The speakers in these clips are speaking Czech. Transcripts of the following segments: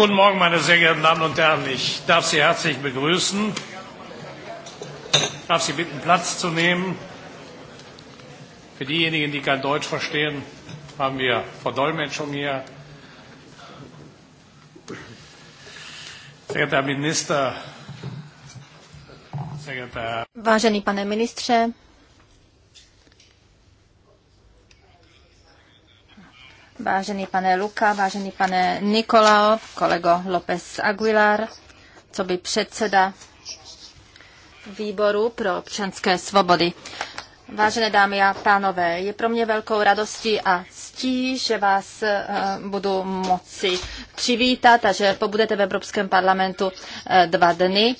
Guten Morgen, meine sehr geehrten Damen und Herren. Ich darf Sie herzlich begrüßen. Ich darf Sie bitten, Platz zu nehmen. Für diejenigen, die kein Deutsch verstehen, haben wir Verdolmetschung hier. Sehr geehrter Minister, sehr geehrter Vážený pane ministře, Vážený pane Luka, vážený pane Nikolao, kolego López Aguilar, co by předseda výboru pro občanské svobody. Vážené dámy a pánové, je pro mě velkou radostí a ctí, že vás eh, budu moci přivítat a že pobudete v Evropském parlamentu eh, dva dny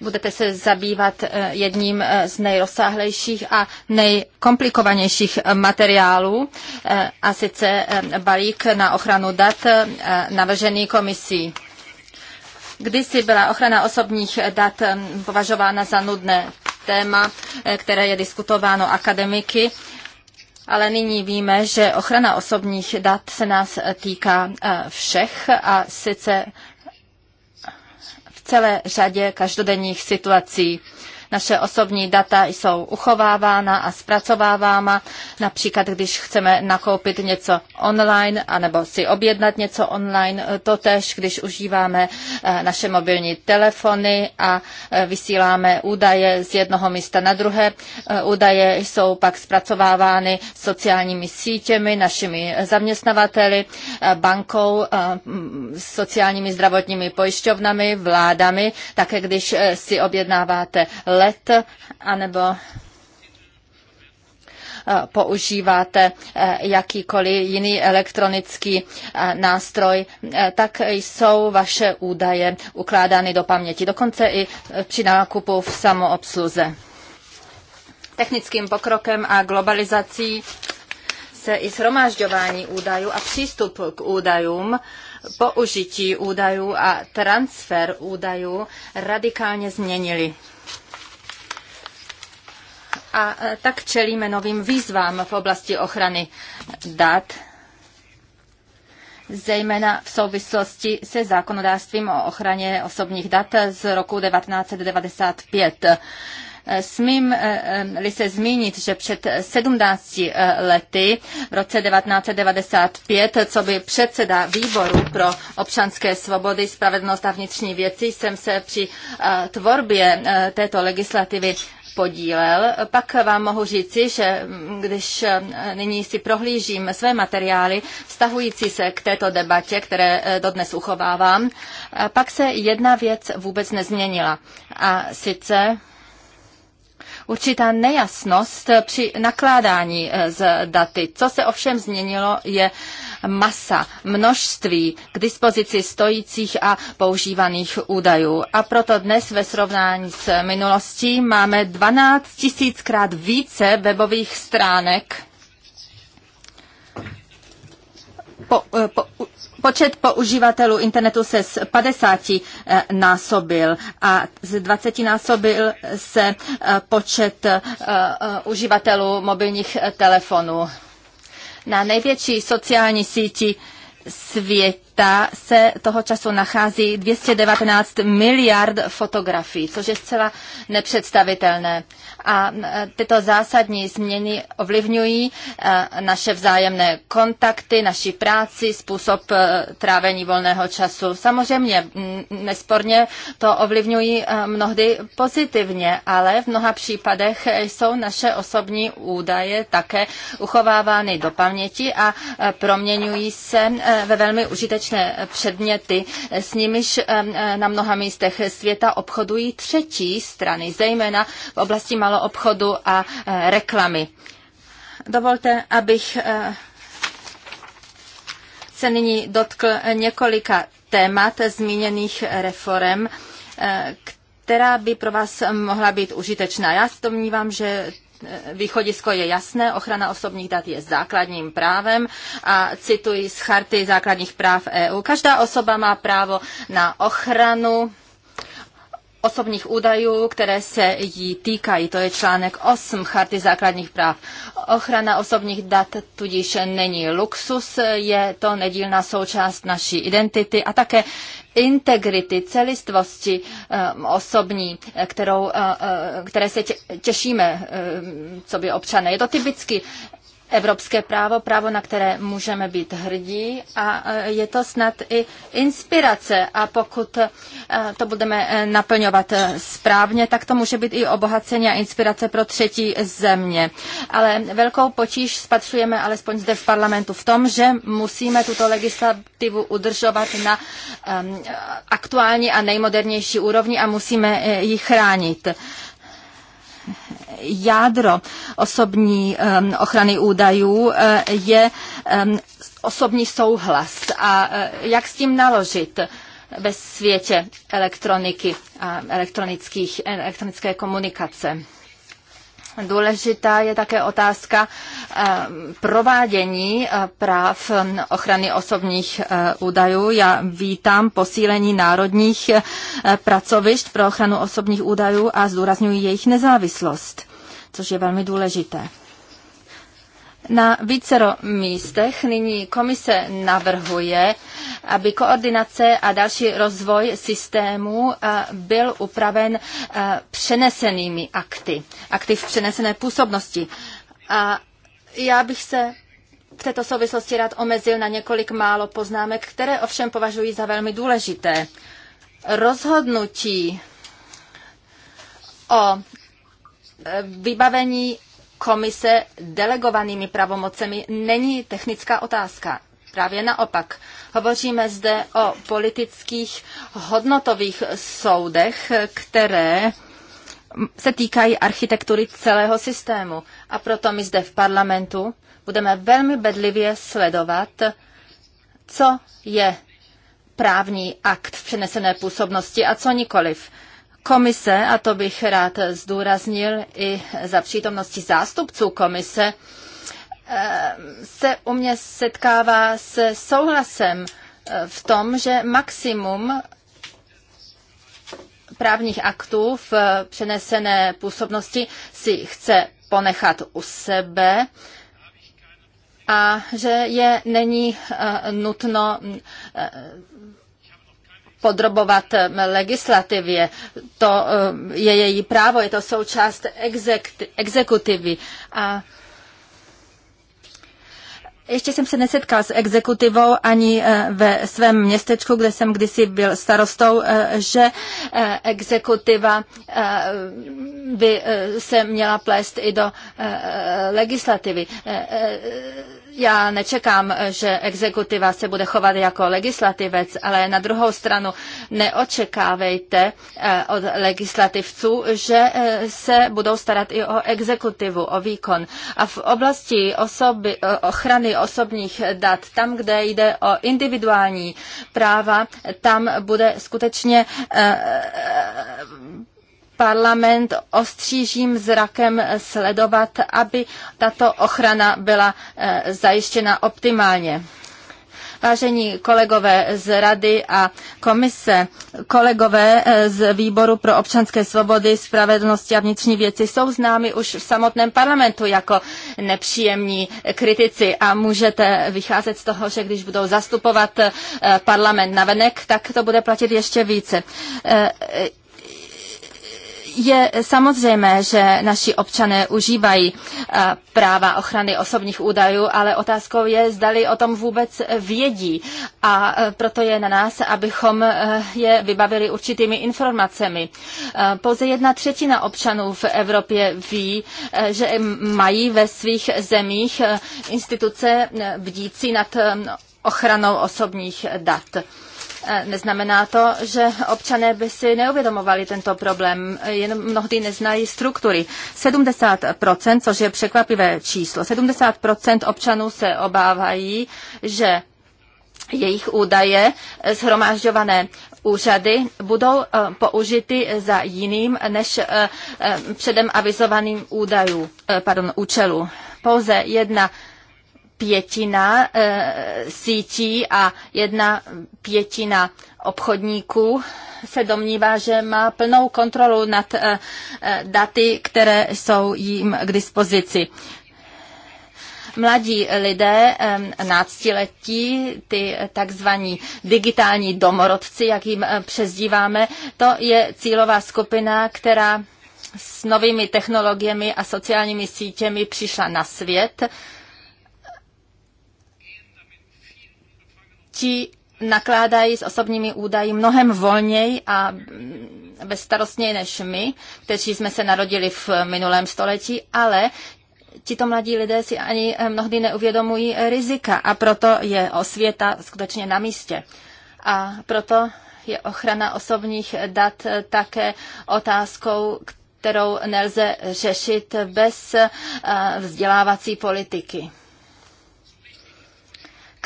budete se zabývat eh, jedním eh, z nejrozsáhlejších a nejkomplikovanějších eh, materiálů, a sice balík na ochranu dat navržený komisí. Kdysi byla ochrana osobních dat považována za nudné téma, které je diskutováno akademiky, ale nyní víme, že ochrana osobních dat se nás týká všech a sice celé řadě každodenních situací. Naše osobní data jsou uchovávána a zpracovávána, například když chceme nakoupit něco online anebo si objednat něco online, totež když užíváme eh, naše mobilní telefony a eh, vysíláme údaje z jednoho místa na druhé. Eh, údaje jsou pak zpracovávány sociálními sítěmi, našimi zaměstnavateli, bankou, sociálními zdravotními pojišťovnami, vládami, také když si objednáváte let, anebo eh, používáte eh, jakýkoliv jiný elektronický eh, nástroj, tak jsou vaše údaje ukládány do paměti, dokonce i při nákupu v samoobsluze. Technickým pokrokem a globalizací se i shromážďování údajů a přístup k údajům, použití údajů a transfer údajů radikálně změnily a e, tak čelíme novým výzvám v oblasti ochrany dat, zejména v souvislosti se zákonodárstvím o ochraně osobních dat z roku 1995. E, Smím-li e, se zmínit, že před 17 lety, v roce 1995, co by předseda výboru pro občanské svobody, spravedlnost a vnitřní věci, jsem se při tvorbě této legislativy podílel. Pak vám mohu říci, že když nyní si prohlížím své materiály vztahující se k této debatě, které eh, dodnes uchovávám, eh, pak se jedna věc vůbec nezměnila. A sice určitá nejasnost při nakládání eh, z daty. Co se ovšem změnilo, je masa, množství k dispozici stojících a používaných údajů. A proto dnes ve srovnání s minulostí máme 12 tisíckrát více webových stránek po, eh, po, počet používatelů internetu se z 50 eh, násobil a z 20 násobil se eh, počet uživatelů mobilních telefonů. Na největší sociální síti světa se toho času nachází 219 miliard fotografií, což je zcela nepředstavitelné a e, tyto zásadní změny ovlivňují e, naše vzájemné kontakty, naši práci, způsob e, trávení volného času. Samozřejmě nesporně to ovlivňují mnohdy pozitivně, ale v mnoha případech jsou naše osobní údaje také uchovávány do paměti a proměňují se ve velmi užitečné předměty, s nimiž na mnoha místech světa obchodují třetí strany, zejména v oblasti malo obchodu a e, reklamy. Dovolte, abych e, se nyní dotkl několika témat zmíněných reform, e, která by pro vás mohla být užitečná. Já si domnívám, že Východisko je jasné, ochrana osobních dat je základním právem a cituji z Charty základních práv EU. Každá osoba má právo na ochranu osobních údajů, které se jí týkají. To je článek 8 Charty základních práv. Ochrana osobních dat tudíž není luxus, je to nedílná součást naší identity a také integrity, celistvosti um, osobní, eh, kterou, uh, které se těšíme, uh, co by občané. Je to typicky evropské právo, právo, na které můžeme být hrdí a e, je to snad i inspirace a pokud e, to budeme e, naplňovat správně, tak to může být i obohacení a inspirace pro třetí země. Ale velkou potíž spatřujeme alespoň zde v parlamentu v tom, že musíme tuto legislativu udržovat na aktuální a nejmodernější úrovni a musíme ji chránit jádro osobní ochrany údajů eh, je osobní souhlas a eh, jak s tím naložit ve světě elektroniky a elektronických, elektronické komunikace. Důležitá je také otázka eh, provádění eh, práv hm, ochrany osobních eh, údajů. Já vítám posílení národních pracovišť pro ochranu osobních údajů a zdůraznuju jejich nezávislost, což je velmi důležité. Na vícero místech nyní komise navrhuje, aby koordinace a další rozvoj systému eh, byl upraven eh, přenesenými akty, akty v přenesené působnosti. A já bych se v této souvislosti rád omezil na několik málo poznámek, které ovšem považuji za velmi důležité. Rozhodnutí o eh, vybavení komise delegovanými pravomocemi není technická otázka. Právě naopak, hovoříme zde o politických hodnotových soudech, které se týkají architektury celého systému. A proto my zde v parlamentu budeme velmi bedlivě sledovat, co je právní akt v přenesené působnosti a co nikoliv. Komise, a to bych rád zdůraznil i za přítomnosti zástupců komise, eh, se u mě setkává se souhlasem eh, v tom, že maximum právních aktů v přenesené působnosti si chce ponechat u sebe a že je není eh, nutno podrobovat legislativě. To eh, je její právo, je to součást exekutivy. A ještě jsem se nesetkal s exekutivou ani eh, ve svém městečku, kde jsem kdysi byl starostou, eh, že exekutiva by se měla plést i do legislativy já nečekám, že exekutiva se bude chovat jako legislativec, ale na druhou stranu neočekávejte eh, od legislativců, že eh, se budou starat i o exekutivu, o výkon. A v oblasti osoby, eh, ochrany osobních dat, tam, kde jde o individuální práva, tam bude skutečně parlament ostřížím zrakem sledovat, aby tato ochrana byla eh, zajištěna optimálně. Vážení kolegové z Rady a komise, kolegové eh, z Výboru pro občanské svobody, spravedlnosti a vnitřní věci jsou známi už v samotném parlamentu jako nepříjemní kritici a můžete vycházet z toho, že když budou zastupovat eh, parlament navenek, tak to bude platit ještě více. Je samozřejmé, že naši občané užívají eh, práva ochrany osobních údajů, ale otázkou je, zdali o tom vůbec vědí. A eh, proto je na nás, abychom eh, je vybavili určitými informacemi. Pouze jedna třetina občanů v Evropě ví, že mají ve svých zemích instituce bdící nad ochranou osobních dat. E, neznamená to, že občané by si neuvědomovali tento problém, jenom mnohdy neznají struktury. 70%, což je překvapivé číslo, 70% občanů se obávají, že jejich údaje shromažďované úřady budou e, použity za jiným než e, předem avizovaným údajů, pardon, účelu. Pouze jedna pětina eh, sítí a jedna pětina obchodníků se domnívá, že má plnou kontrolu nad eh, eh, daty, které jsou jim k dispozici mladí lidé, náctiletí, ty takzvaní digitální domorodci, jak jim přezdíváme, to je cílová skupina, která s novými technologiemi a sociálními sítěmi přišla na svět ti nakládají s osobními údaji mnohem volněji a bezstarostněji než my, kteří jsme se narodili v minulém století, ale tito mladí lidé si ani eh, mnohdy neuvědomují eh, rizika a proto je osvěta skutečně na místě. A proto je ochrana osobních dat eh, také otázkou, kterou nelze řešit bez vzdělávací politiky.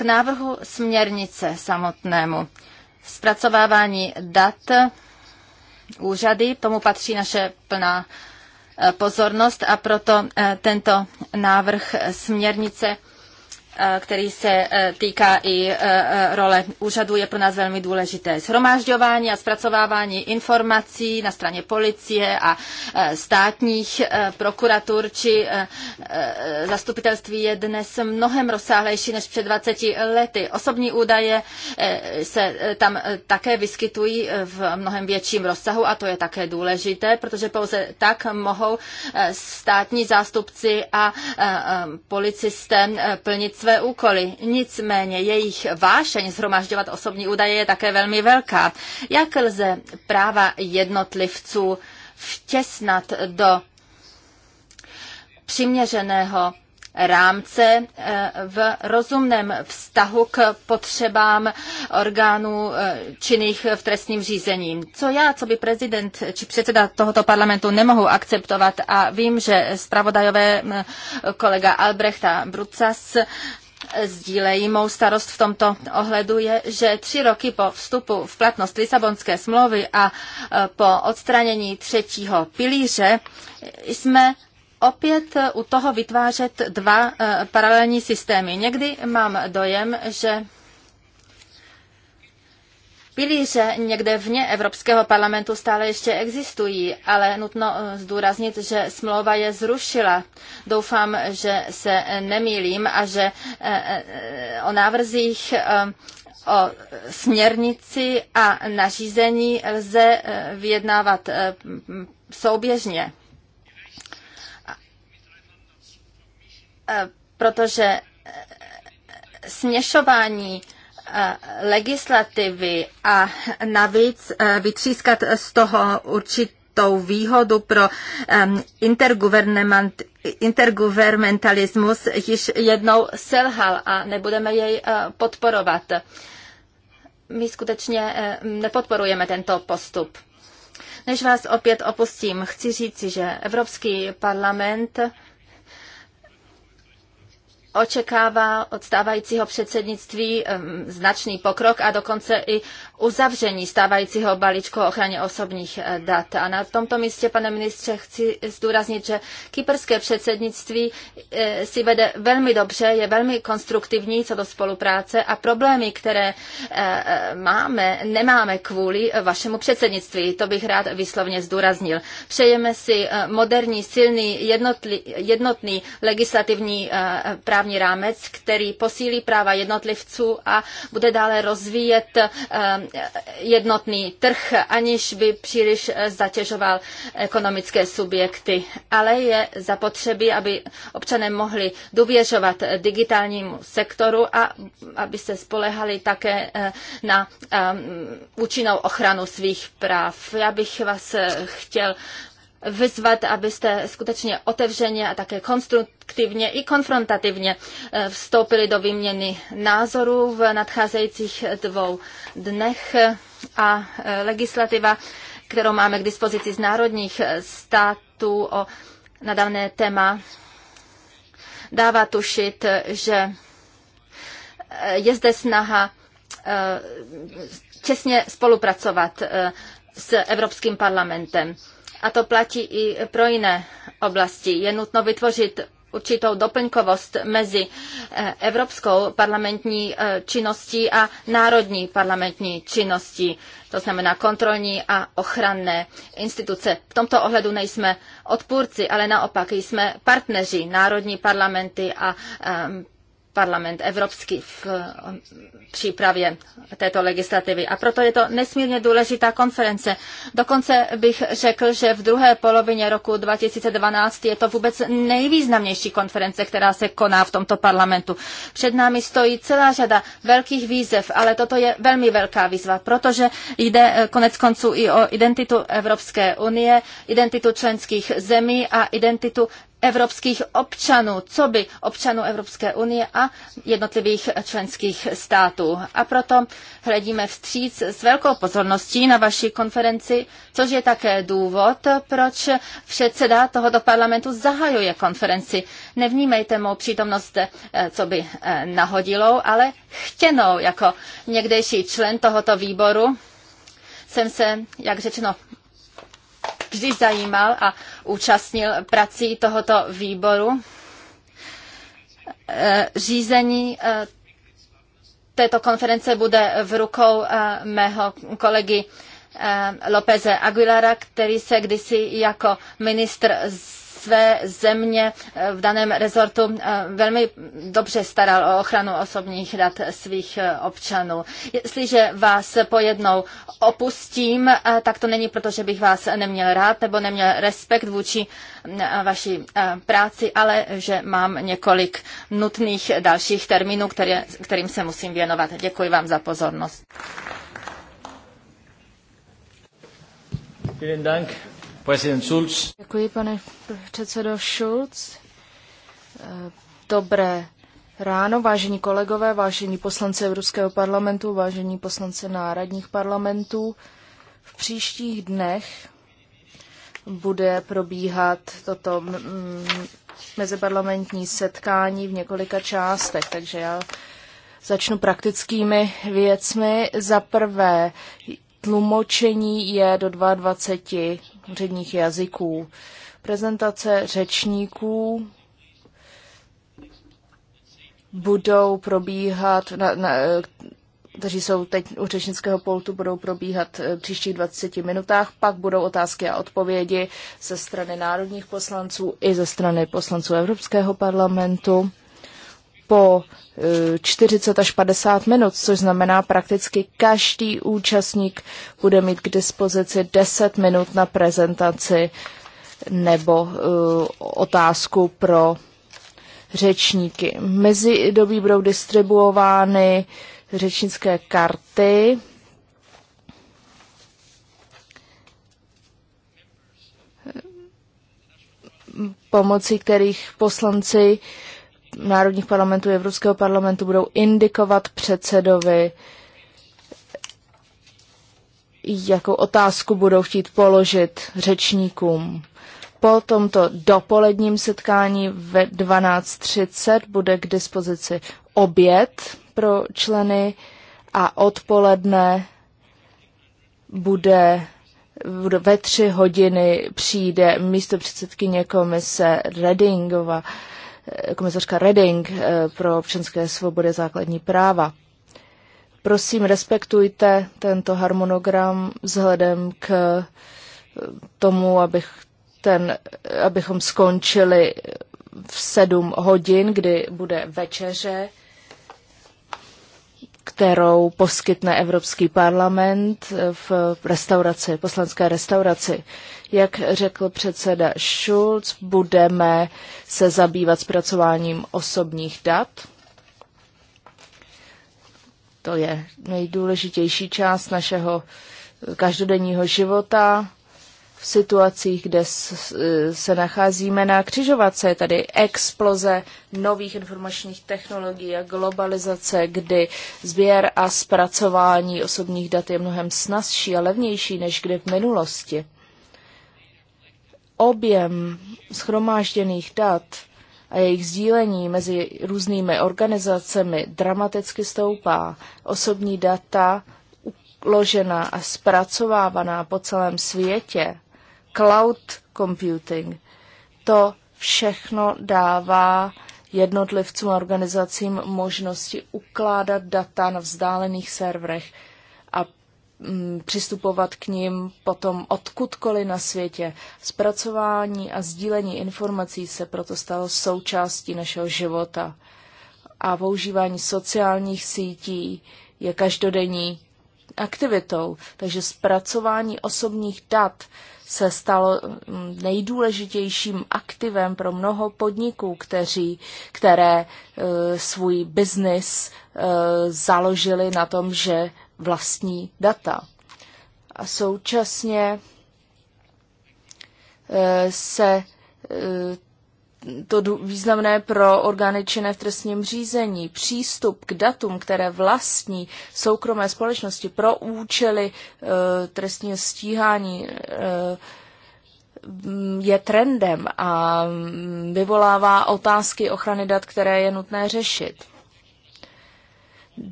K návrhu směrnice samotnému. Zpracovávání dat úřady, tomu patří naše plná eh, pozornost a proto eh, tento návrh směrnice Eh, který se eh, týká i eh, role úřadu, je pro nás velmi důležité. Shromážďování a zpracovávání informací na straně policie a státních prokuratur či zastupitelství je dnes mnohem rozsáhlejší než před 20 lety. Osobní údaje se tam také vyskytují v mnohem větším rozsahu a to je také důležité, protože pouze tak mohou státní zástupci a policisté plnit své úkoly. Nicméně jejich vášeň zhromažďovat osobní údaje je také velmi velká. Jak lze práva jednotlivců vtěsnat do přiměřeného rámce eh, v rozumném vztahu k potřebám orgánů eh, činných v trestním řízení. Co já, co by prezident či předseda tohoto parlamentu nemohu akceptovat a vím, že zpravodajové hm, kolega Albrecht a Brucas eh, sdílejí mou starost v tomto ohledu je, že tři roky po vstupu v platnost Lisabonské smlouvy a po odstranění třetího pilíře jsme opět eh, u toho vytvářet dva eh, paralelní systémy. Někdy mám dojem, že pilíře někde vně Evropského parlamentu stále ještě existují, ale nutno eh, zdůraznit, že smlouva je zrušila. Doufám, že se nemýlím a že o návrzích o směrnici a nařízení lze vyjednávat souběžně. Eh, protože eh, směšování eh, legislativy a navíc vytřískat z toho určitou výhodu pro intergovernmentalismus již jednou selhal a nebudeme jej podporovat. My skutečně nepodporujeme tento postup. Než vás opět opustím, chci říci, že Evropský parlament očekává od stávajícího předsednictví značný pokrok a dokonce i uzavření stávajícího balíčku ochraně osobních eh, dat. A na tomto místě, pane ministře, chci zdůraznit, že kyperské předsednictví eh, si vede velmi dobře, je velmi konstruktivní co do spolupráce a problémy, které eh, máme, nemáme kvůli vašemu předsednictví. To bych rád vyslovně zdůraznil. Přejeme si moderní, silný, jednotný legislativní právě právní rámec, který posílí práva jednotlivců a bude dále rozvíjet eh, jednotný trh, aniž by příliš eh, zatěžoval ekonomické subjekty. Ale je zapotřebí, aby občané mohli důvěřovat digitálnímu sektoru a aby se spolehali také eh, na účinnou ochranu svých práv. Já bych vás chtěl vyzvat, abyste skutečně otevřeně a také konstruktivně i konfrontativně eh, vstoupili do výměny názorů v nadcházejících dvou dnech a eh, legislativa, kterou máme k dispozici z národních eh, států o nadané téma, dává tušit, že je zde snaha těsně spolupracovat s Evropským parlamentem. A to platí i pro jiné oblasti. Je nutno vytvořit určitou doplňkovost mezi eh, evropskou parlamentní eh, činností a národní parlamentní činností, to znamená kontrolní a ochranné instituce. V tomto ohledu nejsme odpůrci, ale naopak jsme partneři národní parlamenty a eh, parlament evropský v um, přípravě této legislativy. A proto je to nesmírně důležitá konference. Dokonce bych řekl, že v druhé polovině roku 2012 je to vůbec nejvýznamnější konference, která se koná v tomto parlamentu. Před námi stojí celá řada velkých výzev, ale toto je velmi velká výzva, protože jde eh, konec konců i o identitu Evropské unie, identitu členských zemí a identitu evropských občanů, co by občanů Evropské unie a jednotlivých členských států. A proto hledíme vstříc s velkou pozorností na vaší konferenci, což je také důvod, proč předseda tohoto parlamentu zahajuje konferenci. Nevnímejte mou přítomnost, eh, co by eh, nahodilou, ale chtěnou jako někdejší člen tohoto výboru jsem se, jak řečeno, vždy zajímal a účastnil prací tohoto výboru. Eh, řízení eh, této konference bude v rukou eh, mého kolegy Lópeze Aguilara, který se kdysi jako ministr své země eh, v daném rezortu eh, velmi dobře staral o ochranu osobních dat svých eh, občanů. Jestliže vás pojednou opustím, tak to není proto, že bych vás neměl rád nebo neměl respekt vůči mm, vaší práci, ale že mám několik nutných dalších termínů, které, kterým se musím věnovat. Děkuji vám za pozornost. Vielen Dank. Děkuji, pane předsedo Schulz. Eh, dobré ráno, vážení kolegové, vážení poslanci Evropského parlamentu, vážení poslanci národních parlamentů. V příštích dnech bude probíhat toto meziparlamentní setkání v několika částech, takže já začnu praktickými věcmi. Za prvé, tlumočení je do 22 úředních jazyků. Prezentace řečníků budou probíhat, na, na, kteří jsou teď u řečnického poltu, budou probíhat eh, v příštích 20 minutách. Pak budou otázky a odpovědi ze strany národních poslanců i ze strany poslanců Evropského parlamentu po 40 eh, až 50 minut, což znamená prakticky každý účastník bude mít k dispozici 10 minut na prezentaci nebo eh, otázku pro řečníky. Mezi dobí budou distribuovány řečnické karty. pomocí kterých poslanci národních parlamentů Evropského parlamentu budou indikovat předsedovi, jakou otázku budou chtít položit řečníkům. Po tomto dopoledním setkání ve 12.30 bude k dispozici oběd pro členy a odpoledne bude ve tři hodiny přijde místo předsedkyně komise Redingova komisařka Reding eh, pro občanské svobody základní práva. Prosím, respektujte tento harmonogram vzhledem k eh, tomu, abych ten, abychom skončili v sedm hodin, kdy bude večeře kterou poskytne Evropský parlament v restauraci, poslanské restauraci. Jak řekl předseda Schulz, budeme se zabývat zpracováním osobních dat. To je nejdůležitější část našeho každodenního života v situacích, kde se nacházíme na křižovatce. Je tady exploze nových informačních technologií a globalizace, kdy sběr a zpracování osobních dat je mnohem snazší a levnější než kdy v minulosti. Objem schromážděných dat a jejich sdílení mezi různými organizacemi dramaticky stoupá. Osobní data uložená a zpracovávaná po celém světě cloud computing. To všechno dává jednotlivcům a organizacím možnosti ukládat data na vzdálených serverech a mm, přistupovat k ním potom odkudkoliv na světě. Zpracování a sdílení informací se proto stalo součástí našeho života a používání sociálních sítí je každodenní aktivitou. Takže zpracování osobních dat se stalo mm, nejdůležitějším aktivem pro mnoho podniků, kteří, které e, svůj biznis e, založili na tom, že vlastní data. A současně e, se e, to významné pro orgány činné v trestním řízení. Přístup k datům, které vlastní soukromé společnosti pro účely e, trestního stíhání e, je trendem a vyvolává otázky ochrany dat, které je nutné řešit.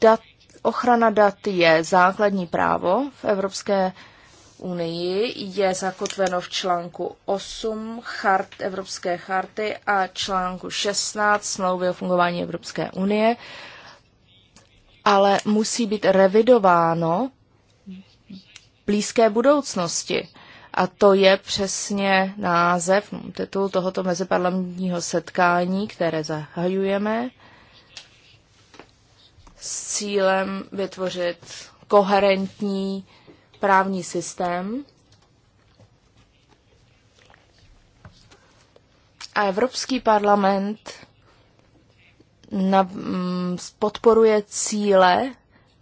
Dat, ochrana dat je základní právo v Evropské unii je zakotveno v článku 8 chart, Evropské charty a článku 16 smlouvy o fungování Evropské unie, ale musí být revidováno blízké budoucnosti. A to je přesně název, titul tohoto meziparlamentního setkání, které zahajujeme s cílem vytvořit koherentní právní systém a Evropský parlament na, mm, podporuje cíle,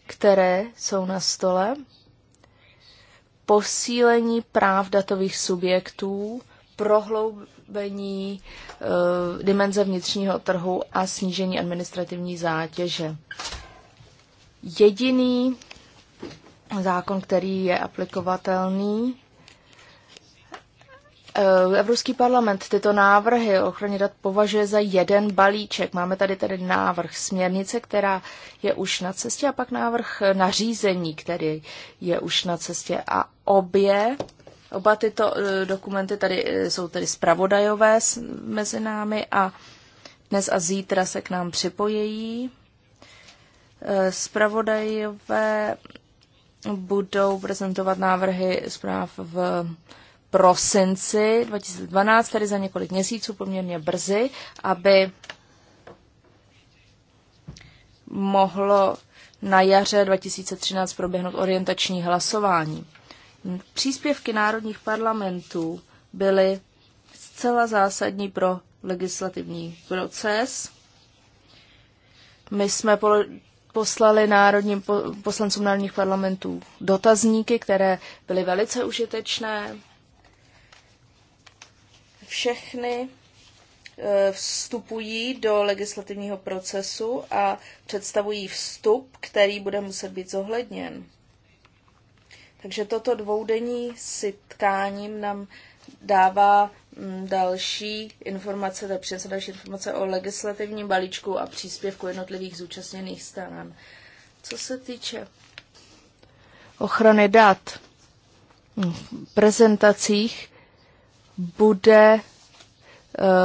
které jsou na stole, posílení práv datových subjektů, prohloubení e, dimenze vnitřního trhu a snížení administrativní zátěže. Jediný zákon, který je aplikovatelný. Eh, Evropský parlament tyto návrhy o ochraně dat považuje za jeden balíček. Máme tady tedy návrh směrnice, která je už na cestě, a pak návrh nařízení, který je už na cestě. A obě, oba tyto eh, dokumenty tady eh, jsou tedy spravodajové mezi námi a dnes a zítra se k nám připojejí. Spravodajové budou prezentovat návrhy zpráv v prosinci 2012, tedy za několik měsíců, poměrně brzy, aby mohlo na jaře 2013 proběhnout orientační hlasování. Příspěvky národních parlamentů byly zcela zásadní pro legislativní proces. My jsme poslali národním poslancům národních parlamentů dotazníky, které byly velice užitečné. Všechny e, vstupují do legislativního procesu a představují vstup, který bude muset být zohledněn. Takže toto dvoudenní setkání nám dává Mm, další informace, tak přinesl další informace o legislativním balíčku a příspěvku jednotlivých zúčastněných stran. Co se týče ochrany dat v prezentacích, bude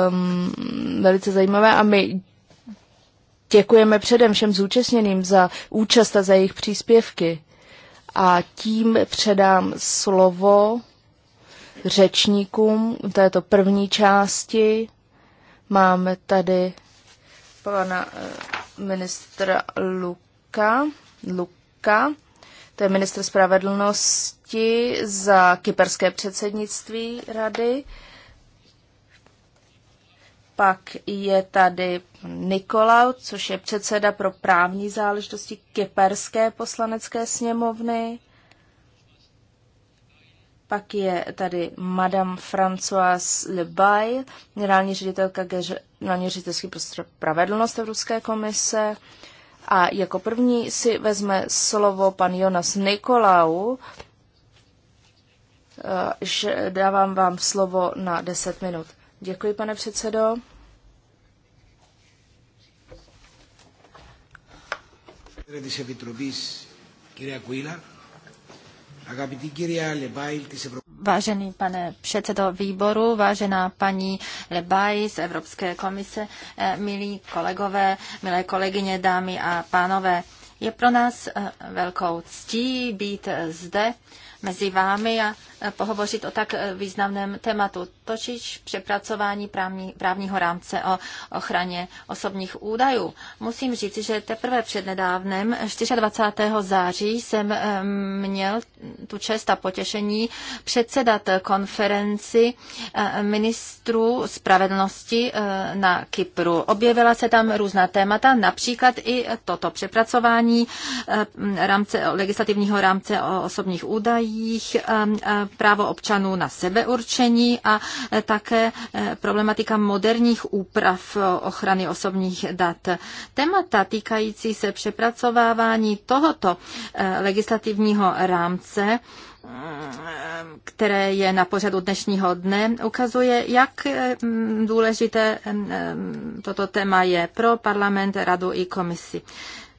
um, velice zajímavé a my děkujeme předem všem zúčastněným za účast a za jejich příspěvky. A tím předám slovo řečníkům této první části. Máme tady pana eh, ministra Luka, Luka, to je ministr spravedlnosti za kyperské předsednictví rady. Pak je tady Nikolau, což je předseda pro právní záležitosti Kyperské poslanecké sněmovny. Pak je tady Madame Françoise Bay, generální ředitelka generální ředitelský prostor pravedlnost Evropské komise. A jako první si vezme slovo pan Jonas Nikolau. Eh, že dávám vám slovo na 10 minut. Děkuji, pane předsedo. se Επιτροπής, κυρία Κουίλα, Vážený pane předsedo výboru, vážená paní Lebaj z Evropské komise, eh, milí kolegové, milé kolegyně, dámy a pánové, je pro nás eh, velkou ctí být eh, zde mezi vámi a pohovořit o tak významném tématu, točíš přepracování právní, právního rámce o ochraně osobních údajů. Musím říct, že teprve nedávnem, 24. září, jsem měl tu čest a potěšení předsedat konferenci ministrů spravedlnosti na Kypru. Objevila se tam různá témata, například i toto přepracování rámce, legislativního rámce o osobních údajích, právo občanů na sebeurčení a eh, také eh, problematika moderních úprav eh, ochrany osobních dat. Témata týkající se přepracovávání tohoto legislativního rámce mm, které je na pořadu dnešního dne, ukazuje, jak důležité toto téma je pro parlament, radu i komisi.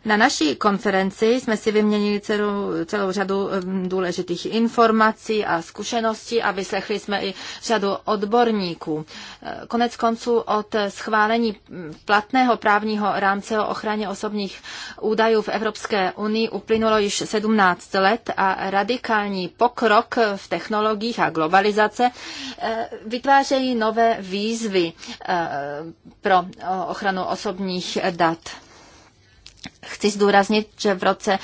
Na naší konferenci jsme si vyměnili celou, celou řadu důležitých informací a zkušeností a vyslechli jsme i řadu odborníků. E, konec konců od schválení platného právního rámce o ochraně osobních údajů v Evropské unii uplynulo již 17 let a radikální pokrok v technologiích a globalizace e, vytvářejí nové výzvy e, pro ochranu osobních dat. Chci zdůraznit, že v roce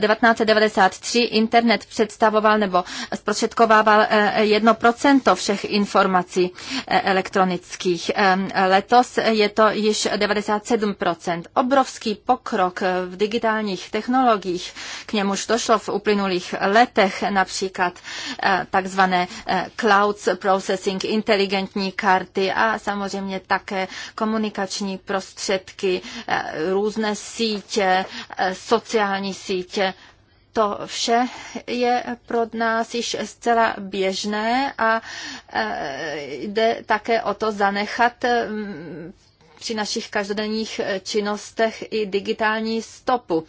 1993 eh, internet představoval nebo zprostředkovával 1% eh, všech informací eh, elektronických. Letos je to již 97%. Obrovský pokrok v digitálních technologiích, k němuž došlo v uplynulých letech, například takzvané cloud processing, inteligentní karty a samozřejmě také komunikační prostředky, různé sítě, sítě, eh, sociální sítě. To vše je pro nás již zcela běžné a eh, jde také o to zanechat mm, při našich každodenních činnostech i digitální stopu.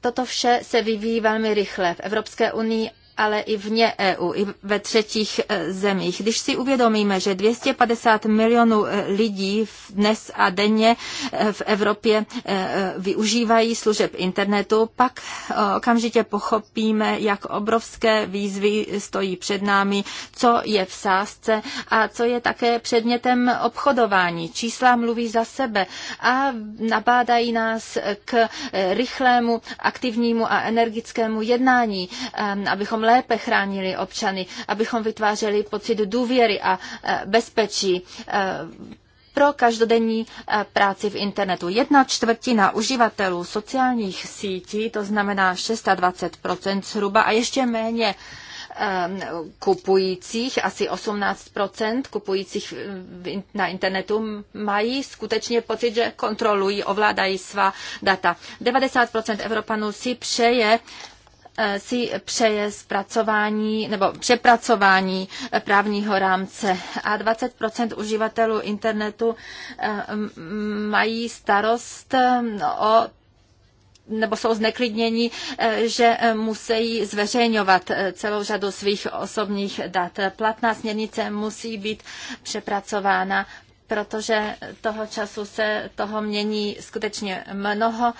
Toto vše se vyvíjí velmi rychle v Evropské unii ale i vně EU, i ve třetích e, zemích. Když si uvědomíme, že 250 milionů e, lidí dnes a denně e, v Evropě využívají služeb internetu, pak okamžitě pochopíme, jak obrovské výzvy stojí před námi, co je v sázce a co je také předmětem obchodování. Čísla mluví za sebe a nabádají nás k rychlému, aktivnímu a energickému jednání, abychom lépe chránili občany, abychom vytvářeli pocit důvěry a e, bezpečí e, pro každodenní e, práci v internetu. Jedna čtvrtina uživatelů sociálních sítí, to znamená 26% zhruba a ještě méně kupujících, asi 18% kupujících na internetu mají skutečně pocit, že kontrolují, ovládají svá data. 90% Evropanů si přeje si přeje zpracování nebo přepracování právního rámce a 20 uživatelů internetu eh, mají starost eh, o nebo jsou zneklidněni, eh, že musí zveřejňovat celou řadu svých osobních dat. Platná směrnice musí být přepracována, protože toho času se toho mění skutečně mnoho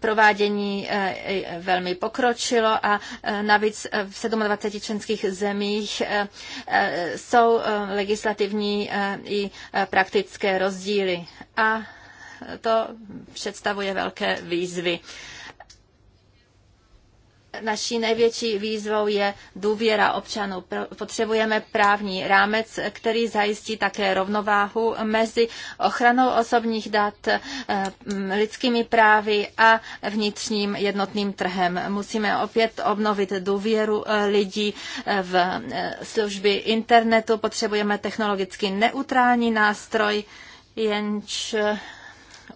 provádění e, e, velmi pokročilo a e, navíc v 27 členských zemích jsou legislativní i praktické rozdíly a to představuje velké výzvy. Naší největší výzvou je důvěra občanů. Potřebujeme právní rámec, který zajistí také rovnováhu mezi ochranou osobních dat, eh, lidskými právy a vnitřním jednotným trhem. Musíme opět obnovit důvěru eh, lidí eh, v služby internetu. Potřebujeme technologicky neutrální nástroj, jenž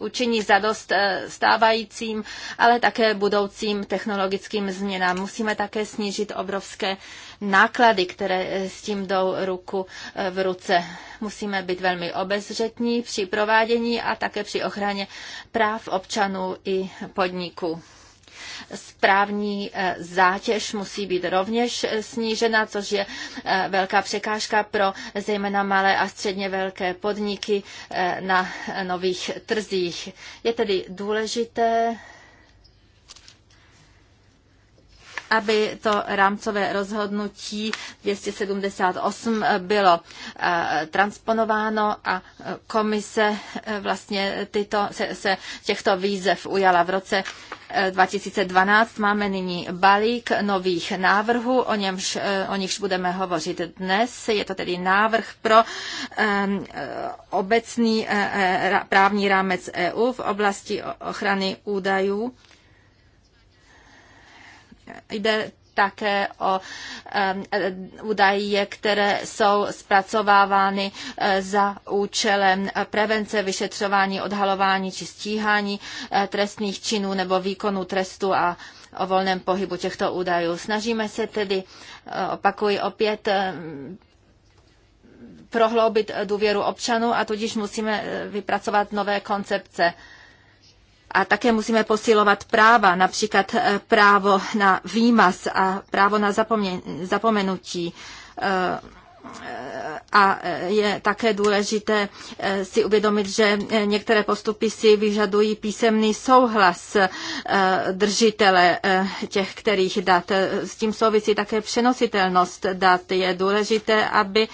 učiní zadost eh, stávajícím, ale také budoucím technologickým změnám. Musíme také snížit obrovské náklady, které eh, s tím jdou ruku eh, v ruce. Musíme být velmi obezřetní při provádění a také při ochraně práv občanů i podniků správní eh, zátěž musí být rovněž eh, snížena, což je eh, velká překážka pro zejména malé a středně velké podniky na nových trzích. Je tedy důležité aby to rámcové rozhodnutí 278 bylo eh, transponováno a eh, komise eh, vlastně tyto, se, se těchto výzev ujala v roce 2012 máme nyní balík nových návrhů, o, němž, o nichž budeme hovořit dnes. Je to tedy návrh pro um, obecný uh, právní rámec EU v oblasti ochrany údajů Jde také o e, údaje, které jsou zpracovávány e, za účelem prevence, vyšetřování, odhalování či stíhání e, trestných činů nebo výkonu trestu a o volném pohybu těchto údajů. Snažíme se tedy, opakuji opět, prohloubit důvěru občanů a tudíž musíme vypracovat nové koncepce a také musíme posilovat práva, například eh, právo na výmaz a právo na zapomenutí eh, a je také důležité eh, si uvědomit, že eh, některé postupy si vyžadují písemný souhlas eh, držitele těch, kterých dat. S tím souvisí také přenositelnost dat. Je důležité, aby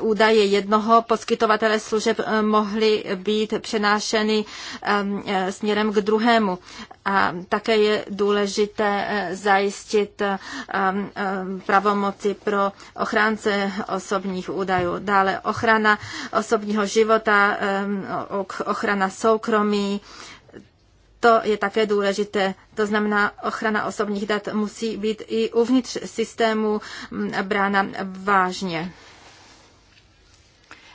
údaje jednoho poskytovatele služeb mohly být přenášeny směrem k druhému. A také je důležité zajistit pravomoci pro ochranu ochránce osobních údajů. Dále ochrana osobního života, ochrana soukromí, to je také důležité. To znamená, ochrana osobních dat musí být i uvnitř systému brána vážně.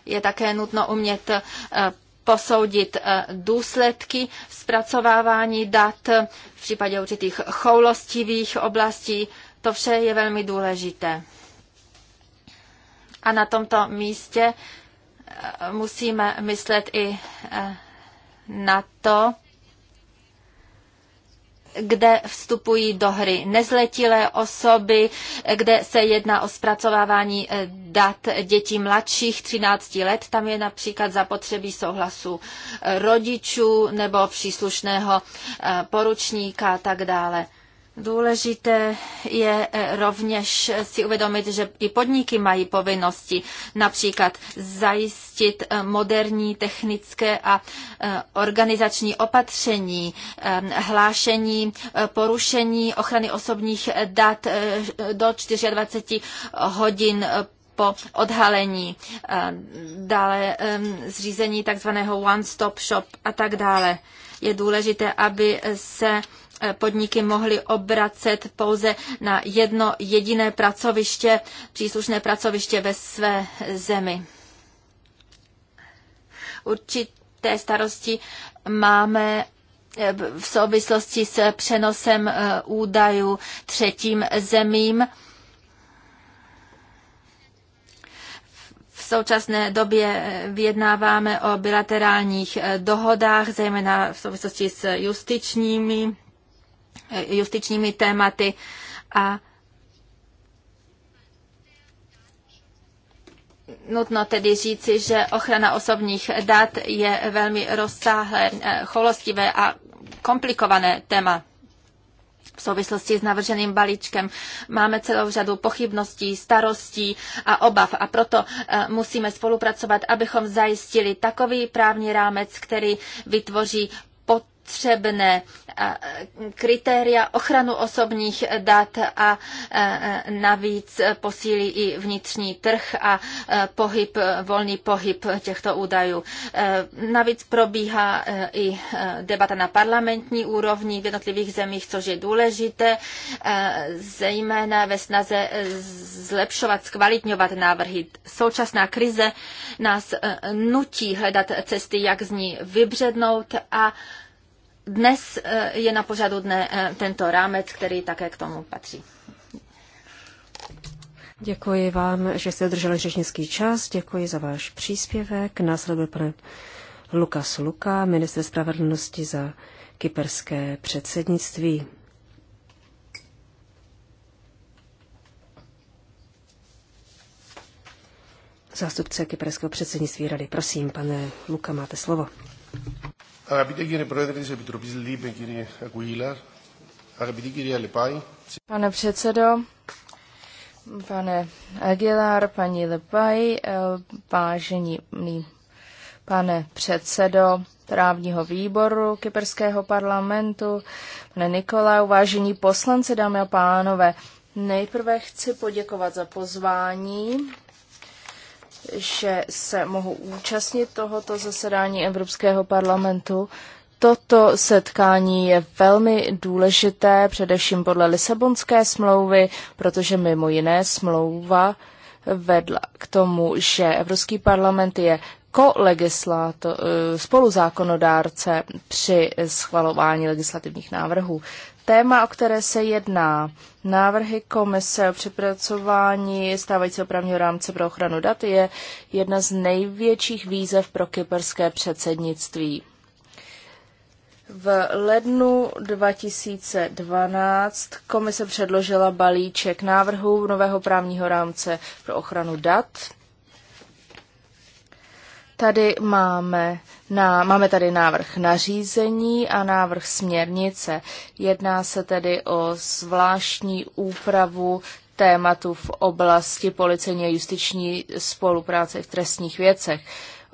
Je také nutno umět e, posoudit e, důsledky zpracovávání dat v případě určitých choulostivých oblastí. To vše je velmi důležité. A na tomto místě eh, musíme myslet i eh, na to, kde vstupují do hry nezletilé osoby, kde se jedná o zpracovávání eh, dat dětí mladších 13 let. Tam je například zapotřebí souhlasu rodičů nebo příslušného poručníka a tak dále. Důležité je eh, rovněž si uvědomit, že i podniky mají povinnosti například zajistit eh, moderní technické a eh, organizační opatření, hlášení porušení ochrany osobních dat do 24 hodin po odhalení, dále zřízení takzvaného one-stop shop a tak dále. Je důležité, aby se podniky mohly obracet pouze na jedno jediné pracoviště, příslušné pracoviště ve své zemi. Určité starosti máme eh, v souvislosti s přenosem eh, údajů třetím zemím. V současné době eh, vyjednáváme o bilaterálních dohodách, zejména v souvislosti s justičními Eh, justičními tématy a Nutno tedy říci, že ochrana osobních dat je velmi rozsáhlé, eh, cholostivé a komplikované téma. V souvislosti s navrženým balíčkem máme celou řadu pochybností, starostí a obav a proto eh, musíme spolupracovat, abychom zajistili takový právní rámec, který vytvoří potřebné kritéria ochranu osobních dat a navíc posílí i vnitřní trh a pohyb, volný pohyb těchto údajů. Navíc probíhá i debata na parlamentní úrovni v jednotlivých zemích, což je důležité, zejména ve snaze zlepšovat, zkvalitňovat návrhy. Současná krize nás nutí hledat cesty, jak z ní vybřednout a dnes eh, je na pořadu dne eh, tento rámec, který také k tomu patří. Děkuji vám, že jste drželi řečnický čas. Děkuji za váš příspěvek. Následuje pane Lukas Luka, minister spravedlnosti za kyperské předsednictví. Zástupce kyperského předsednictví rady, prosím, pane Luka, máte slovo. Αγαπητέ κύριε Πρόεδρε της Επιτροπής ΛΥΠΕ, κύριε Ακουίλα, αγαπητή κυρία Λεπάη. Pane předsedo, pane Aguilar, paní Lepaj, vážení pane předsedo právního výboru Kyperského parlamentu, pane Nikolau, vážení poslanci, dámy a pánové, nejprve chci poděkovat za pozvání že se mohu účastnit tohoto zasedání Evropského parlamentu. Toto setkání je velmi důležité, především podle Lisabonské smlouvy, protože mimo jiné smlouva vedla k tomu, že Evropský parlament je eh, spoluzákonodárce při schvalování legislativních návrhů. Téma, o které se jedná, Návrhy komise o přepracování stávajícího právního rámce pro ochranu dat je jedna z největších výzev pro kyperské předsednictví. V lednu 2012 komise předložila balíček návrhů nového právního rámce pro ochranu dat Tady máme, na, máme tady návrh nařízení a návrh směrnice. Jedná se tedy o zvláštní úpravu tématu v oblasti policejní a justiční spolupráce v trestních věcech.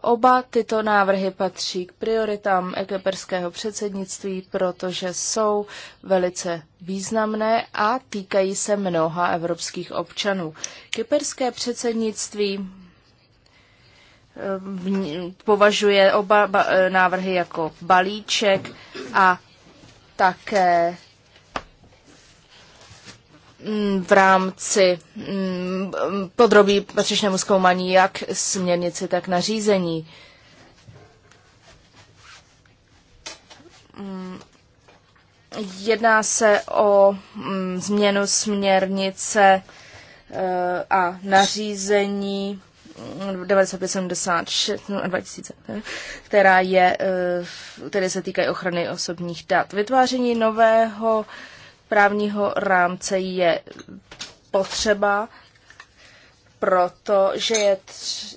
Oba tyto návrhy patří k prioritám ekeperského předsednictví, protože jsou velice významné a týkají se mnoha evropských občanů. Kyperské předsednictví považuje oba návrhy jako balíček a také mm, v rámci mm, podrobí patřičnému zkoumání jak směrnici, tak nařízení. Mm, jedná se o změnu směrnice e, a nařízení 9576 no, která je, eh, které se týkají ochrany osobních dat. Vytváření nového právního rámce je potřeba, protože je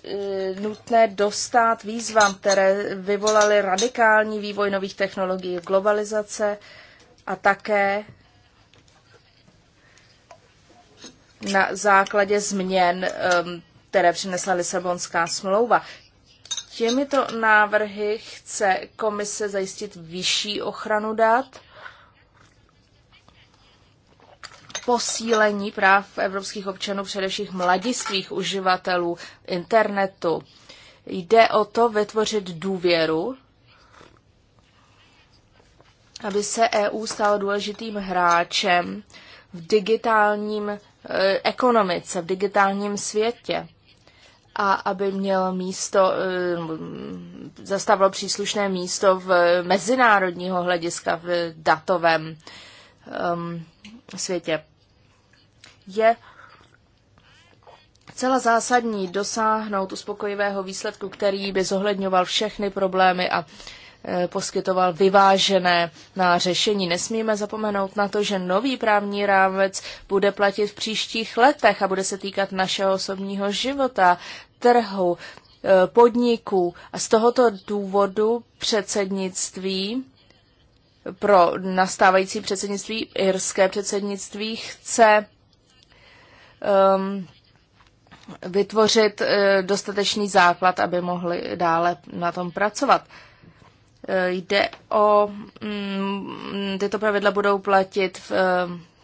eh, nutné dostat výzvám, které vyvolaly radikální vývoj nových technologií, globalizace a také na základě změn um, které přinesla Lisabonská smlouva. Těmito návrhy chce komise zajistit vyšší ochranu dat, posílení práv evropských občanů, především mladistvých uživatelů internetu. Jde o to vytvořit důvěru, aby se EU stalo důležitým hráčem v digitálním eh, ekonomice, v digitálním světě a aby měl místo, eh, mm, zastavilo příslušné místo v mezinárodního hlediska v datovém um, světě. Je celá zásadní dosáhnout uspokojivého výsledku, který by zohledňoval všechny problémy a Eh, poskytoval vyvážené na řešení. Nesmíme zapomenout na to, že nový právní rámec bude platit v příštích letech a bude se týkat našeho osobního života, trhu, eh, podniků. A z tohoto důvodu předsednictví pro nastávající předsednictví, irské předsednictví, chce um, vytvořit eh, dostatečný základ, aby mohli dále na tom pracovat. Eh, jde o, mm, tyto pravidla budou platit v eh,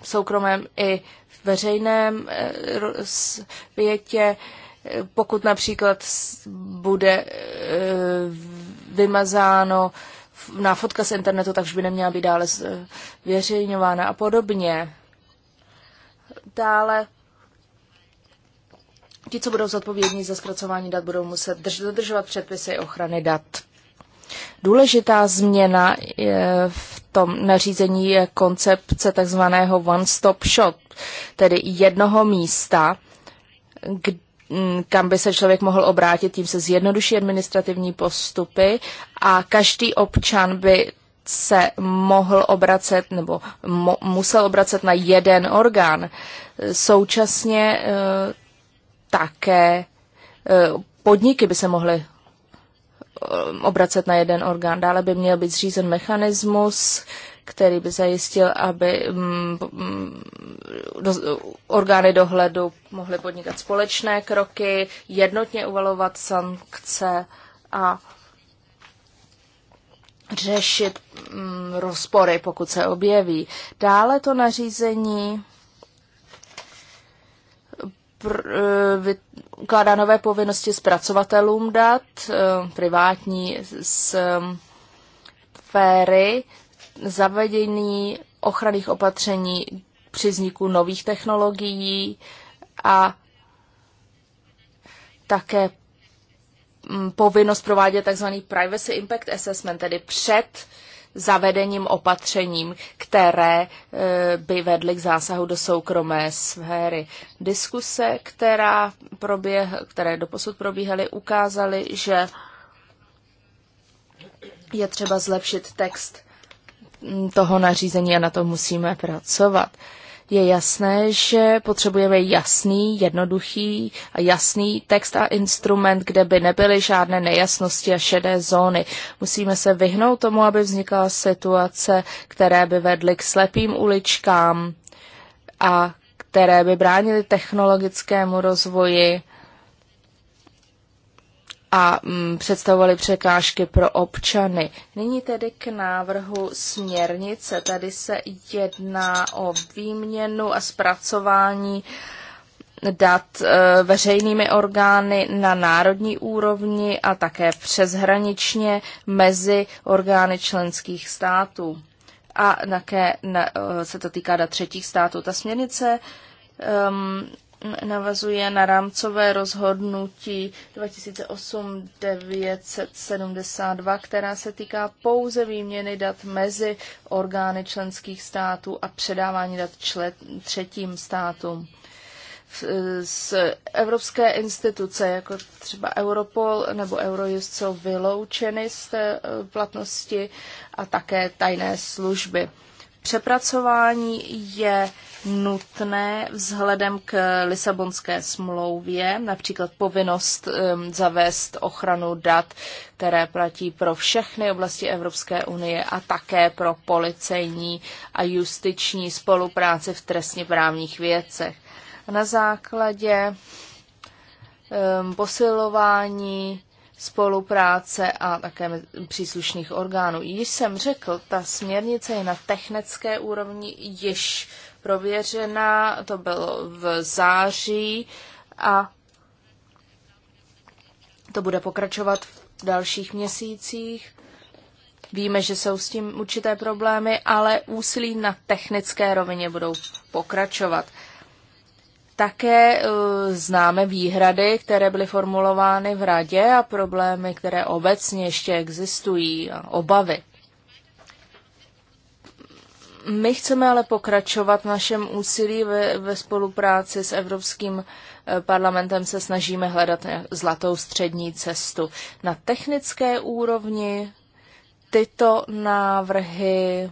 soukromém i v veřejném eh, světě. Pokud například bude vymazáno na fotka z internetu, takže by neměla být dále zveřejňována a podobně. Dále ti, co budou zodpovědní za zpracování dat, budou muset dodržovat předpisy ochrany dat. Důležitá změna v tom nařízení je koncepce takzvaného one-stop shop, tedy jednoho místa, kam by se člověk mohl obrátit, tím se zjednoduší administrativní postupy a každý občan by se mohl obracet nebo mo- musel obracet na jeden orgán. Současně e, také e, podniky by se mohly Um, obracet na jeden orgán. Dále by měl být zřízen mechanismus, který by zajistil, aby mm, mm, orgány dohledu mohly podnikat společné kroky, jednotně uvalovat sankce a řešit mm, rozpory, pokud se objeví. Dále to nařízení pr- eh, ukládá nové povinnosti zpracovatelům dat, eh, privátní s eh, féry, zavedení ochranných opatření při vzniku nových technologií a také mm, povinnost provádět tzv. privacy impact assessment, tedy před zavedením opatřením, které eh, by vedly k zásahu do soukromé sféry. Diskuse, která proběh, které doposud probíhaly, ukázaly, že je třeba zlepšit text toho nařízení a na to musíme pracovat je jasné, že potřebujeme jasný, jednoduchý a jasný text a instrument, kde by nebyly žádné nejasnosti a šedé zóny. Musíme se vyhnout tomu, aby vznikala situace, které by vedly k slepým uličkám a které by bránily technologickému rozvoji a mm, představovaly překážky pro občany. Nyní tedy k návrhu směrnice. Tady se jedná o výměnu a zpracování dat e, veřejnými orgány na národní úrovni a také přeshraničně mezi orgány členských států. A také e, se to týká dat třetích států. Ta směrnice um, navazuje na rámcové rozhodnutí 2008-972, která se týká pouze výměny dat mezi orgány členských států a předávání dat člet, třetím státům. Z evropské instituce, jako třeba Europol nebo Eurojust, jsou vyloučeny z eh, platnosti a také tajné služby. Přepracování je nutné vzhledem k Lisabonské smlouvě, například povinnost zavést ochranu dat, které platí pro všechny oblasti Evropské unie a také pro policejní a justiční spolupráci v trestně právních věcech. Na základě posilování spolupráce a také příslušných orgánů. Již jsem řekl, ta směrnice je na technické úrovni již prověřená, to bylo v září a to bude pokračovat v dalších měsících. Víme, že jsou s tím určité problémy, ale úsilí na technické rovině budou pokračovat. Také e, známe výhrady, které byly formulovány v radě a problémy, které obecně ještě existují, a obavy. My chceme ale pokračovat v našem úsilí ve, ve spolupráci s Evropským e, parlamentem se snažíme hledat zlatou střední cestu. Na technické úrovni tyto návrhy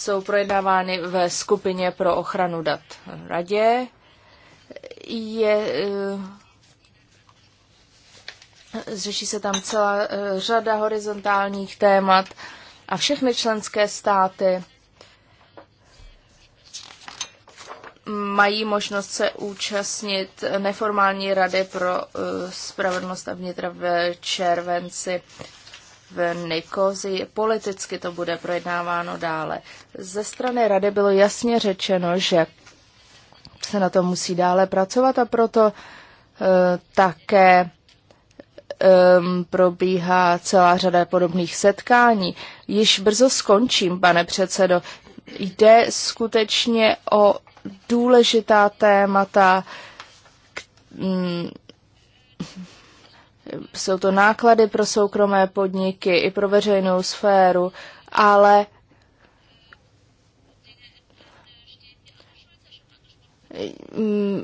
jsou projednávány ve skupině pro ochranu dat radě. Je, zřeší eh, se tam celá eh, řada horizontálních témat a všechny členské státy mají možnost se účastnit neformální rady pro eh, spravedlnost a vnitra v červenci v Nikozi. Politicky to bude projednáváno dále. Ze strany rady bylo jasně řečeno, že se na to musí dále pracovat a proto uh, také um, probíhá celá řada podobných setkání. Již brzo skončím, pane předsedo. Jde skutečně o důležitá témata, k, um, jsou to náklady pro soukromé podniky i pro veřejnou sféru, ale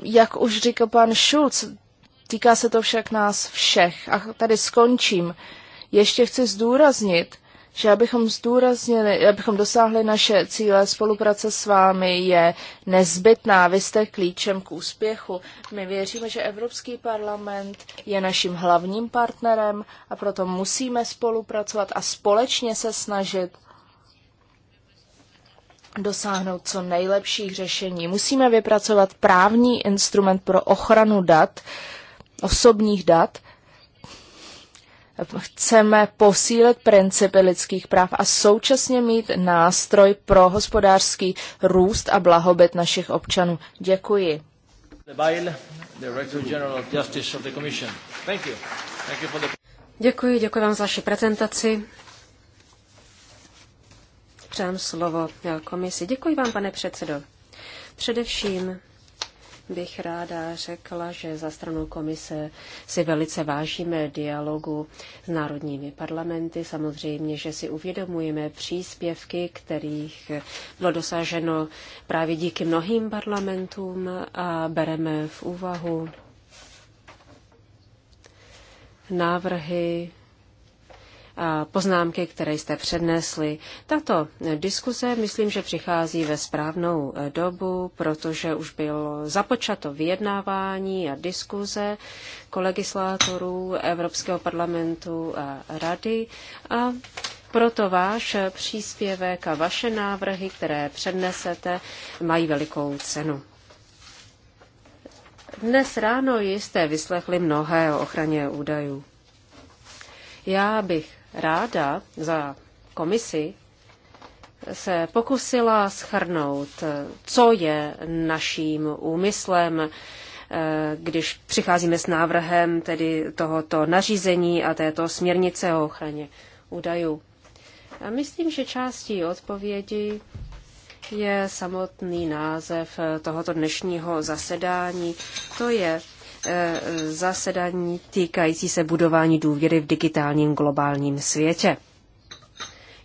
jak už říkal pan Schulz, týká se to však nás všech. A tady skončím. Ještě chci zdůraznit, že abychom zdůraznili, abychom dosáhli naše cíle, spolupráce s vámi je nezbytná. Vy jste klíčem k úspěchu. My věříme, že Evropský parlament je naším hlavním partnerem a proto musíme spolupracovat a společně se snažit dosáhnout co nejlepších řešení. Musíme vypracovat právní instrument pro ochranu dat, osobních dat, chceme posílit principy lidských práv a současně mít nástroj pro hospodářský růst a blahobyt našich občanů. Děkuji. Děkuji, děkuji vám za vaši prezentaci. Přám slovo měl eh, komisi. Děkuji vám, pane předsedo. Především bych ráda řekla, že za stranou komise si velice vážíme dialogu s národními parlamenty. Samozřejmě, že si uvědomujeme příspěvky, kterých bylo dosaženo právě díky mnohým parlamentům a bereme v úvahu návrhy poznámky, které jste přednesli. Tato diskuse, myslím, že přichází ve správnou e, dobu, protože už bylo započato vyjednávání a diskuze kolegislátorů Evropského parlamentu a rady a proto váš příspěvek a vaše návrhy, které přednesete, mají velikou cenu. Dnes ráno jste vyslechli mnohé o ochraně údajů. Já bych ráda za komisi se pokusila schrnout, co je naším úmyslem, eh, když přicházíme s návrhem tedy tohoto nařízení a této směrnice o ochraně údajů. A myslím, že částí odpovědi je samotný název tohoto dnešního zasedání. To je Eh, zasedání týkající se budování důvěry v digitálním globálním světě.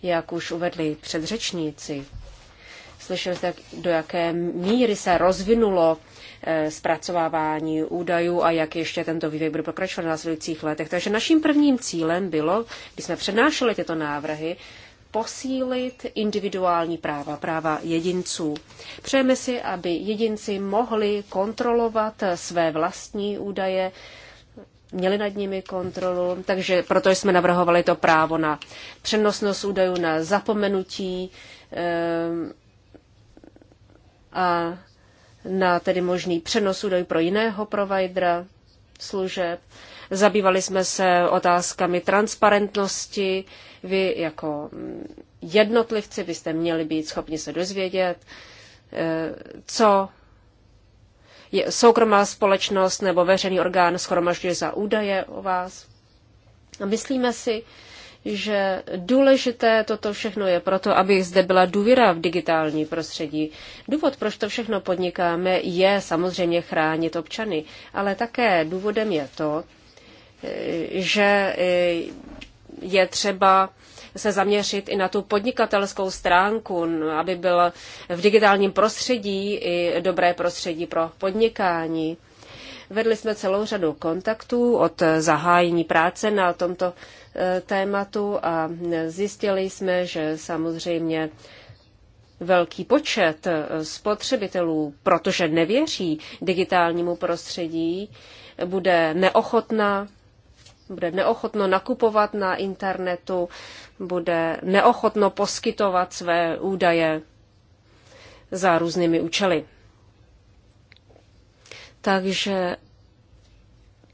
Jak už uvedli předřečníci, slyšeli jste, do jaké míry se rozvinulo eh, zpracovávání údajů a jak ještě tento vývoj bude pokračovat v následujících letech. Takže naším prvním cílem bylo, když jsme přednášeli tyto návrhy, posílit individuální práva, práva jedinců. Přejeme si, aby jedinci mohli kontrolovat své vlastní údaje, měli nad nimi kontrolu, takže proto jsme navrhovali to právo na přenosnost údajů, na zapomenutí eh, a na tedy možný přenos údajů pro jiného providera služeb. Zabývali jsme se otázkami transparentnosti, vy jako jednotlivci byste měli být schopni se dozvědět, eh, co je soukromá společnost nebo veřejný orgán schromažďuje za údaje o vás. A myslíme si, že důležité toto všechno je proto, aby zde byla důvěra v digitální prostředí. Důvod, proč to všechno podnikáme, je samozřejmě chránit občany, ale také důvodem je to, eh, že eh, je třeba se zaměřit i na tu podnikatelskou stránku, aby byl v digitálním prostředí i dobré prostředí pro podnikání. Vedli jsme celou řadu kontaktů od zahájení práce na tomto e, tématu a zjistili jsme, že samozřejmě velký počet e, spotřebitelů, protože nevěří digitálnímu prostředí, bude neochotná bude neochotno nakupovat na internetu, bude neochotno poskytovat své údaje za různými účely. Takže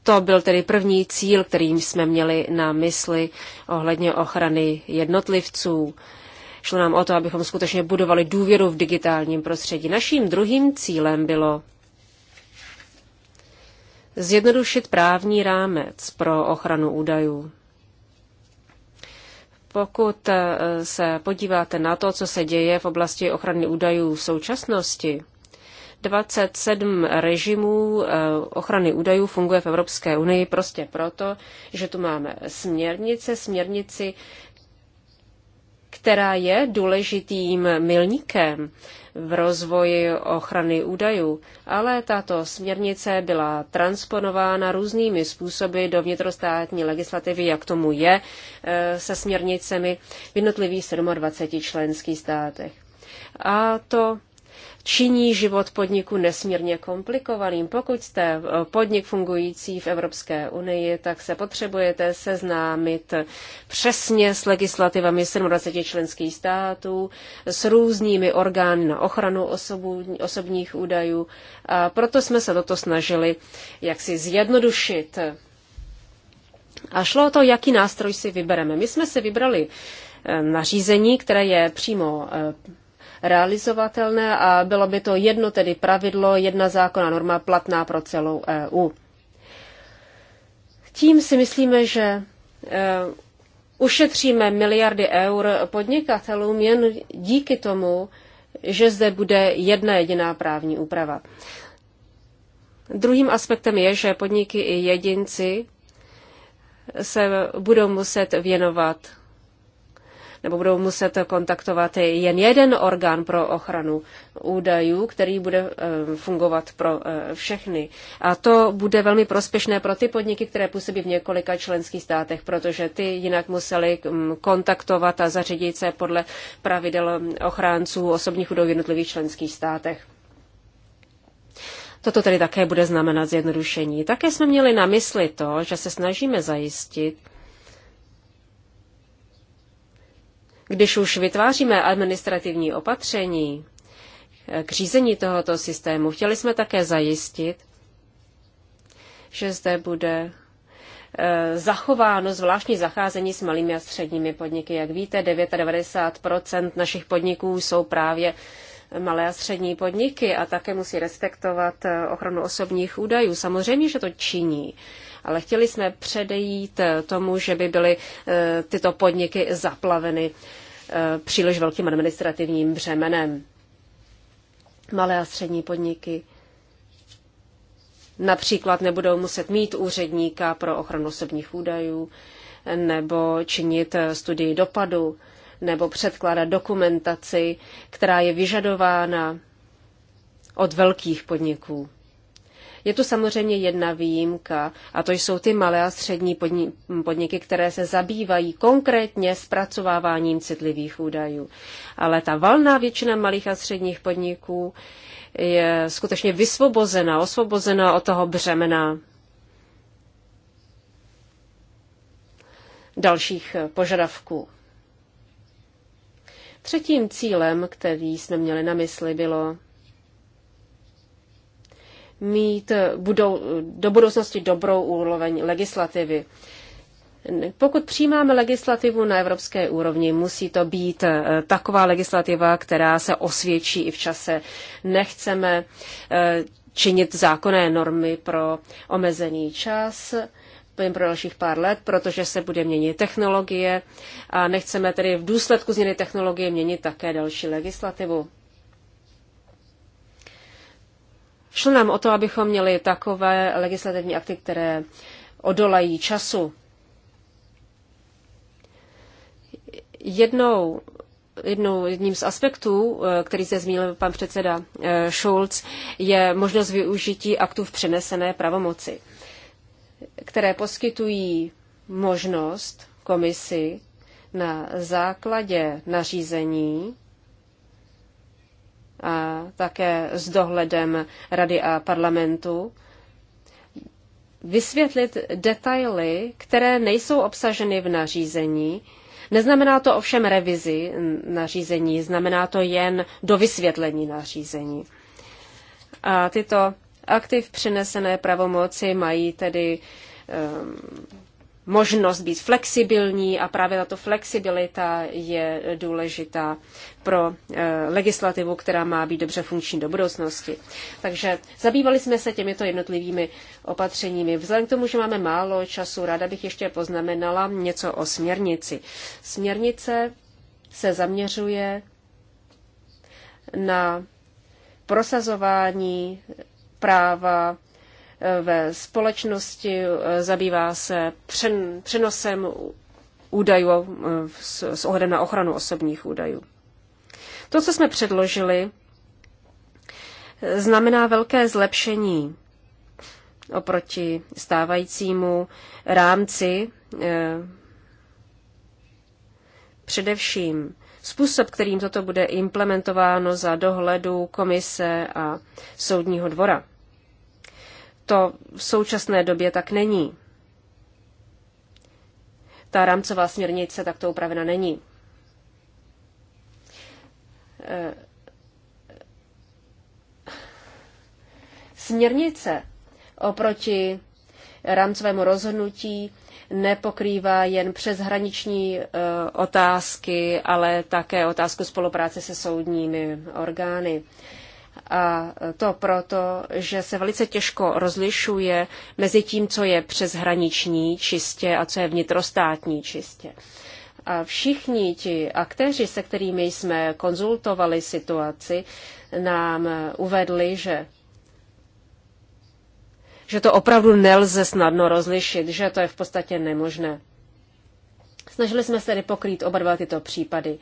to byl tedy první cíl, kterým jsme měli na mysli ohledně ochrany jednotlivců. Šlo nám o to, abychom skutečně budovali důvěru v digitálním prostředí. Naším druhým cílem bylo zjednodušit právní rámec pro ochranu údajů. Pokud eh, se podíváte na to, co se děje v oblasti ochrany údajů v současnosti, 27 režimů eh, ochrany údajů funguje v Evropské unii prostě proto, že tu máme směrnice, směrnici která je důležitým milníkem v rozvoji ochrany údajů, ale tato směrnice byla transponována různými způsoby do vnitrostátní legislativy, jak tomu je e, se směrnicemi v jednotlivých 27 členských státech. A to činí život podniku nesmírně komplikovaným. Pokud jste eh, podnik fungující v Evropské unii, tak se potřebujete seznámit přesně s legislativami 27 členských států, s různými orgány na ochranu osobu, osobních údajů. A proto jsme se toto snažili jaksi zjednodušit. A šlo o to, jaký nástroj si vybereme. My jsme si vybrali eh, nařízení, které je přímo eh, realizovatelné a bylo by to jedno tedy pravidlo, jedna zákona norma platná pro celou EU. Tím si myslíme, že eh, ušetříme miliardy eur podnikatelům jen díky tomu, že zde bude jedna jediná právní úprava. Druhým aspektem je, že podniky i jedinci se budou muset věnovat nebo budou muset kontaktovat jen jeden orgán pro ochranu údajů, který bude eh, fungovat pro eh, všechny. A to bude velmi prospěšné pro ty podniky, které působí v několika členských státech, protože ty jinak museli hm, kontaktovat a zařídit se podle pravidel ochránců osobních údajů v jednotlivých členských státech. Toto tedy také bude znamenat zjednodušení. Také jsme měli na mysli to, že se snažíme zajistit, Když už vytváříme administrativní opatření k řízení tohoto systému, chtěli jsme také zajistit, že zde bude eh, zachováno zvláštní zacházení s malými a středními podniky. Jak víte, 99 našich podniků jsou právě malé a střední podniky a také musí respektovat eh, ochranu osobních údajů. Samozřejmě, že to činí ale chtěli jsme předejít eh, tomu, že by byly eh, tyto podniky zaplaveny eh, příliš velkým administrativním břemenem. Malé a střední podniky například nebudou muset mít úředníka pro ochranu osobních údajů, nebo činit studii dopadu, nebo předkládat dokumentaci, která je vyžadována od velkých podniků. Je tu samozřejmě jedna výjimka, a to jsou ty malé a střední podniky, které se zabývají konkrétně zpracováváním citlivých údajů. Ale ta valná většina malých a středních podniků je skutečně vysvobozena, osvobozena od toho břemena dalších požadavků. Třetím cílem, který jsme měli na mysli, bylo mít budou, do budoucnosti dobrou úroveň legislativy. Pokud přijímáme legislativu na evropské úrovni, musí to být eh, taková legislativa, která se osvědčí i v čase. Nechceme eh, činit zákonné normy pro omezený čas, pro dalších pár let, protože se bude měnit technologie a nechceme tedy v důsledku změny technologie měnit také další legislativu. Šlo nám o to, abychom měli takové legislativní akty, které odolají času. Jednou, jednou, jedním z aspektů, eh, který se zmínil pan předseda eh, Schulz, je možnost využití aktů v přenesené pravomoci, které poskytují možnost komisi na základě nařízení a také s dohledem Rady a parlamentu vysvětlit detaily, které nejsou obsaženy v nařízení. Neznamená to ovšem revizi nařízení, znamená to jen dovysvětlení nařízení. A tyto aktiv přinesené pravomoci mají tedy um, možnost být flexibilní a právě tato flexibilita je důležitá pro eh, legislativu, která má být dobře funkční do budoucnosti. Takže zabývali jsme se těmito jednotlivými opatřeními. Vzhledem k tomu, že máme málo času, ráda bych ještě poznamenala něco o směrnici. Směrnice se zaměřuje na prosazování práva ve společnosti, eh, zabývá se přen, přenosem údajů eh, s, s ohledem na ochranu osobních údajů. To, co jsme předložili, eh, znamená velké zlepšení oproti stávajícímu rámci. Především způsob, kterým toto bude implementováno za dohledu komise a soudního dvora to v současné době tak není. Ta rámcová směrnice takto upravena není. Eh, směrnice oproti rámcovému rozhodnutí nepokrývá jen přeshraniční eh, otázky, ale také otázku spolupráce se soudními orgány. A to proto, že se velice těžko rozlišuje mezi tím, co je přeshraniční čistě a co je vnitrostátní čistě. A všichni ti aktéři, se kterými jsme konzultovali situaci, nám uvedli, že že to opravdu nelze snadno rozlišit, že to je v podstatě nemožné. Snažili jsme se tedy pokrýt oba dva tyto případy.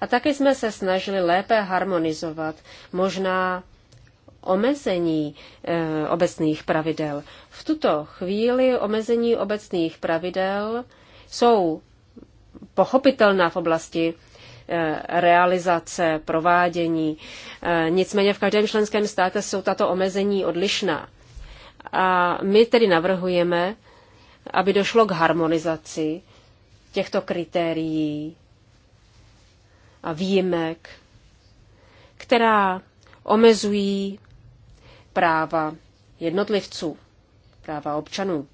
A taky jsme se snažili lépe harmonizovat možná omezení e, obecných pravidel. V tuto chvíli omezení obecných pravidel jsou pochopitelná v oblasti eh, realizace, provádění. Eh, nicméně v každém členském státě jsou tato omezení odlišná. A my tedy navrhujeme, aby došlo k harmonizaci těchto kritérií a výjimek, která omezují práva jednotlivců, práva občanů.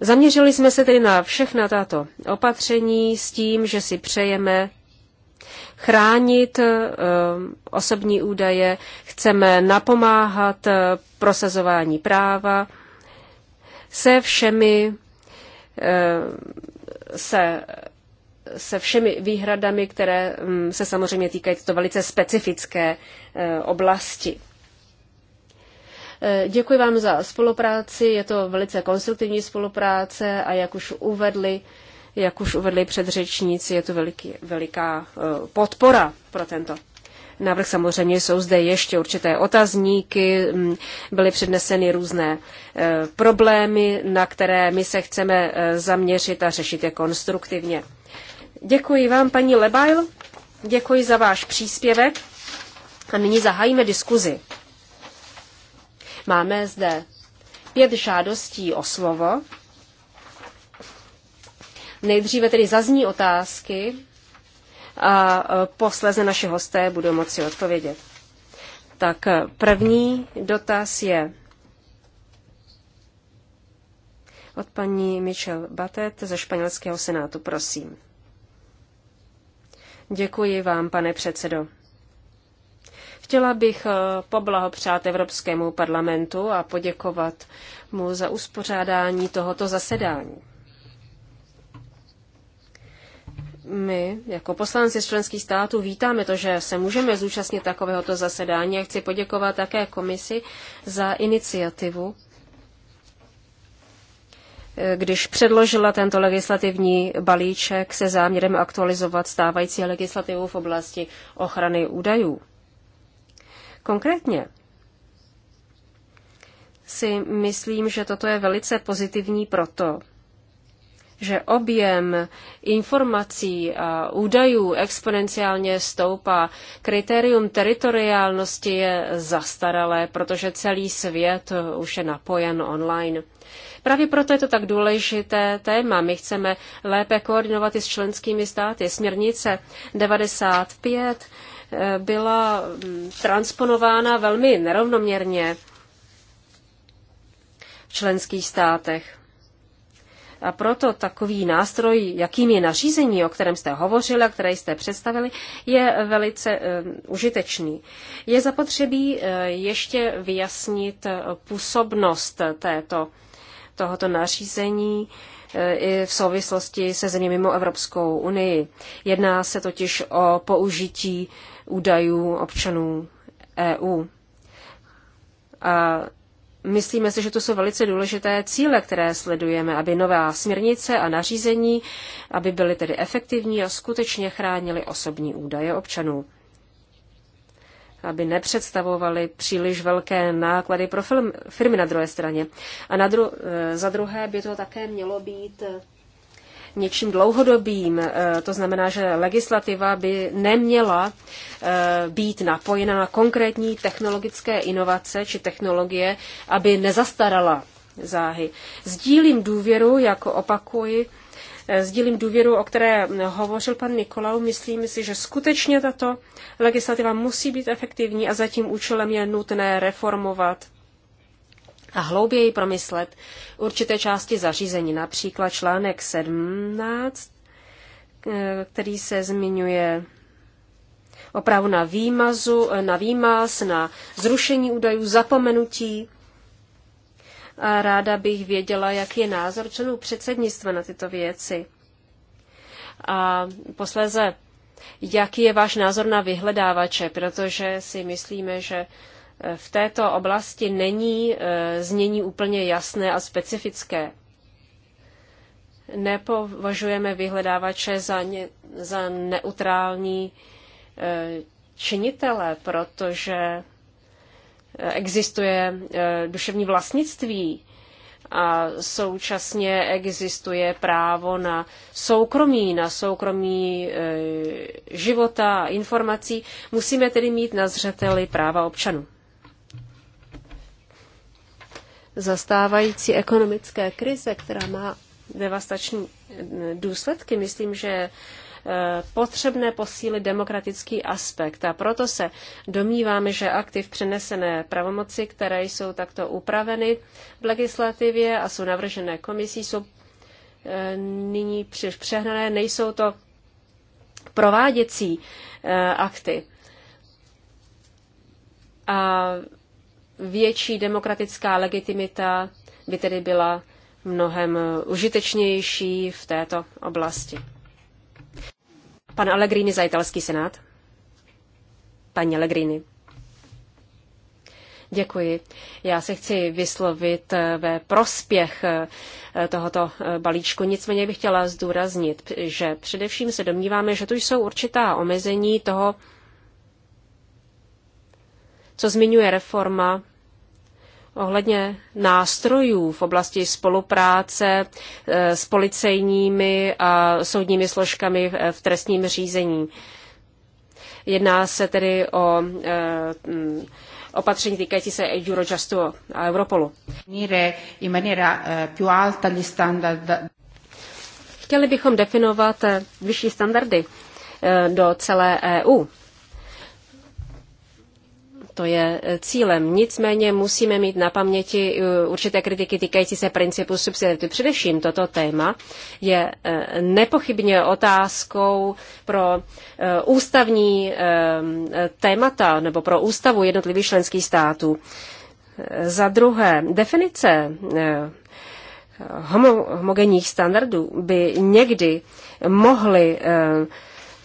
Zaměřili jsme se tedy na všechna tato opatření s tím, že si přejeme chránit eh, osobní údaje, chceme napomáhat eh, prosazování práva se všemi eh, se, se všemi výhradami, které mm, se samozřejmě týkají této velice specifické oblasti. Eh, děkuji vám za spolupráci, je to velice konstruktivní spolupráce a jak už uvedli, jak už uvedli předřečníci, je to veliký, veliká eh, podpora pro tento návrh. Samozřejmě jsou zde ještě určité otazníky, mm, byly předneseny různé eh, problémy, na které my se chceme zaměřit a řešit je konstruktivně. Děkuji vám, paní Lebail, děkuji za váš příspěvek a nyní zahájíme diskuzi. Máme zde pět žádostí o slovo. Nejdříve tedy zazní otázky a e, posléze naše hosté budou moci odpovědět. Tak e, první dotaz je od paní Michel Batet ze španělského senátu, prosím. Děkuji vám, pane předsedo. Chtěla bych eh, poblahopřát Evropskému parlamentu a poděkovat mu za uspořádání tohoto zasedání. My jako poslanci z členských států vítáme to, že se můžeme zúčastnit takovéhoto zasedání a chci poděkovat také komisi za iniciativu, eh, když předložila tento legislativní balíček se záměrem aktualizovat stávající legislativu v oblasti ochrany údajů. Konkrétně si myslím, že toto je velice pozitivní proto, že objem informací a údajů exponenciálně stoupá. Kritérium teritoriálnosti je zastaralé, protože celý svět už je napojen online. Právě proto je to tak důležité téma. My chceme lépe koordinovat i s členskými státy. Směrnice 95 byla transponována velmi nerovnoměrně v členských státech. A proto takový nástroj, jakým je nařízení, o kterém jste hovořili a které jste představili, je velice uh, užitečný. Je zapotřebí uh, ještě vyjasnit působnost této, tohoto nařízení uh, i v souvislosti se zemí mimo Evropskou unii. Jedná se totiž o použití uh, údajů občanů EU. A myslíme si, že to jsou velice důležité cíle, které sledujeme, aby nová směrnice a nařízení, aby byly tedy efektivní a skutečně chránily osobní údaje občanů aby nepředstavovaly příliš velké náklady pro firmy na druhé straně. A na dru- e, za druhé by to také mělo být něčím dlouhodobým. Eh, to znamená, že legislativa by neměla eh, být napojena na konkrétní technologické inovace či technologie, aby nezastarala záhy. Sdílím důvěru, jako opakuji, eh, sdílím důvěru, o které hovořil pan Nikolau. Myslím si, že skutečně tato legislativa musí být efektivní a za tím účelem je nutné reformovat a hlouběji promyslet určité části zařízení, například článek 17, eh, který se zmiňuje opravu na, výmazu, eh, na výmaz, na zrušení údajů, zapomenutí. A ráda bych věděla, jaký je názor členů předsednictva na tyto věci. A posléze, jaký je váš názor na vyhledávače, protože si myslíme, že v této oblasti není e, znění úplně jasné a specifické. Nepovažujeme vyhledávače za, ně, za neutrální e, činitele, protože existuje e, duševní vlastnictví a současně existuje právo na soukromí, na soukromí života a informací. Musíme tedy mít na zřeteli práva občanů zastávající ekonomické krize, která má devastační eh, důsledky, myslím, že eh, potřebné posílit demokratický aspekt a proto se domníváme, že aktiv přenesené pravomoci, které jsou takto upraveny v legislativě a jsou navržené komisí, jsou eh, nyní příliš přehnané, nejsou to prováděcí akty. A větší demokratická legitimita by tedy byla mnohem užitečnější v této oblasti. Pan Allegrini za italský senát. Paní Allegrini. Děkuji. Já se chci vyslovit ve prospěch eh, tohoto eh, balíčku. Nicméně bych chtěla zdůraznit, že především se domníváme, že tu jsou určitá omezení toho, co zmiňuje reforma ohledně nástrojů v oblasti spolupráce eh, s policejními a soudními složkami v trestním řízení. Jedná se tedy o eh, mm, opatření týkající se Eurojustu a Europolu. Eh, Chtěli bychom definovat vyšší standardy do celé EU. To je e, cílem. Nicméně musíme mít na paměti e, určité kritiky týkající se principu subsidiarity. Především toto téma je e, nepochybně otázkou pro ústavní témata nebo pro ústavu jednotlivých členských států. Za druhé, definice homogenních standardů by někdy mohly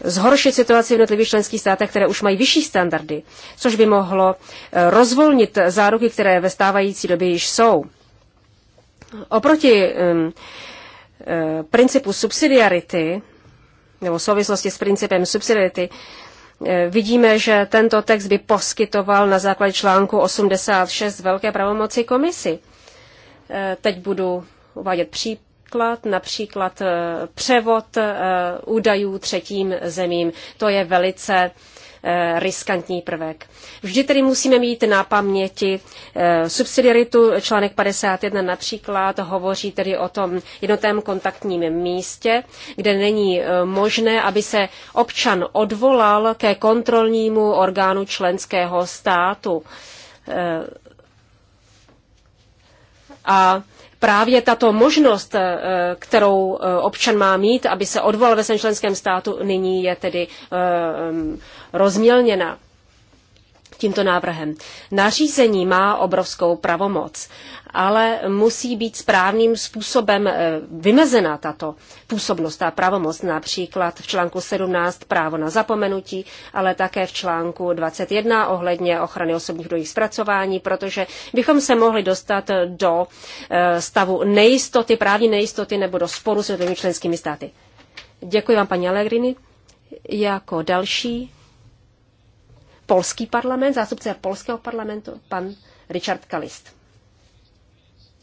zhoršit situaci v jednotlivých členských státech, které už mají vyšší standardy, což by mohlo eh, rozvolnit záruky, které ve stávající době již jsou. Oproti eh, principu subsidiarity, nebo v souvislosti s principem subsidiarity, eh, vidíme, že tento text by poskytoval na základě článku 86 velké pravomoci komisi. Teď budu uvádět případ příklad, například eh, převod eh, údajů třetím zemím. To je velice eh, riskantní prvek. Vždy tedy musíme mít na paměti subsidiaritu. Článek 51 například hovoří tedy o tom jednotém kontaktním místě, kde není možné, aby se občan odvolal ke kontrolnímu orgánu členského státu. A právě tato možnost, eh, kterou eh, občan má mít, aby se odvolal ve svém členském státu, nyní je tedy eh, rozmělněna tímto návrhem. Nařízení má obrovskou pravomoc, ale musí být správným způsobem eh, vymezena tato působnost, ta pravomoc, například v článku 17 právo na zapomenutí, ale také v článku 21 ohledně ochrany osobních dojí zpracování, protože bychom se mohli dostat do eh, stavu nejistoty, právní nejistoty nebo do sporu s členskými státy. Děkuji vám, paní Allegrini. Jako další polský parlament, zástupce polského parlamentu, pan Richard Kalist.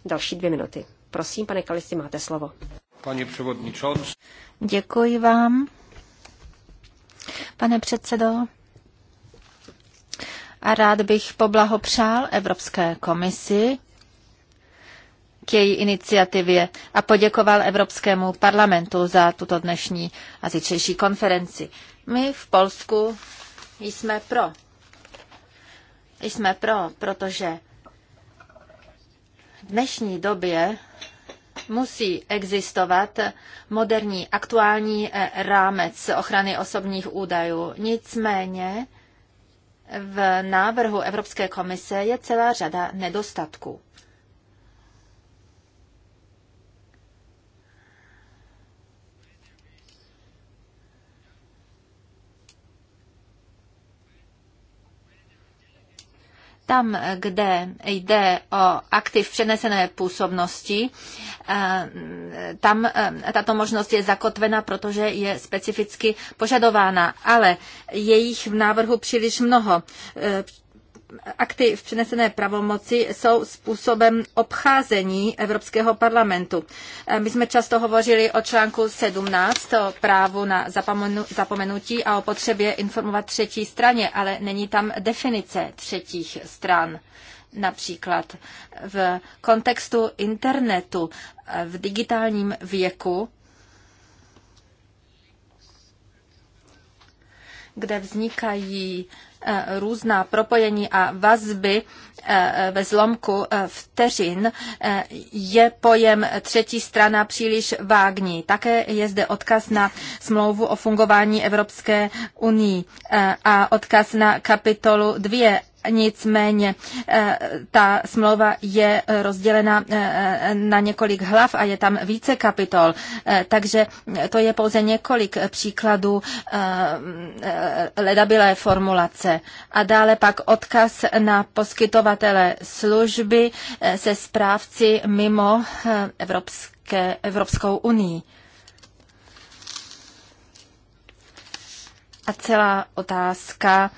Další dvě minuty. Prosím, pane Kalisti, máte slovo. Pane převodničonc. Děkuji vám. Pane předsedo, a rád bych poblahopřál Evropské komisi k její iniciativě a poděkoval Evropskému parlamentu za tuto dnešní a zítřejší konferenci. My v Polsku jsme pro. Jsme pro, protože v dnešní době musí existovat moderní aktuální eh, rámec ochrany osobních údajů. Nicméně v návrhu Evropské komise je celá řada nedostatků. Tam, kde jde o aktiv přenesené působnosti, eh, tam eh, tato možnost je zakotvena, protože je specificky požadována, ale je jich v návrhu příliš mnoho. Eh, akty v přenesené pravomoci jsou způsobem obcházení Evropského parlamentu. E, my jsme často hovořili o článku 17, o právu na zapomenutí a o potřebě informovat třetí straně, ale není tam definice třetích stran. Například v kontextu internetu e, v digitálním věku kde vznikají Eh, různá propojení a vazby eh, ve zlomku eh, vteřin je pojem třetí strana příliš vágní. Také je zde odkaz na smlouvu o fungování Evropské unii a odkaz na kapitolu 2 Nicméně eh, ta smlouva je eh, rozdělena eh, na několik hlav a je tam více kapitol, takže to je pouze několik příkladů ledabilé formulace. A dále pak odkaz na poskytovatele služby se správci mimo Evropské, Evropskou unii. A celá otázka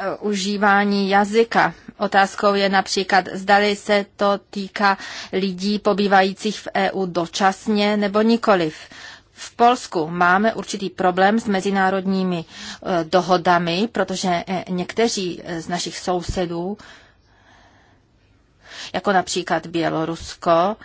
Uh, užívání jazyka. Otázkou je například, zdali se to týká lidí pobývajících v EU dočasně nebo nikoliv. V Polsku máme určitý problém s mezinárodními uh, dohodami, protože eh, někteří z našich sousedů, jako například Bělorusko,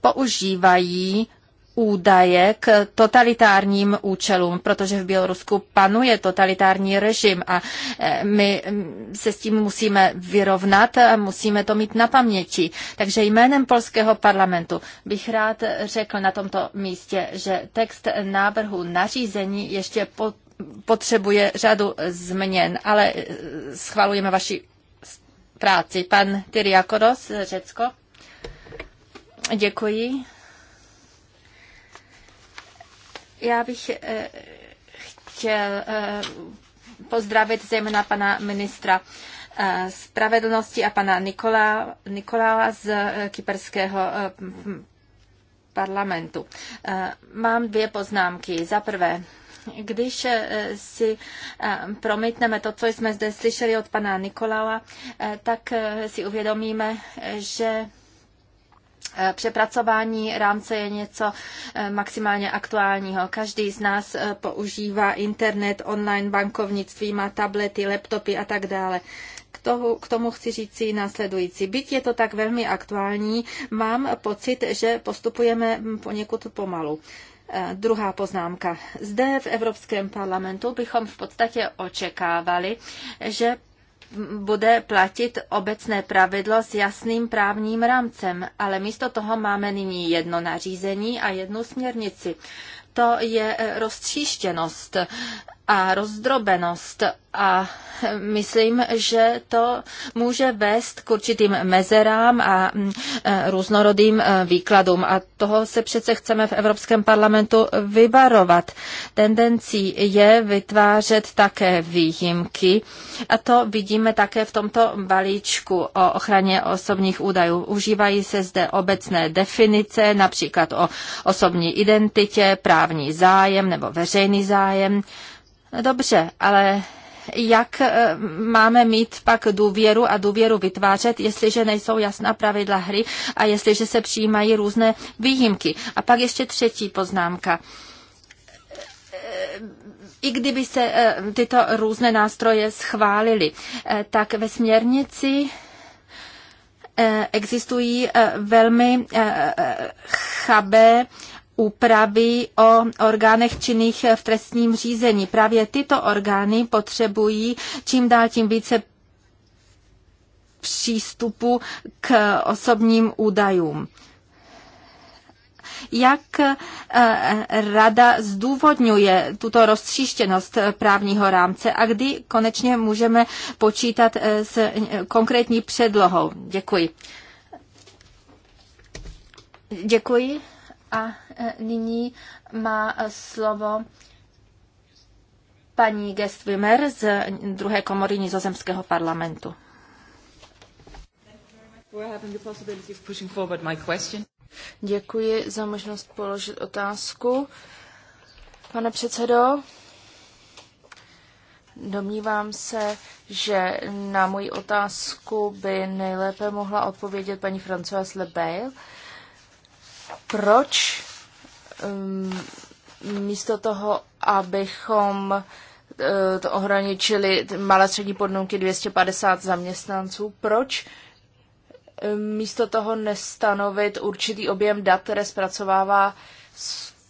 používají údaje k totalitárním účelům, protože v Bělorusku panuje totalitární režim a eh, my mm, se s tím musíme vyrovnat a musíme to mít na paměti. Takže jménem polského parlamentu bych rád řekl na tomto místě, že text návrhu nařízení ještě po, potřebuje řadu změn, ale eh, schvalujeme vaši práci. Pan Tyriakoros, Řecko. Děkuji já bych eh, chtěl eh, pozdravit zejména pana ministra eh, spravedlnosti a pana Nikola, Nikola z kyperského parlamentu. Mám dvě poznámky. Za prvé, když si promítneme to, co jsme zde slyšeli od pana eh, tak si uvědomíme, že Eh, přepracování rámce je něco eh, maximálně aktuálního. Každý z nás eh, používá internet, online bankovnictví, má tablety, laptopy a tak dále. K tomu, k tomu chci říci následující. Byť je to tak velmi aktuální, mám pocit, že postupujeme poněkud pomalu. Druhá poznámka. Zde v Evropském parlamentu bychom v podstatě očekávali, že bude platit obecné pravidlo s jasným právním rámcem, ale místo toho máme nyní jedno nařízení a jednu směrnici. To je eh, roztříštěnost a rozdrobenost a myslím, že to může vést k určitým mezerám a mm, e, různorodým e, výkladům. A toho se přece chceme v Evropském parlamentu vyvarovat. Tendencí je vytvářet také výjimky a to vidíme také v tomto balíčku o ochraně osobních údajů. Užívají se zde obecné definice, například o osobní identitě, právní zájem nebo veřejný zájem. Dobře, ale jak e, máme mít pak důvěru a důvěru vytvářet, jestliže nejsou jasná pravidla hry a jestliže se přijímají různé výjimky. A pak ještě třetí poznámka e, i kdyby se e, tyto různé nástroje schválily, tak ve směrnici existují velmi chabé úpravy o orgánech činných v trestním řízení. Právě tyto orgány potřebují čím dál tím více přístupu k osobním údajům jak eh, rada zdůvodňuje tuto rozstříštěnost právního rámce a kdy konečně můžeme počítat eh, s eh, konkrétní předlohou. Děkuji. Děkuji. A e, nyní má e, slovo paní Gestwimmer z druhé komory nizozemského parlamentu. Děkuji za možnost položit otázku. Pane předsedo, domnívám se, že na moji otázku by nejlépe mohla odpovědět paní Françoise Lebail. Proč um, místo toho, abychom eh, to ohraničili malé střední podniky 250 zaměstnanců. Proč um, místo toho nestanovit určitý objem dat, které zpracovává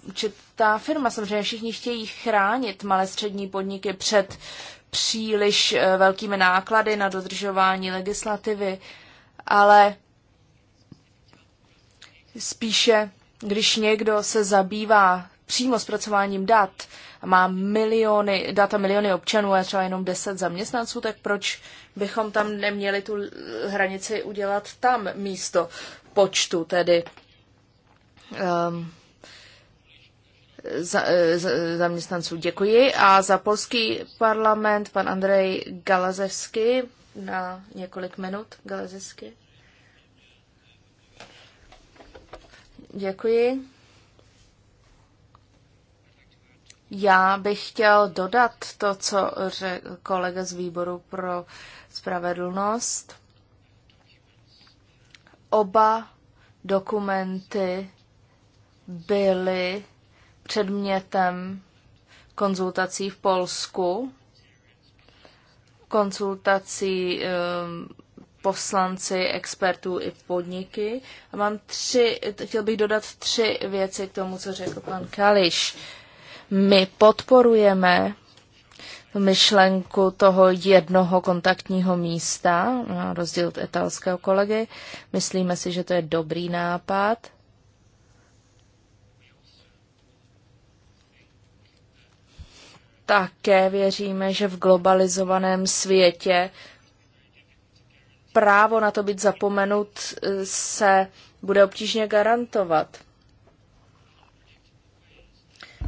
určitá firma? Samozřejmě všichni chtějí chránit malé střední podniky před příliš eh, velkými náklady na dodržování legislativy, ale spíše, když někdo se zabývá přímo zpracováním dat a má miliony, data miliony občanů a třeba jenom 10 zaměstnanců, tak proč bychom tam neměli tu hranici udělat tam místo počtu, tedy um, za, e, za, e, zaměstnanců. Děkuji. A za polský parlament pan Andrej Galazevsky na několik minut. Galazevsky. Děkuji. Já bych chtěl dodat to, co řekl kolega z výboru pro spravedlnost. Oba dokumenty byly předmětem konzultací v Polsku, konzultací ehm, poslanci, expertů i podniky. A mám tři, chtěl bych dodat tři věci k tomu, co řekl pan Kališ. My podporujeme myšlenku toho jednoho kontaktního místa, na rozdíl od italského kolegy. Myslíme si, že to je dobrý nápad. Také věříme, že v globalizovaném světě právo na to být zapomenut eh, se bude obtížně garantovat.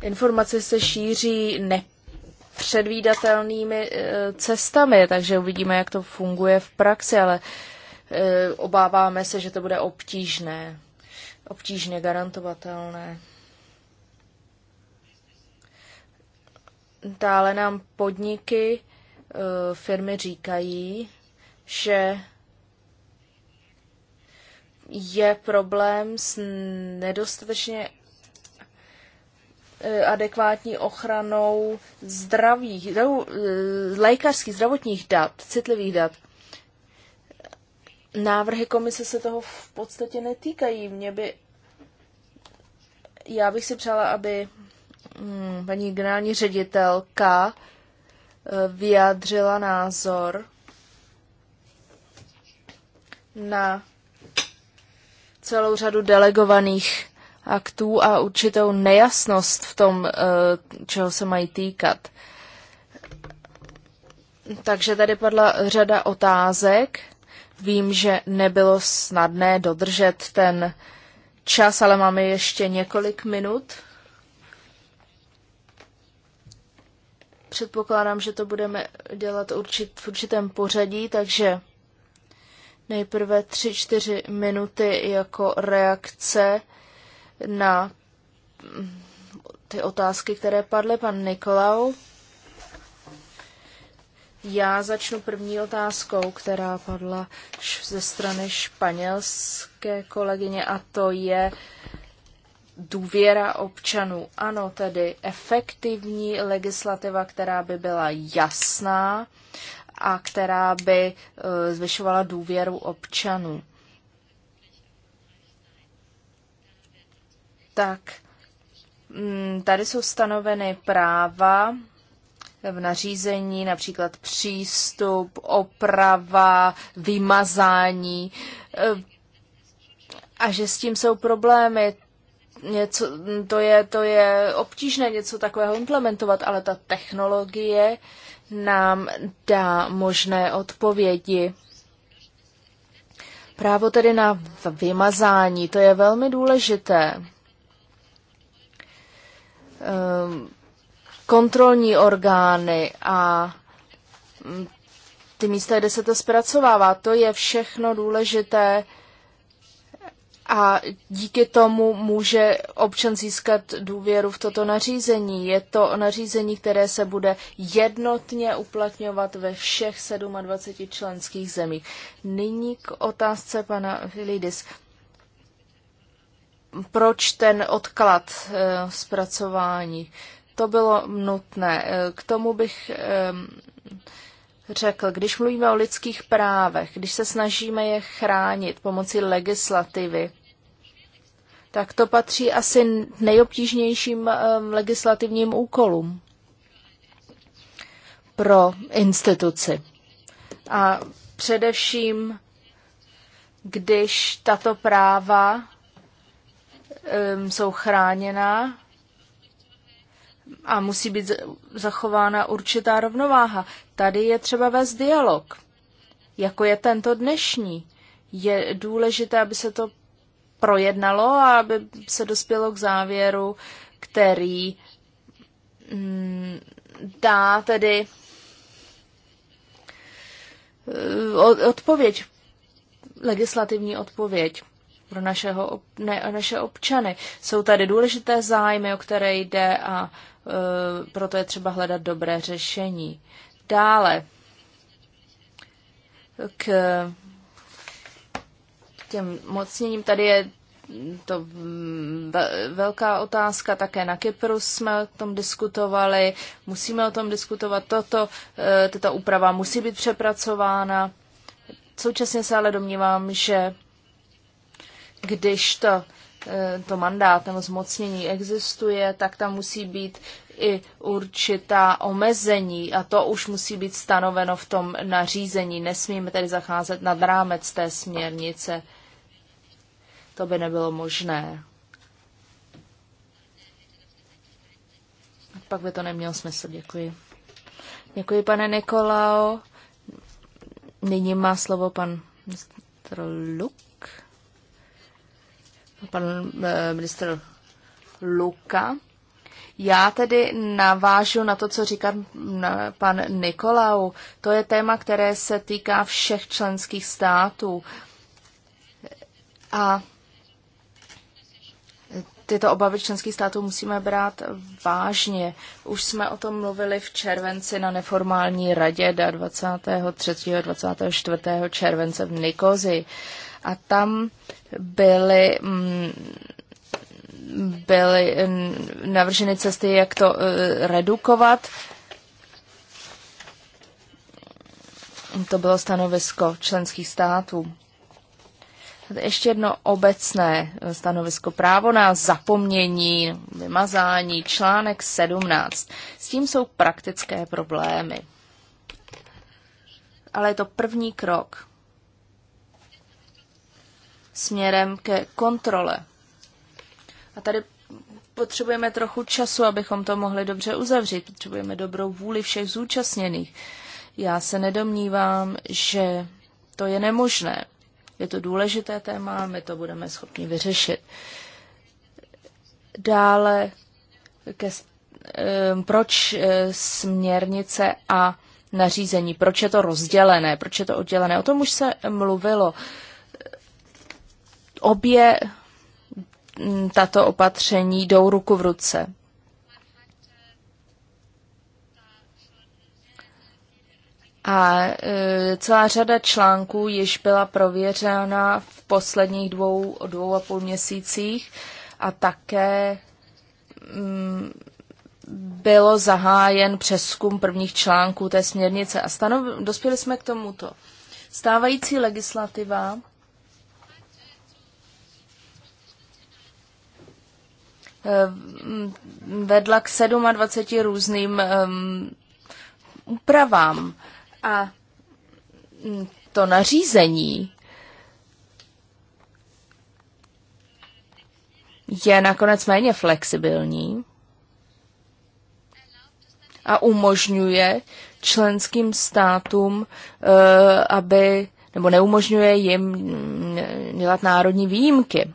Informace se šíří nepředvídatelnými eh, cestami, takže uvidíme, jak to funguje v praxi, ale eh, obáváme se, že to bude obtížné, obtížně garantovatelné. Dále nám podniky, firmy říkají, že je problém s nedostatečně eh, adekvátní ochranou zdravých, eh, lékařských, zdravotních dat, citlivých dat. Návrhy komise se toho v podstatě netýkají. Mě by, já bych si přála, aby hmm, paní generální ředitelka eh, vyjádřila názor na celou řadu delegovaných aktů a určitou nejasnost v tom, eh, čeho se mají týkat. Takže tady padla řada otázek. Vím, že nebylo snadné dodržet ten čas, ale máme ještě několik minut. Předpokládám, že to budeme dělat určit, v určitém pořadí, takže Nejprve tři čtyři minuty jako reakce na mm, ty otázky, které padly. Pan Nikolau. Já začnu první otázkou, která padla ze strany španělské kolegyně, a to je důvěra občanů. Ano, tedy efektivní legislativa, která by byla jasná, a která by eh, zvyšovala důvěru občanů. Tak mm, tady jsou stanoveny práva v nařízení, například přístup, oprava, vymazání eh, a že s tím jsou problémy. Něco, to, je, to je obtížné něco takového implementovat, ale ta technologie nám dá možné odpovědi. Právo tedy na vymazání, to je velmi důležité. Ehm, kontrolní orgány a mm, ty místa, kde se to zpracovává, to je všechno důležité a díky tomu může občan získat důvěru v toto nařízení. Je to nařízení, které se bude jednotně uplatňovat ve všech 27 členských zemích. Nyní k otázce pana Filidis. Proč ten odklad eh, zpracování? To bylo nutné. Eh, k tomu bych ehm, řekl, když mluvíme o lidských právech, když se snažíme je chránit pomocí legislativy, tak to patří asi nejobtížnějším eh, legislativním úkolům pro instituci. A především, když tato práva um, jsou chráněna a musí být zachována určitá rovnováha. Tady je třeba vést dialog, jako je tento dnešní. Je důležité, aby se to projednalo a aby se dospělo k závěru, který mm, dá tedy eh, odpověď, legislativní odpověď pro našeho, ne, naše občany. Jsou tady důležité zájmy, o které jde a e, proto je třeba hledat dobré řešení. Dále k těm mocněním. Tady je to velká otázka, také na Kypru jsme o tom diskutovali, musíme o tom diskutovat, toto, e, tato úprava musí být přepracována. Současně se ale domnívám, že když to, e, to mandát nebo zmocnění existuje, tak tam musí být i určitá omezení a to už musí být stanoveno v tom nařízení. Nesmíme tedy zacházet nad rámec té směrnice. To by nebylo možné. Pak by to nemělo smysl. Děkuji. Děkuji, pane Nikolao. Nyní má slovo pan ministr Luk. Pan eh, ministr Luka. Já tedy navážu na to, co říká pan Nikolau. To je téma, které se týká všech členských států. A tyto obavy členských států musíme brát vážně. Už jsme o tom mluvili v červenci na neformální radě 23. a 24. července v Nikozi. A tam byly, mm, byly navrženy cesty, jak to e, redukovat. To bylo stanovisko členských států. Ještě jedno obecné stanovisko. Právo na zapomnění, vymazání, článek 17. S tím jsou praktické problémy. Ale je to první krok směrem ke kontrole. A tady potřebujeme trochu času, abychom to mohli dobře uzavřít. Potřebujeme dobrou vůli všech zúčastněných. Já se nedomnívám, že to je nemožné. Je to důležité téma, my to budeme schopni vyřešit. Dále, ke, proč e, směrnice a nařízení, proč je to rozdělené, proč je to oddělené. O tom už se mluvilo. Obě tato opatření jdou ruku v ruce. A e, celá řada článků již byla prověřena v posledních dvou, dvou a půl měsících a také mm, bylo zahájen přeskum prvních článků té směrnice a stanov, dospěli jsme k tomuto. Stávající legislativa e, vedla k 27 různým um, úpravám. A to nařízení je nakonec méně flexibilní a umožňuje členským státům, eh, aby nebo neumožňuje jim dělat národní výjimky.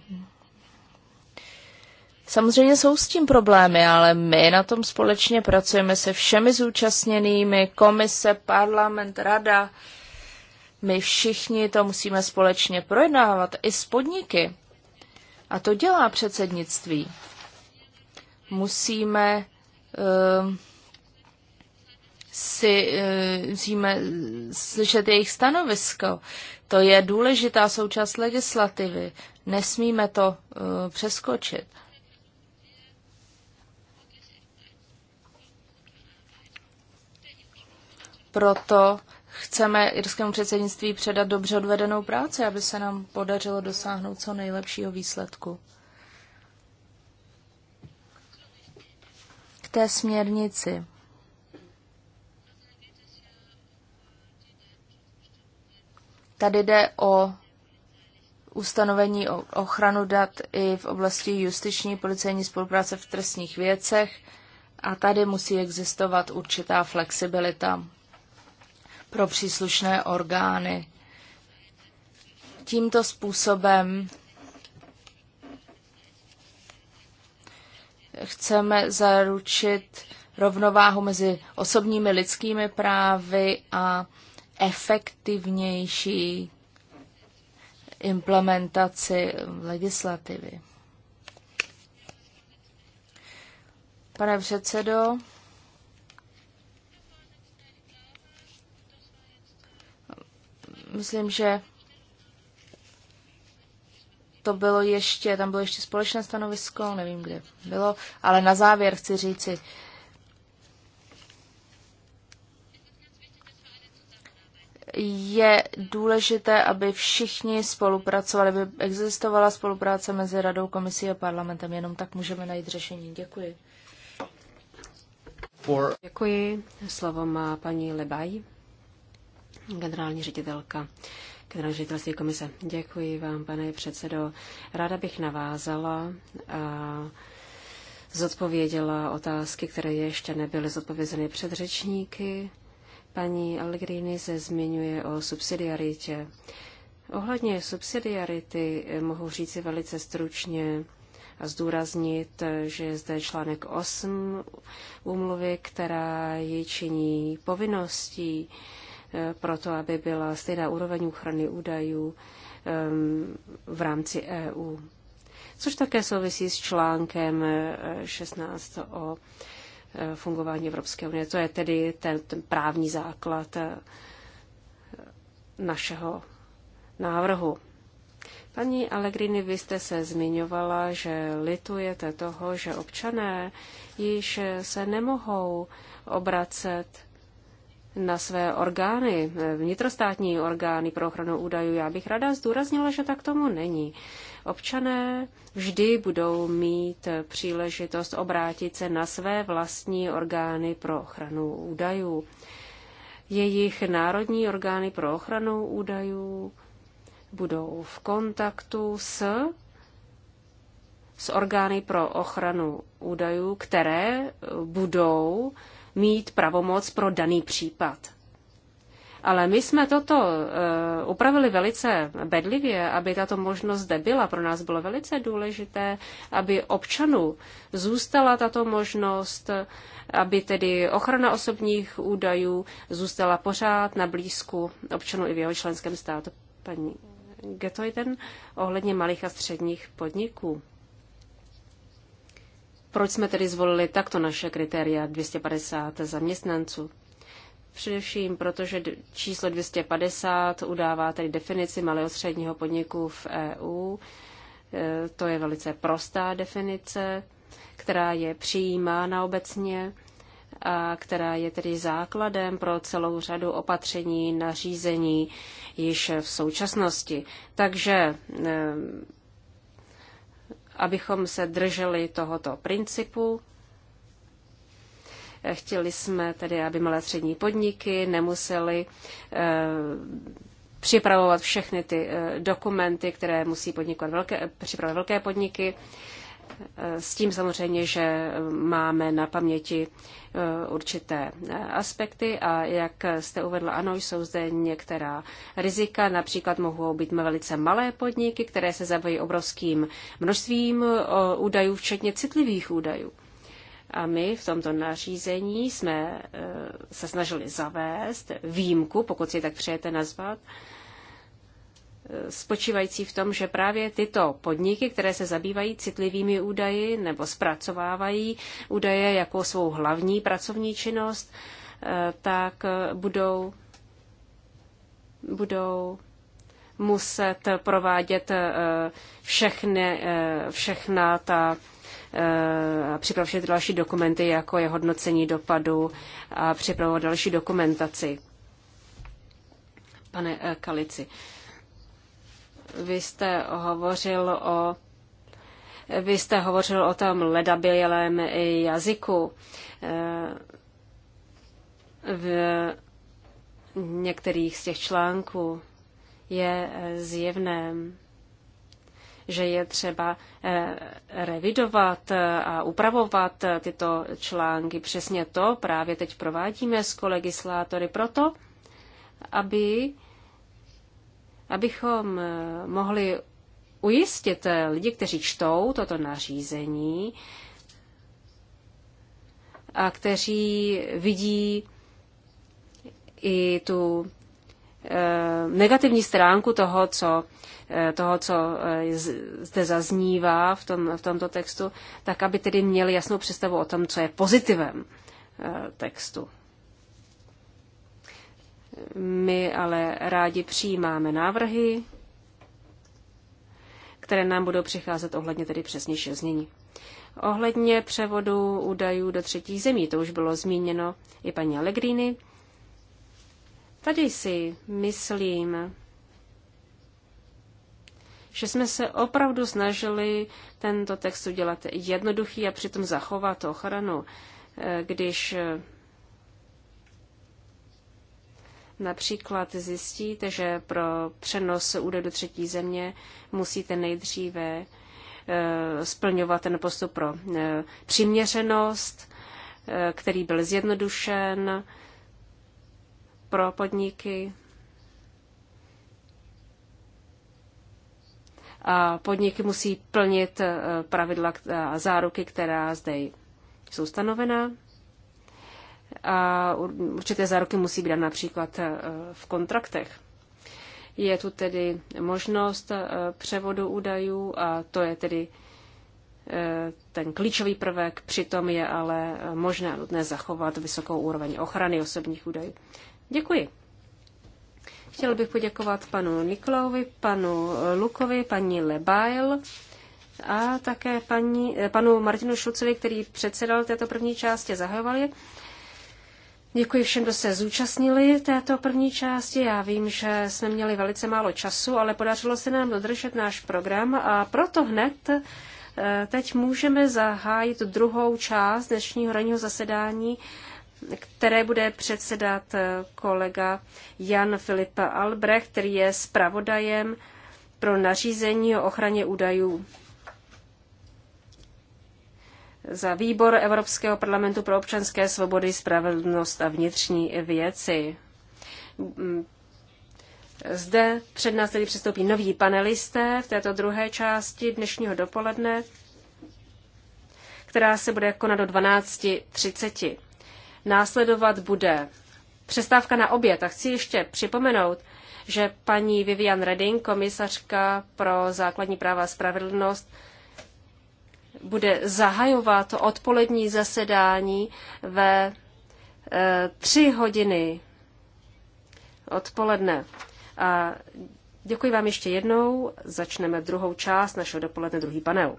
Samozřejmě jsou s tím problémy, ale my na tom společně pracujeme se všemi zúčastněnými, komise, parlament, rada. My všichni to musíme společně projednávat, i s podniky. A to dělá předsednictví. Musíme uh, si uh, musíme slyšet jejich stanovisko. To je důležitá součást legislativy. Nesmíme to uh, přeskočit. Proto chceme irskému předsednictví předat dobře odvedenou práci, aby se nám podařilo dosáhnout co nejlepšího výsledku. K té směrnici. Tady jde o ustanovení o ochranu dat i v oblasti justiční policejní spolupráce v trestních věcech a tady musí existovat určitá flexibilita pro příslušné orgány. Tímto způsobem chceme zaručit rovnováhu mezi osobními lidskými právy a efektivnější implementaci legislativy. Pane předsedo, Myslím, že to bylo ještě, tam bylo ještě společné stanovisko, nevím, kde bylo, ale na závěr chci říci, je důležité, aby všichni spolupracovali, aby existovala spolupráce mezi Radou, Komisí a parlamentem. Jenom tak můžeme najít řešení. Děkuji. Děkuji. Slovo má paní Lebaj generální ředitelka generální ředitelství komise. Děkuji vám, pane předsedo. Ráda bych navázala a zodpověděla otázky, které ještě nebyly zodpovězeny předřečníky. Paní Allegrini se zmiňuje o subsidiaritě. Ohledně subsidiarity eh, mohu říci velice stručně a zdůraznit, eh, že je zde článek 8 úmluvy, která ji činí povinností Eh, proto, aby byla stejná úroveň ochrany údajů v rámci EU. Což také souvisí s článkem 16 eh, o eh, fungování Evropské unie. To je tedy ten, ten právní základ našeho návrhu. Paní Allegrini, vy jste se zmiňovala, že litujete toho, že občané již se nemohou obracet na své orgány, eh, vnitrostátní orgány pro ochranu údajů. Já bych rada zdůraznila, že tak tomu není. Občané vždy budou mít eh, příležitost obrátit se na své vlastní orgány pro ochranu údajů. Jejich národní orgány pro ochranu údajů budou v kontaktu s s orgány pro ochranu údajů, které budou mít pravomoc pro daný případ. Ale my jsme toto uh, upravili velice bedlivě, aby tato možnost zde byla. Pro nás bylo velice důležité, aby občanů zůstala tato možnost, aby tedy ochrana osobních údajů zůstala pořád na blízku občanů i v jeho členském státu. Paní Getojden, ohledně malých a středních podniků. Proč jsme tedy zvolili takto naše kritéria 250 zaměstnanců? Především protože číslo 250 udává tedy definici malého středního podniku v EU. E, to je velice prostá definice, která je přijímána obecně a která je tedy základem pro celou řadu opatření nařízení již v současnosti. Takže abychom se drželi tohoto principu. Chtěli jsme tedy, aby malé střední podniky nemuseli eh, připravovat všechny ty eh, dokumenty, které musí podnikovat velké, připravovat velké podniky. S tím samozřejmě, že máme na paměti eh, určité eh, aspekty a jak jste uvedla, ano, jsou zde některá rizika, například mohou být velice malé podniky, které se zabývají obrovským množstvím eh, údajů, včetně citlivých údajů. A my v tomto nařízení jsme se snažili zavést výjimku, pokud si tak přejete nazvat, spočívající v tom, že právě tyto podniky, které se zabývají citlivými údaji nebo zpracovávají údaje jako svou hlavní pracovní činnost, eh, tak eh, budou, budou muset provádět eh, všechny, všechna ta připravovat další dokumenty, jako je hodnocení dopadu a připravovat další dokumentaci. Pane Kalici, vy jste hovořil o vy jste hovořil o tom ledabilém jazyku. V některých z těch článků je zjevné, že je třeba eh, revidovat a upravovat tyto články. Přesně to právě teď provádíme s kolegislátory proto, aby abychom eh, mohli ujistit eh, lidi, kteří čtou toto nařízení a kteří vidí i tu eh, negativní stránku toho, co, toho, co zde zaznívá v, tom, v tomto textu, tak aby tedy měli jasnou představu o tom, co je pozitivem textu. My ale rádi přijímáme návrhy, které nám budou přicházet ohledně tedy přesnějšího znění. Ohledně převodu údajů do třetích zemí, to už bylo zmíněno i paní Allegrini. Tady si myslím, že jsme se opravdu snažili tento text udělat jednoduchý a přitom zachovat ochranu, eh, když eh, Například zjistíte, že pro přenos údajů do třetí země musíte nejdříve e, splňovat ten postup pro e, přiměřenost, e, který byl zjednodušen pro podniky. A podniky musí plnit pravidla a záruky, která zde jsou stanovená a určité záruky musí být například e, v kontraktech. Je tu tedy možnost e, převodu údajů a to je tedy e, ten klíčový prvek, přitom je ale možné a nutné zachovat vysokou úroveň ochrany osobních údajů. Děkuji. Chtěl bych poděkovat panu Niklovi, panu Lukovi, paní Lebail a také paní, panu Martinu Šucovi, který předsedal této první části, zahajoval je. Děkuji všem, kdo se zúčastnili této první části. Já vím, že jsme měli velice málo času, ale podařilo se nám dodržet náš program a proto hned eh, teď můžeme zahájit druhou část dnešního ranního zasedání, které bude předsedat eh, kolega Jan Filipa Albrecht, který je zpravodajem pro nařízení o ochraně údajů za výbor Evropského parlamentu pro občanské svobody, spravedlnost a vnitřní věci. Mm. Zde před nás tedy přistoupí noví panelisté v této druhé části dnešního dopoledne, která se bude konat do 12.30. Následovat bude přestávka na oběd. A chci ještě připomenout, že paní Vivian Redding, komisařka pro základní práva a spravedlnost, bude zahajovat odpolední zasedání ve eh, tři hodiny odpoledne. A děkuji vám ještě jednou. Začneme druhou část našeho dopoledne, druhý panel.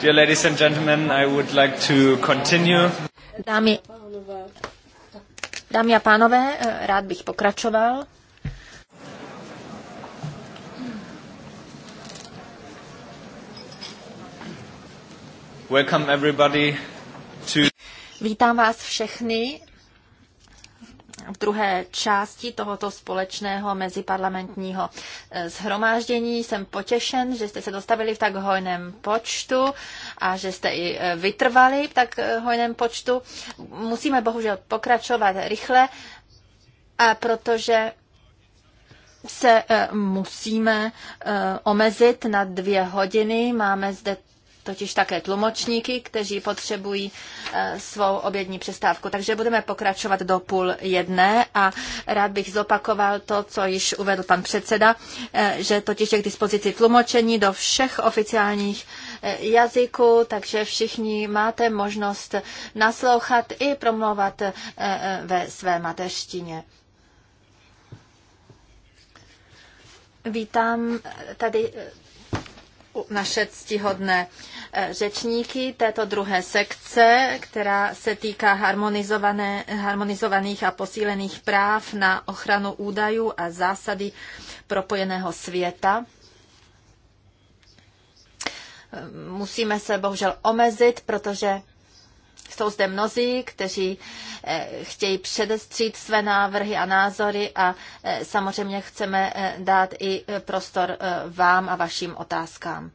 Dear ladies and gentlemen, I would like to continue. Dámy, dámy a pánové, rád bych pokračoval. Welcome everybody to... Vítám vás všechny v druhé části tohoto společného meziparlamentního eh, zhromáždění. Jsem potěšen, že jste se dostavili v tak hojném počtu a že jste i eh, vytrvali v tak eh, hojném počtu. Musíme bohužel pokračovat rychle, a protože se musíme omezit na dvě hodiny. Máme zde totiž také tlumočníky, kteří potřebují eh, svou obědní přestávku. Takže budeme pokračovat do půl jedné a rád bych zopakoval to, co již uvedl pan předseda, eh, že totiž je k dispozici tlumočení do všech oficiálních eh, jazyků, takže všichni máte možnost naslouchat i promluvat ve své mateřštině. Vítám tady naše ctihodné Eh, řečníky této druhé sekce, která se týká harmonizované, harmonizovaných a posílených práv na ochranu údajů a zásady propojeného světa. Eh, musíme se bohužel omezit, protože jsou zde mnozí, kteří eh, chtějí předestřít své návrhy a názory a samozřejmě chceme dát i prostor vám a vašim otázkám.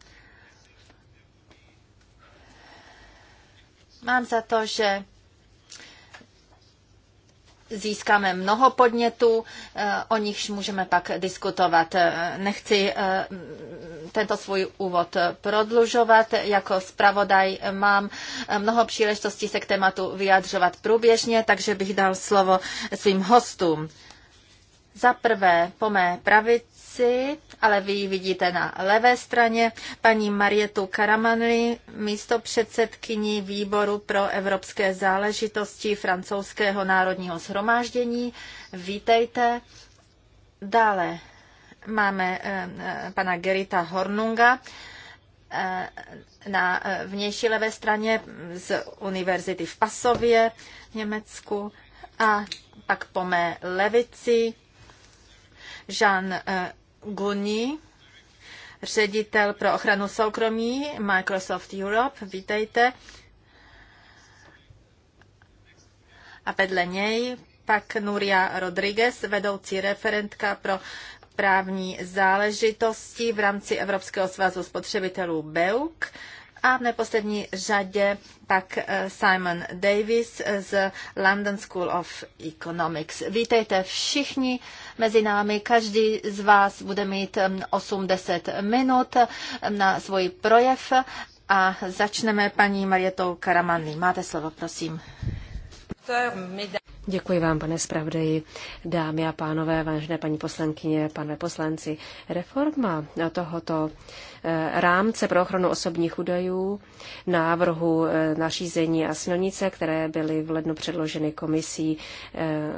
Mám za to, že získáme mnoho podnětů, eh, o nichž můžeme pak diskutovat. Eh, nechci eh, tento svůj úvod prodlužovat. Jako zpravodaj mám mnoho příležitostí se k tématu vyjadřovat průběžně, takže bych dal slovo svým hostům. Za prvé, po mé pravici, pravici, ale vy ji vidíte na levé straně, paní Marietu Karamanli, místo předsedkyni Výboru pro evropské záležitosti francouzského národního shromáždění. Vítejte. Dále máme eh, eh, pana Gerita Hornunga eh, na vnější levé straně z univerzity v Pasově v Německu a pak po mé levici Jean Guni, ředitel pro ochranu soukromí Microsoft Europe. Vítejte. A vedle něj pak Nuria Rodriguez, vedoucí referentka pro právní záležitosti v rámci Evropského svazu spotřebitelů BEUK a v neposlední řadě tak eh, Simon Davis eh, z London School of Economics. Vítejte všichni mezi námi. Každý z vás bude mít 8-10 hm, minut hm, na svůj projev a začneme paní Marietou Karamanny. Máte slovo, prosím. Děkuji vám, pane zpravdeji, dámy a pánové, vážné paní poslankyně, pane poslanci. Reforma tohoto eh, rámce pro ochranu osobních údajů, návrhu eh, nařízení a silnice, které byly v lednu předloženy komisí, eh,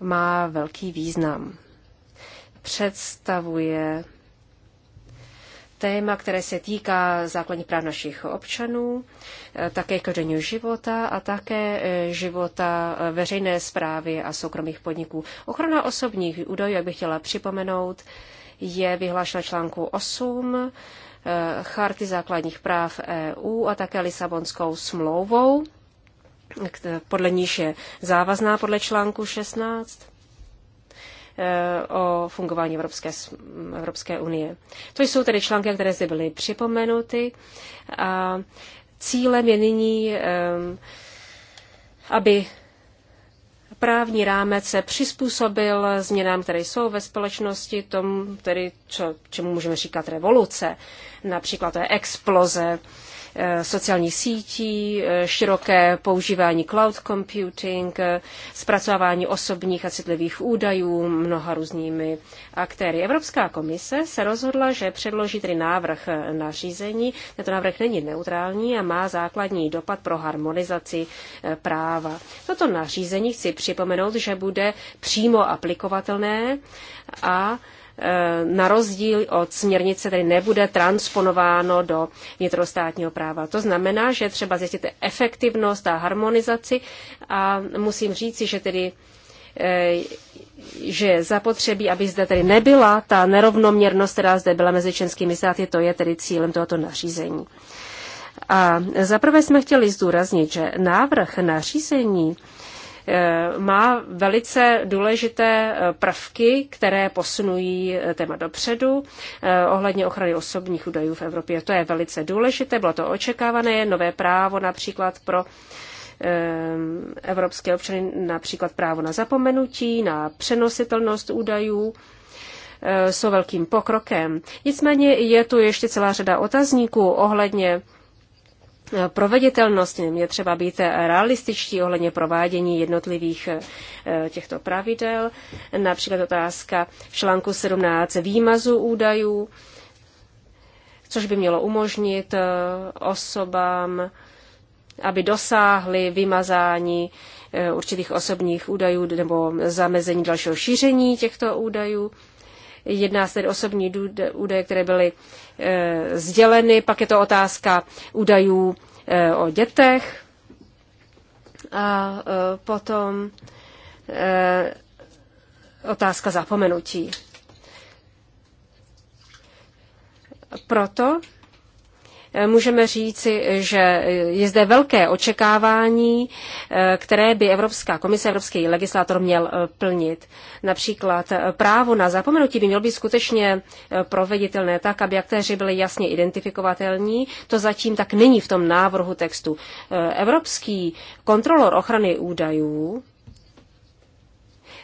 má velký význam. Představuje téma, které se týká základních práv našich občanů, eh, také každodenního života a také eh, života eh, veřejné zprávy a soukromých podniků. Ochrana osobních údajů, jak bych chtěla připomenout, je vyhlášena článku 8 Charty základních práv EU a také Lisabonskou smlouvou, podle níž je závazná podle článku 16 Eh, o fungování Evropské, Evropské unie. To jsou tedy články, které zde byly připomenuty. A cílem je nyní, eh, aby právní rámec se přizpůsobil změnám, které jsou ve společnosti, tomu, tedy, čo, čemu můžeme říkat revoluce. Například to je exploze sociálních sítí, široké používání cloud computing, zpracování osobních a citlivých údajů mnoha různými aktéry. Evropská komise se rozhodla, že předloží tedy návrh na řízení. Tento návrh není neutrální a má základní dopad pro harmonizaci eh, práva. Toto nařízení chci připomenout, že bude přímo aplikovatelné a Eh, na rozdíl od směrnice tedy nebude transponováno do vnitrostátního práva. To znamená, že třeba zjistit efektivnost a harmonizaci a musím říci, že tedy eh, že zapotřebí, aby zde tedy nebyla ta nerovnoměrnost, která zde byla mezi členskými státy, to je tedy cílem tohoto nařízení. A zaprvé jsme chtěli zdůraznit, že návrh nařízení Eh, má velice důležité eh, prvky, které posunují eh, téma dopředu ohledně ochrany osobních údajů v Evropě. To je velice důležité, bylo to očekávané, nové právo například pro evropské občany, například právo na zapomenutí, na přenositelnost údajů jsou velkým pokrokem. Nicméně je tu ještě celá řada otazníků ohledně proveditelnost, je třeba být realističtí ohledně provádění jednotlivých eh, těchto pravidel, například otázka v článku 17 výmazu údajů, což by mělo umožnit eh, osobám, aby dosáhly vymazání eh, určitých osobních údajů nebo zamezení dalšího šíření těchto údajů. Jedná se tedy osobní údaje, které byly e, sděleny, pak je to otázka údajů e, o dětech a e, potom e, otázka zapomenutí. Proto Eh, můžeme říci, že je zde velké očekávání, eh, které by Evropská komise, Evropský legislátor měl eh, plnit. Například právo na zapomenutí by mělo být skutečně proveditelné tak, aby aktéři byli jasně identifikovatelní. To zatím tak není v tom návrhu textu. Evropský kontrolor ochrany údajů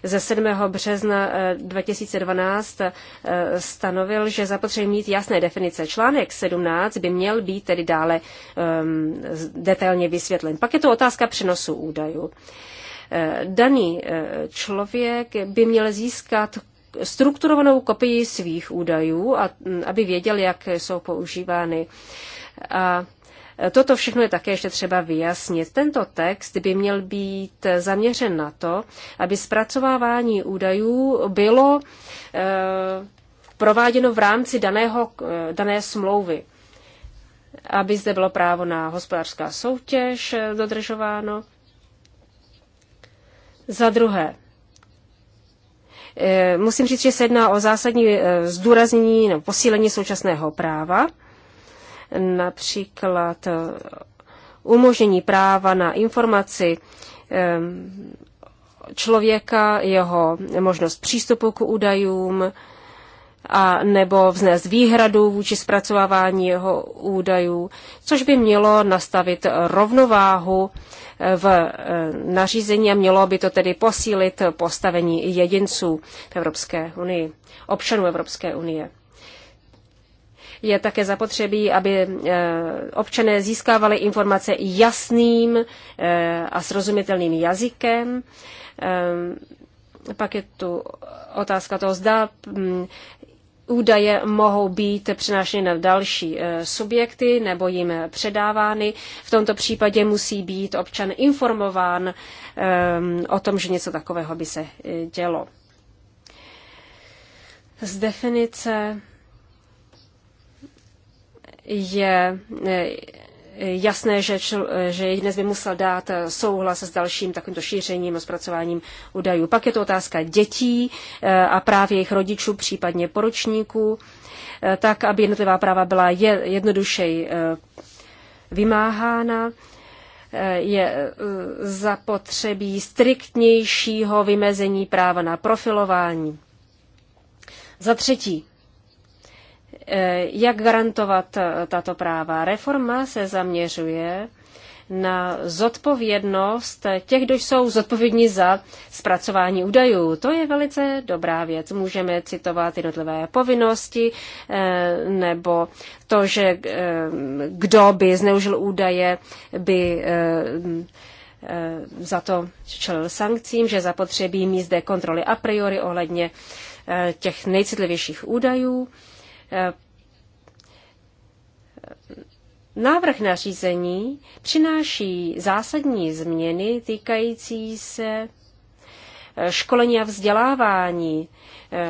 ze 7. března 2012 eh, eh, stanovil, že zapotřebí mít jasné definice. Článek 17 by měl být tedy dále um, detailně vysvětlen. Pak je to otázka přenosu údajů. Eh, daný člověk by měl získat strukturovanou kopii svých údajů, a, hm, aby věděl, jak jsou používány. A Toto všechno je také ještě třeba vyjasnit. Tento text by měl být zaměřen na to, aby zpracovávání údajů bylo eh, prováděno v rámci daného, eh, dané smlouvy. Aby zde bylo právo na hospodářská soutěž eh, dodržováno. Za druhé, musím říct, že se jedná o zásadní zdůraznění nebo posílení současného práva například eh, umožnění práva na informaci eh, člověka, jeho možnost přístupu k údajům, a nebo vznést výhradu vůči zpracovávání jeho údajů, což by mělo nastavit rovnováhu eh, v nařízení a mělo by to tedy posílit postavení jedinců v Evropské unii, občanů Evropské unie je také zapotřebí, aby eh, občané získávali informace jasným eh, a srozumitelným jazykem. Eh, pak je tu otázka toho, zda hm, údaje mohou být přenášeny na další subjekty nebo jim předávány. V tomto případě musí být občan informován o tom, že něco takového by se dělo. Z definice je eh, jasné, že, čl, eh, že jedinec by musel dát eh, souhlas s dalším takovýmto šířením a zpracováním údajů. Pak je to otázka dětí a práv jejich rodičů, případně poročníků, tak, aby jednotlivá práva byla jednodušeji vymáhána je zapotřebí striktnějšího vymezení práva na profilování. Za třetí, Eh, jak garantovat eh, tato práva? Reforma se zaměřuje na zodpovědnost těch, kdo jsou zodpovědní za zpracování údajů. To je velice dobrá věc. Můžeme citovat jednotlivé povinnosti eh, nebo to, že kdo by zneužil údaje, by za to čelil sankcím, že zapotřebí mít zde kontroly a priori ohledně těch nejcitlivějších údajů. Eh, návrh nařízení přináší zásadní změny týkající se eh, školení a vzdělávání eh,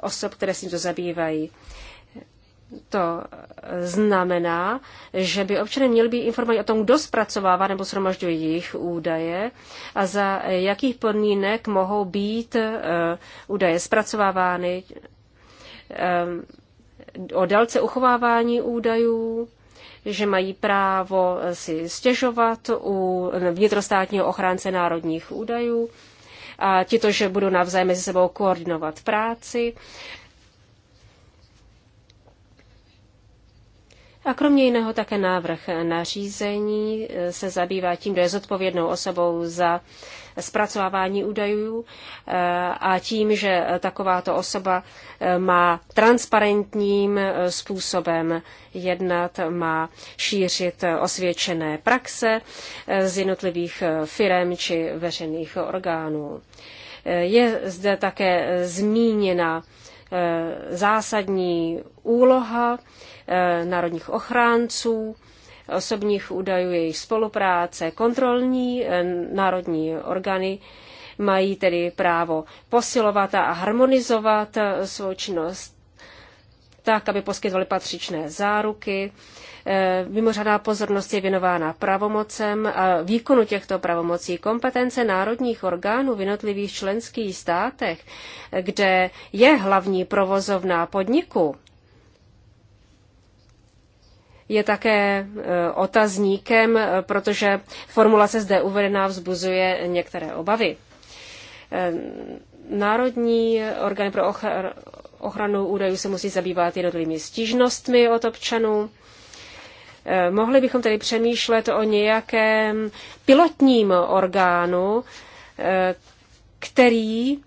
osob, které s to zabývají. To znamená, že by občané měli být informovat o tom, kdo zpracovává nebo shromažďuje jejich údaje a za jakých podmínek mohou být údaje zpracovávány ehm, o délce uchovávání údajů, že mají právo si stěžovat u vnitrostátního ochránce národních údajů, a tito, že budou navzájem mezi sebou koordinovat práci. A kromě jiného také návrh nařízení se zabývá tím, kdo je zodpovědnou osobou za uh, zpracovávání údajů eh, a tím, že takováto osoba eh, má transparentním eh, způsobem jednat, má šířit osvědčené praxe z jednotlivých firm či veřejných orgánů. Je zde také zmíněna zásadní úloha národních ochránců, osobních údajů, jejich spolupráce. Kontrolní eh, národní orgány mají tedy právo posilovat a harmonizovat eh, svou činnost tak, aby poskytovali patřičné záruky. Eh, mimořádná pozornost je věnována pravomocem a výkonu těchto pravomocí. Kompetence národních orgánů v jednotlivých členských státech, kde je hlavní provozovna podniku, je také e, otazníkem, e, protože formulace zde uvedená vzbuzuje některé obavy. E, národní orgán pro ochranu údajů se musí zabývat jednotlivými stížnostmi od občanů. Mohli bychom tedy přemýšlet o nějakém pilotním orgánu, který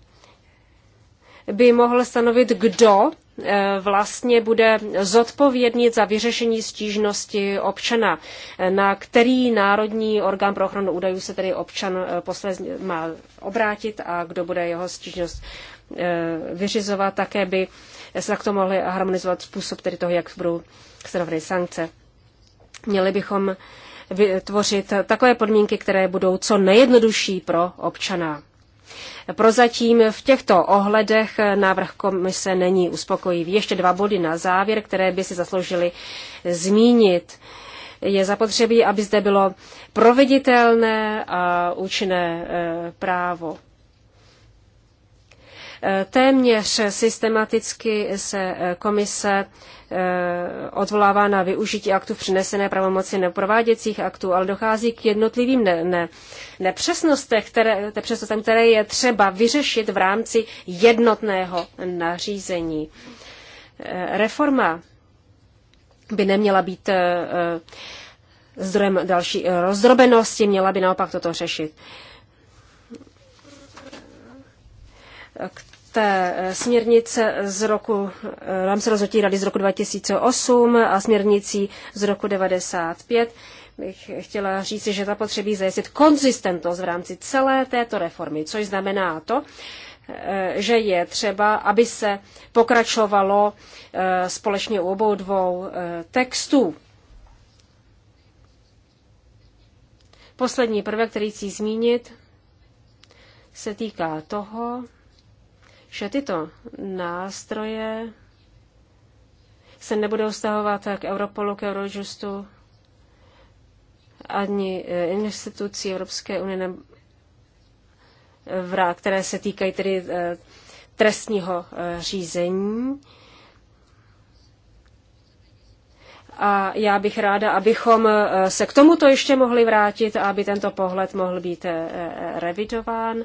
by mohl stanovit, kdo E, vlastně bude zodpovědný za vyřešení stížnosti občana, e, na který národní orgán pro ochranu údajů se tedy občan e, posledně má obrátit a kdo bude jeho stížnost vyřizovat, také by se takto mohli harmonizovat způsob tedy toho, jak budou stanoveny sankce. Měli bychom vytvořit takové podmínky, které budou co nejjednodušší pro občana. Prozatím v těchto ohledech návrh komise není uspokojivý. Ještě dva body na závěr, které by si zasloužili zmínit. Je zapotřebí, aby zde bylo proveditelné a účinné eh, právo. Téměř systematicky se eh, komise eh, odvolává na využití aktů přinesené pravomoci neprováděcích aktů, ale dochází k jednotlivým ne, ne, nepřesnostech, které, nepřesnostem, které je třeba vyřešit v rámci jednotného nařízení. Eh, reforma by neměla být zdrojem další rozdrobenosti, měla by naopak toto řešit té eh, směrnice z roku, se eh, rozhodí rady z roku 2008 a směrnicí z roku 95 bych chtěla říct, že potřebí zajistit konzistentnost v rámci celé této reformy, což znamená to, eh, že je třeba, aby se pokračovalo společně u obou dvou textů. Poslední prvek, který chci zmínit, se týká toho, že tyto nástroje se nebudou vztahovat k Europolu, k Eurojustu, ani e, institucí Evropské unie, ne, vrát, které se týkají tedy e, trestního e, řízení. A já bych ráda, abychom se k tomuto ještě mohli vrátit a aby tento pohled mohl být revidován.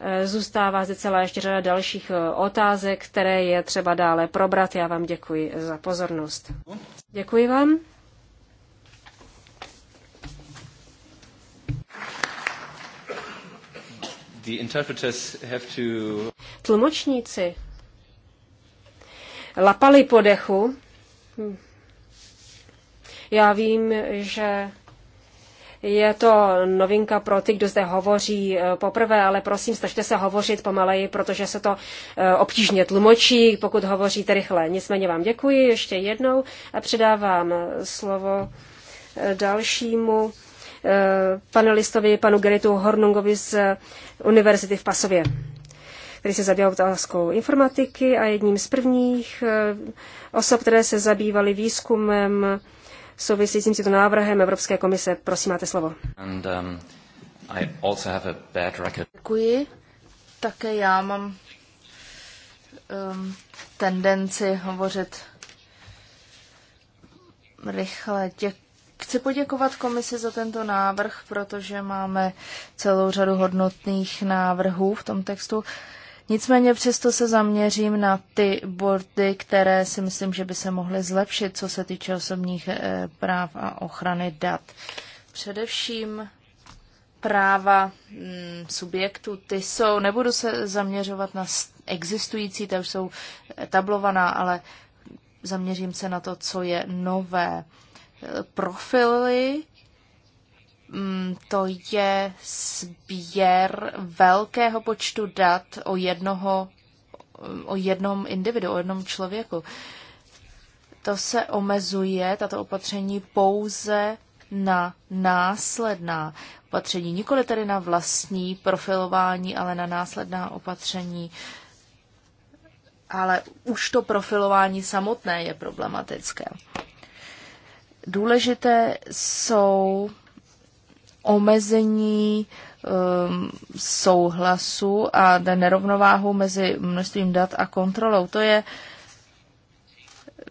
Eh, zůstává zde celá ještě řada dalších eh, otázek, které je třeba dále probrat. Já vám děkuji za pozornost. Děkuji vám. Tlumočníci lapali po dechu. Hm. Já vím, že je to novinka pro ty, kdo zde hovoří eh, poprvé, ale prosím, snažte se hovořit pomaleji, protože se to eh, obtížně tlumočí, pokud hovoříte rychle. Nicméně vám děkuji ještě jednou a předávám eh, slovo dalšímu panelistovi, panu Geritu Hornungovi z Univerzity v Pasově který se zabýval otázkou informatiky a jedním z prvních osob, které se zabývaly výzkumem souvisejícím s tímto návrhem Evropské komise. Prosím, máte slovo. And, um, I also have a bad record. Děkuji. Také já mám um, tendenci hovořit rychle. Děk- Chci poděkovat komisi za tento návrh, protože máme celou řadu hodnotných návrhů v tom textu. Uh, Nicméně přesto se zaměřím na ty bordy, které si myslím, že by se mohly zlepšit, co se týče osobních eh, práv a ochrany dat. Především práva mm, subjektů, ty jsou, nebudu se zaměřovat na existující, ty už jsou eh, tablovaná, ale zaměřím se na to, co je nové. Eh, profily Mm, to je sběr velkého počtu dat o jednoho, mm, o jednom individu, o jednom člověku. To se omezuje, tato opatření, pouze na následná opatření, nikoli tedy na vlastní profilování, ale na následná opatření. Ale už to profilování samotné je problematické. Důležité jsou omezení um, souhlasu a nerovnováhu mezi množstvím dat a kontrolou. To je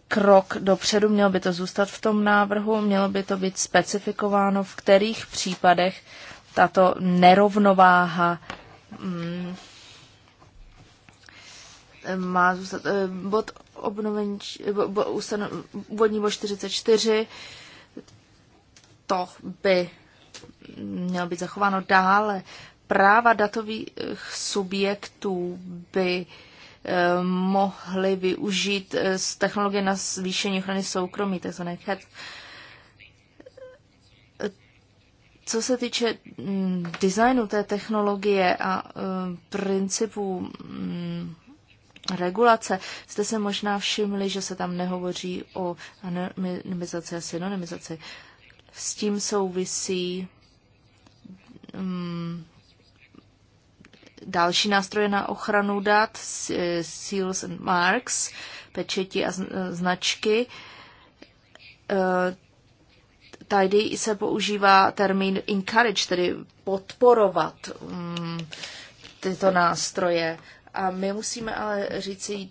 krok dopředu, mělo by to zůstat v tom návrhu, mělo by to být specifikováno, v kterých případech tato nerovnováha um, má zůstat. Eh, bod obnovení, úvodní bod 44, to by mělo být zachováno dále. Práva datových subjektů by eh, mohly využít eh, z technologie na zvýšení ochrany soukromí, takzvané CAT. Co se týče mm, designu té technologie a eh, principů mm, regulace, jste se možná všimli, že se tam nehovoří o anonymizaci a synonymizaci. S tím souvisí um, další nástroje na ochranu dat, eh, seals and marks, pečeti a eh, značky. Eh, tady se používá termín encourage, tedy podporovat mm, tyto nástroje. A my musíme ale říci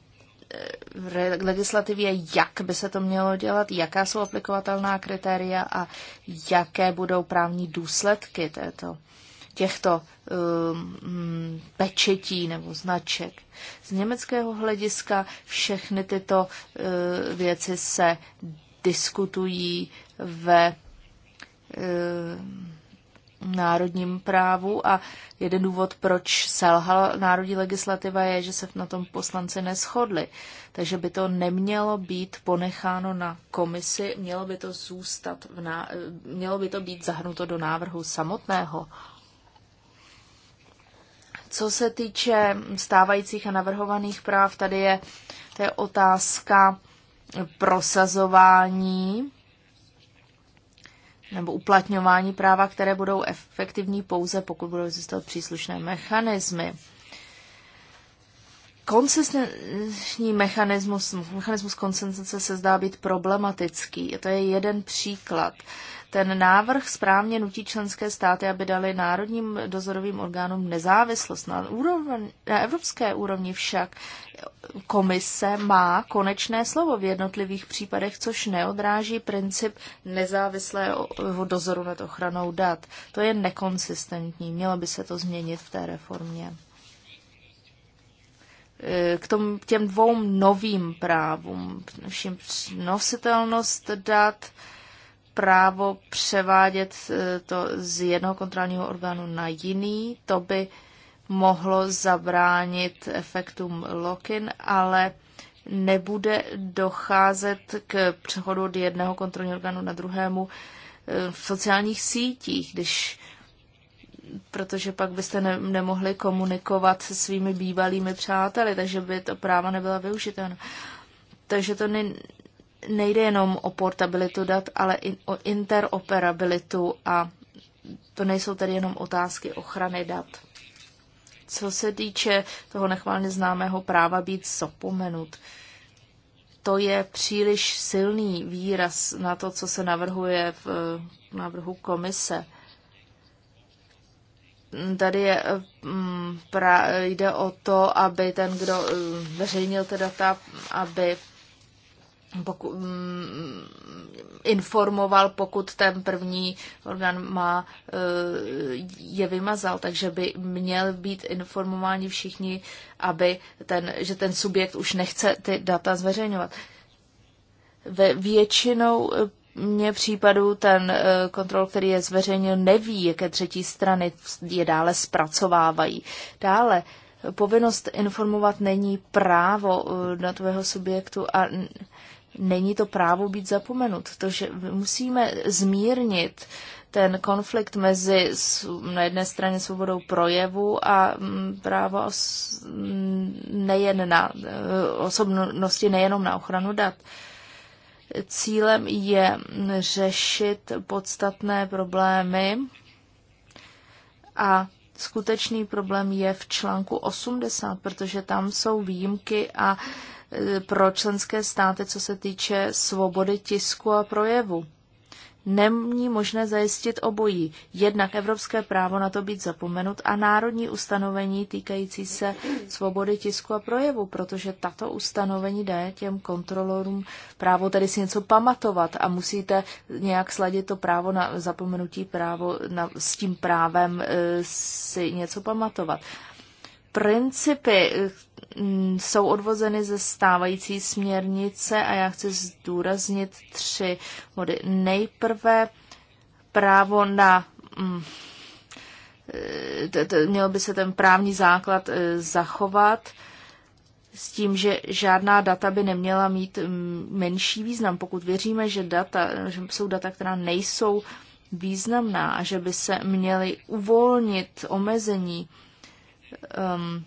legislativě, jak by se to mělo dělat, jaká jsou aplikovatelná kritéria a jaké budou právní důsledky této, těchto um, pečetí nebo značek. Z německého hlediska všechny tyto uh, věci se diskutují ve uh, národním právu a jeden důvod, proč selhala národní legislativa, je, že se na tom poslanci neschodli. Takže by to nemělo být ponecháno na komisi, mělo by to zůstat, v ná... mělo by to být zahrnuto do návrhu samotného. Co se týče stávajících a navrhovaných práv, tady je, to je otázka prosazování nebo uplatňování práva, které budou efektivní pouze, pokud budou existovat příslušné mechanismy. Koncesní mechanismus, mechanismus koncentrace se zdá být problematický. To je jeden příklad. Ten návrh správně nutí členské státy, aby dali národním dozorovým orgánům nezávislost. Na, úroveň, na evropské úrovni však komise má konečné slovo v jednotlivých případech, což neodráží princip nezávislého dozoru nad ochranou dat. To je nekonsistentní. Mělo by se to změnit v té reformě k tom, těm dvou novým právům. Všim nositelnost dat právo převádět eh, to z jednoho kontrolního orgánu na jiný. To by mohlo zabránit efektům lock-in, ale nebude docházet k přechodu od jednoho kontrolního orgánu na druhému eh, v sociálních sítích, když protože pak byste ne, nemohli komunikovat se svými bývalými přáteli, takže by to práva nebyla využitelná. Takže to ne, nejde jenom o portabilitu dat, ale i o interoperabilitu a to nejsou tedy jenom otázky ochrany dat. Co se týče toho nechválně známého práva být zapomenut, to je příliš silný výraz na to, co se navrhuje v návrhu komise. Tady je, mm, pra, jde o to, aby ten, kdo mm, veřejnil ty data, aby poku, mm, informoval, pokud ten první orgán má, eh, je vymazal, takže by měl být informováni všichni, aby ten, že ten subjekt už nechce ty data zveřejňovat. Ve většinou eh, mě případů ten eh, kontrol, který je zveřejnil, neví, jaké třetí strany je dále zpracovávají. Dále povinnost informovat není právo datového subjektu a není to právo být zapomenut. To, že musíme zmírnit ten konflikt mezi na jedné straně svobodou projevu a mm, právo nejen na eh, osobnosti, nejenom na ochranu dat. Cílem je řešit podstatné problémy a skutečný problém je v článku 80, protože tam jsou výjimky a pro členské státy, co se týče svobody tisku a projevu. Není možné zajistit obojí. Jednak evropské právo na to být zapomenut a národní ustanovení týkající se svobody tisku a projevu, protože tato ustanovení dá těm kontrolorům právo tady si něco pamatovat a musíte nějak sladit to právo na zapomenutí právo na, s tím právem e, si něco pamatovat principy mm, jsou odvozeny ze stávající směrnice a já chci zdůraznit tři body. Nejprve právo na. Mm, eh, měl by se ten právní základ eh, zachovat s tím, že žádná data by neměla mít mm, menší význam. Pokud věříme, že, data, že jsou data, která nejsou významná a že by se měly uvolnit omezení, um,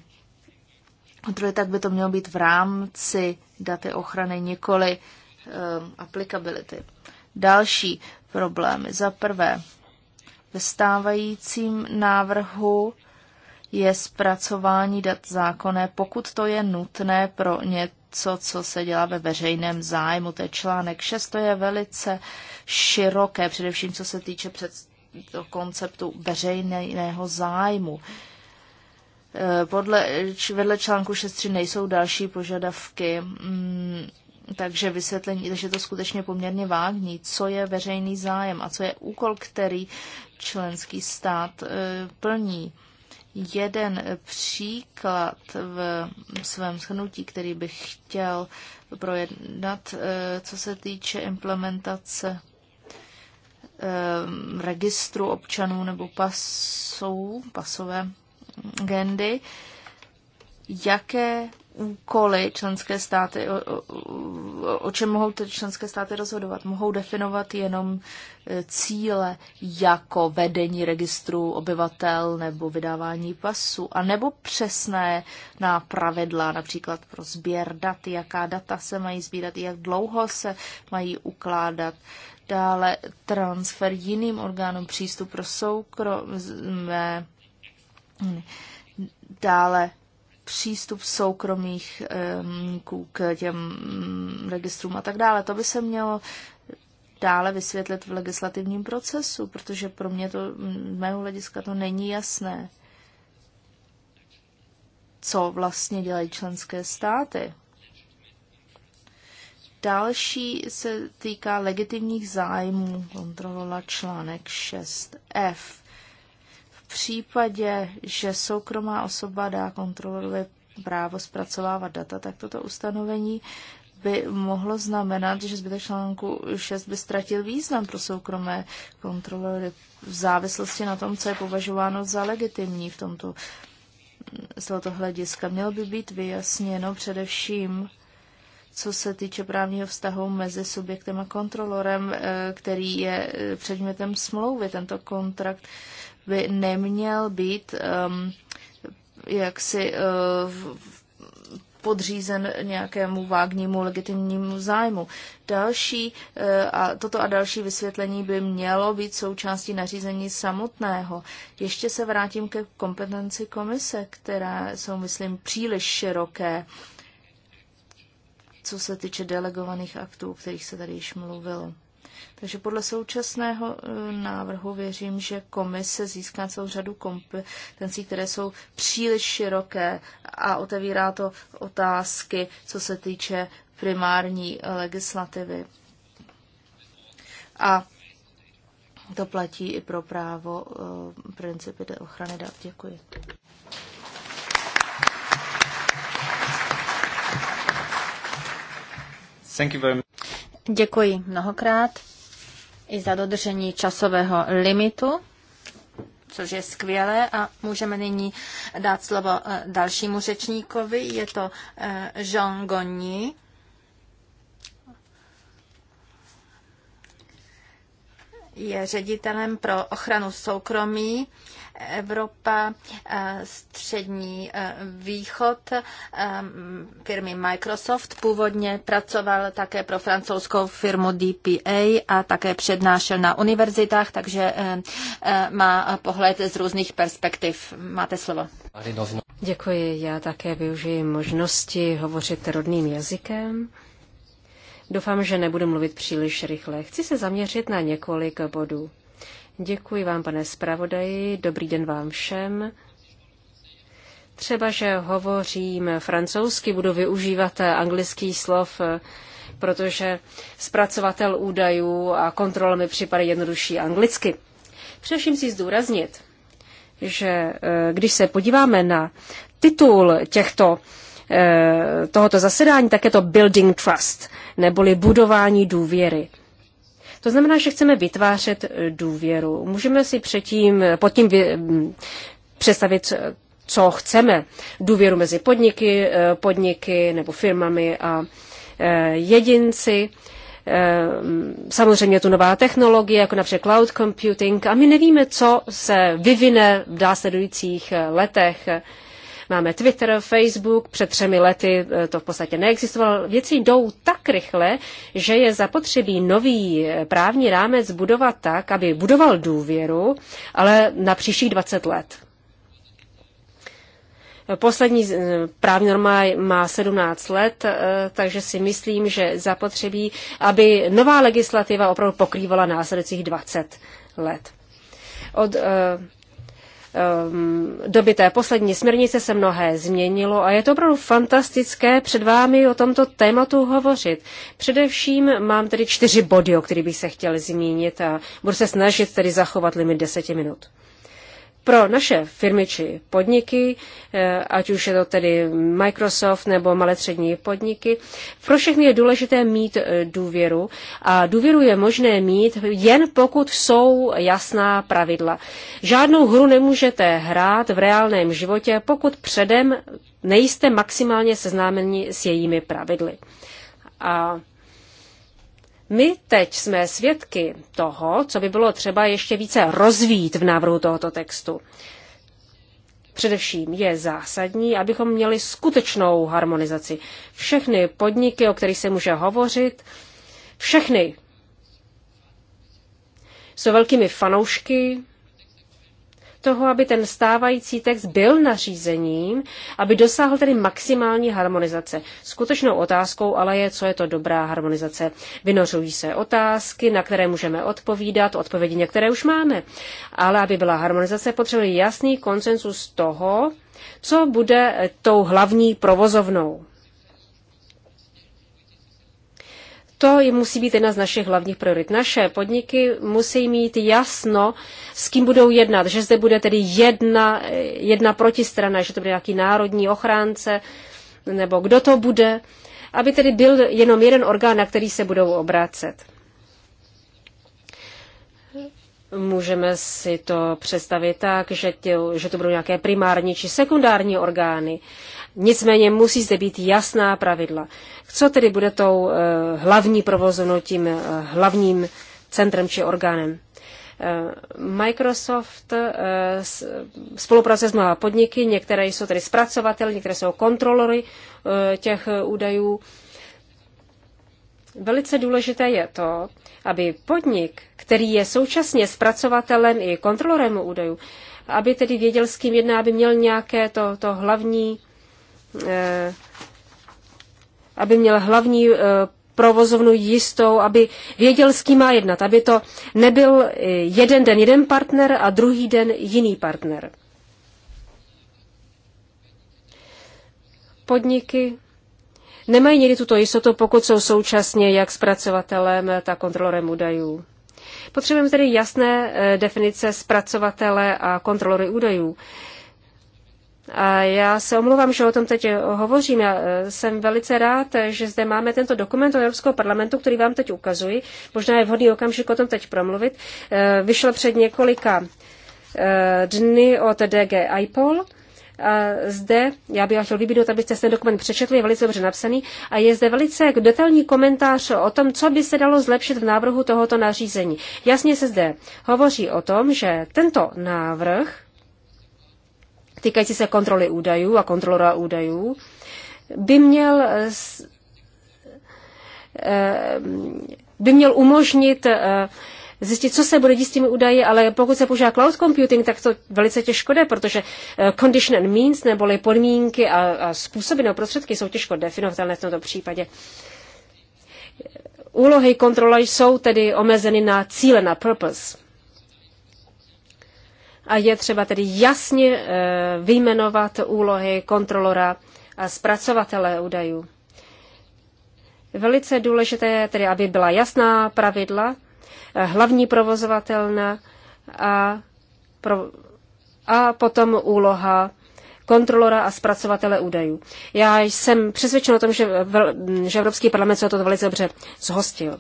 kontroly, tak by to mělo být v rámci daty ochrany, nikoli um, aplikability. Další problémy. Za prvé, ve stávajícím návrhu je zpracování dat zákonné, pokud to je nutné pro něco, co se dělá ve veřejném zájmu. To je článek 6, to je velice široké, především co se týče před konceptu veřejného zájmu. Uh, Eh, podle, vedle článku 6.3 nejsou další požadavky, mm, takže vysvětlení, takže je to skutečně poměrně vágní, co je veřejný zájem a co je úkol, který členský stát eh, plní. Jeden příklad v svém shrnutí, který bych chtěl projednat, eh, co se týče implementace registru občanů nebo pasů, pasové Gendy, jaké úkoly členské státy, o, o, o čem mohou ty členské státy rozhodovat? Mohou definovat jenom e, cíle jako vedení registru obyvatel nebo vydávání pasu, a nebo přesné na pravidla, například pro sběr dat, jaká data se mají sbírat, jak dlouho se mají ukládat, dále transfer jiným orgánům, přístup pro soukromé Dále přístup soukromých k těm mm, registrům a tak dále. To by se mělo dále vysvětlit v legislativním procesu, protože pro mě to, mého hlediska to není jasné, co vlastně dělají členské státy. Další se týká legitimních zájmů, kontrolovala článek 6f případě, že soukromá osoba dá kontrolorovi právo zpracovávat data, tak toto ustanovení by mohlo znamenat, že zbytek článku 6 by ztratil význam pro soukromé kontrolory v závislosti na tom, co je považováno za legitimní v tomto z tohoto hlediska. Mělo by být vyjasněno především, co se týče právního vztahu mezi subjektem a kontrolorem, eh, který je eh, předmětem smlouvy. Tento kontrakt by neměl být um, jaksi uh, podřízen nějakému vágnímu legitimnímu zájmu. Další uh, a toto a další vysvětlení by mělo být součástí nařízení samotného. Ještě se vrátím ke kompetenci komise, které jsou, myslím, příliš široké, co se týče delegovaných aktů, o kterých se tady již mluvilo. Takže podle současného eh, návrhu věřím, že komise získá celou řadu kompetencí, které jsou příliš široké a otevírá to otázky, co se týče primární legislativy. A to platí i pro právo eh, principy ochrany dat. Děkuji. Děkuji mnohokrát i za dodržení časového limitu, což je skvělé a můžeme nyní dát slovo eh, dalšímu řečníkovi. Je to eh, Jean Goni. Je ředitelem pro ochranu soukromí Evropa, eh, střední eh, východ, eh, firmy Microsoft. Původně pracoval také pro francouzskou firmu DPA a také přednášel na univerzitách, takže má pohled z různých perspektiv. Máte slovo. Děkuji. Já také využiji možnosti hovořit rodným jazykem. Doufám, že nebudu mluvit příliš rychle. Chci se zaměřit na několik bodů. Děkuji vám, pane zpravodaji, dobrý den vám všem. Třeba, že hovořím francouzsky, budu využívat anglický slov, protože zpracovatel údajů a kontrola mi připadají jednodušší anglicky. Především si zdůraznit, že eh, když se podíváme na titul těchto eh, tohoto zasedání, tak je to Building Trust, neboli budování důvěry. To znamená, že chceme vytvářet eh, důvěru. Můžeme si předtím, eh, pod tím vy, mm, představit, eh, co chceme. Důvěru mezi podniky, podniky nebo firmami a jedinci. Samozřejmě tu nová technologie, jako například cloud computing, a my nevíme, co se vyvine v následujících letech. Máme Twitter, Facebook, před třemi lety eh, to v podstatě neexistovalo. Věci jdou tak rychle, že je zapotřebí nový eh, právní rámec budovat tak, aby budoval důvěru, ale na příštích 20 let. Poslední eh, právní norma má 17 let, takže si myslím, že zapotřebí, aby nová legislativa opravdu pokrývala následujících 20 let. Od Ehm, doby té poslední směrnice se mnohé změnilo a je to opravdu fantastické před vámi o tomto tématu hovořit. Především mám tedy čtyři body, o kterých bych se chtěl zmínit a budu se snažit tedy zachovat limit deseti minut. Pro naše firmy či podniky, eh, ať už je to tedy Microsoft nebo malé střední podniky, pro všechny je důležité mít eh, důvěru a důvěru je možné mít jen pokud jsou jasná pravidla. Žádnou hru nemůžete hrát v reálném životě, pokud předem nejste maximálně seznámeni s jejími pravidly. A my teď jsme svědky toho, co by bylo třeba ještě více rozvít v návrhu tohoto textu. Především je zásadní, abychom měli skutečnou harmonizaci. Všechny podniky, o kterých se může hovořit, všechny jsou velkými fanoušky toho, aby ten stávající text byl nařízením, aby dosáhl tedy maximální harmonizace. Skutečnou otázkou ale je, co je to dobrá harmonizace. Vynořují se otázky, na které můžeme odpovídat, odpovědi některé už máme. Ale aby byla harmonizace, potřebuje jasný konsensus toho, co bude tou hlavní provozovnou. To je musí být jedna z našich hlavních priorit. Naše podniky musí mít jasno, s kým budou jednat, že zde bude tedy jedna, jedna protistrana, že to bude nějaký národní ochránce, nebo kdo to bude, aby tedy byl jenom jeden orgán, na který se budou obracet. Můžeme si to představit tak, že, tě, že to budou nějaké primární či sekundární orgány, Nicméně musí zde být jasná pravidla. Co tedy bude tou eh, hlavní provozovnou, tím eh, hlavním centrem či orgánem? Eh, Microsoft spolupracuje s mnoha podniky, některé jsou tedy zpracovateli, některé jsou kontrolory těch údajů. Velice důležité je to, aby podnik, který je současně zpracovatelem i kontrolorem údajů, aby tedy věděl, s kým jedná, aby měl nějaké to, to hlavní Eh, aby měl hlavní eh, provozovnu jistou, aby věděl, s kým má jednat, aby to nebyl eh, jeden den jeden partner a druhý den jiný partner. Podniky nemají někdy tuto jistotu, pokud jsou současně jak zpracovatelem, tak kontrolorem údajů. Potřebujeme tedy jasné definice zpracovatele a kontrolory údajů. A já se omlouvám, že o tom teď hovořím. Já eh, jsem velice rád, že zde máme tento dokument o Evropského parlamentu, který vám teď ukazuji. Možná je vhodný okamžik o tom teď promluvit. Eh, Vyšel před několika eh, dny od DG IPOL. A zde, já bych chtěl vybídnout, abyste ten dokument přečetli, je velice dobře napsaný a je zde velice detailní komentář o tom, co by se dalo zlepšit v návrhu tohoto nařízení. Jasně se zde hovoří o tom, že tento návrh týkající se kontroly údajů a kontrolora údajů, by měl eh, by měl umožnit eh, zjistit, co se bude dít s těmi údaji, ale pokud se používá cloud computing, tak to velice těžko jde, protože eh, condition and means, neboli podmínky a, a způsoby nebo prostředky jsou těžko definovatelné v tomto případě. Úlohy kontrola jsou tedy omezeny na cíle, na purpose a je třeba tedy jasně eh, vyjmenovat úlohy kontrolora a zpracovatele údajů. Velice důležité je tedy, aby byla jasná pravidla, eh, hlavní provozovatelna a, pro, a potom úloha kontrolora a zpracovatele údajů. Já jsem přesvědčen o tom, že, že Evropský parlament se o to velice dobře zhostil.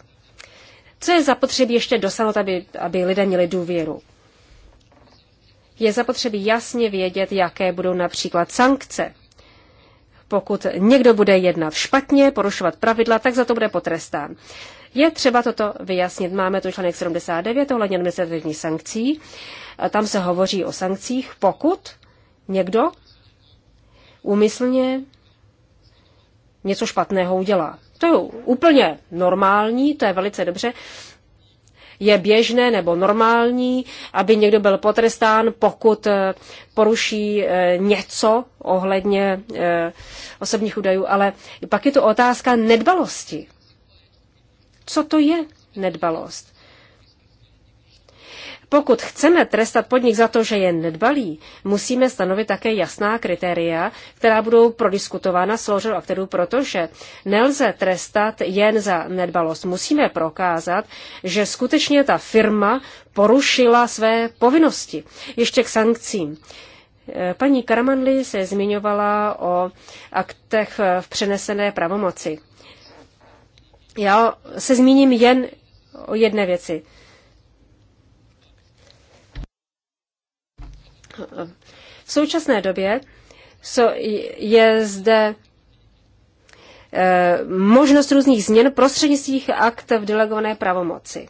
Co je zapotřebí ještě dosáhnout, aby, aby lidé měli důvěru? je zapotřebí jasně vědět, jaké budou například sankce. Pokud někdo bude jednat špatně, porušovat pravidla, tak za to bude potrestán. Je třeba toto vyjasnit. Máme tu článek 79 ohledně administrativních sankcí. Tam se hovoří o sankcích, pokud někdo úmyslně něco špatného udělá. To je úplně normální, to je velice dobře, je běžné nebo normální, aby někdo byl potrestán, pokud eh, poruší eh, něco ohledně eh, osobních údajů, ale pak je to otázka nedbalosti. Co to je nedbalost? Pokud chceme trestat podnik za to, že je nedbalý, musíme stanovit také jasná kritéria, která budou prodiskutována s ložou aktérů, protože nelze trestat jen za nedbalost. Musíme prokázat, že skutečně ta firma porušila své povinnosti. Ještě k sankcím. Paní Karamanli se zmiňovala o aktech v přenesené pravomoci. Já se zmíním jen o jedné věci. V současné době je zde eh, možnost různých změn prostřednictvím akt v delegované pravomoci.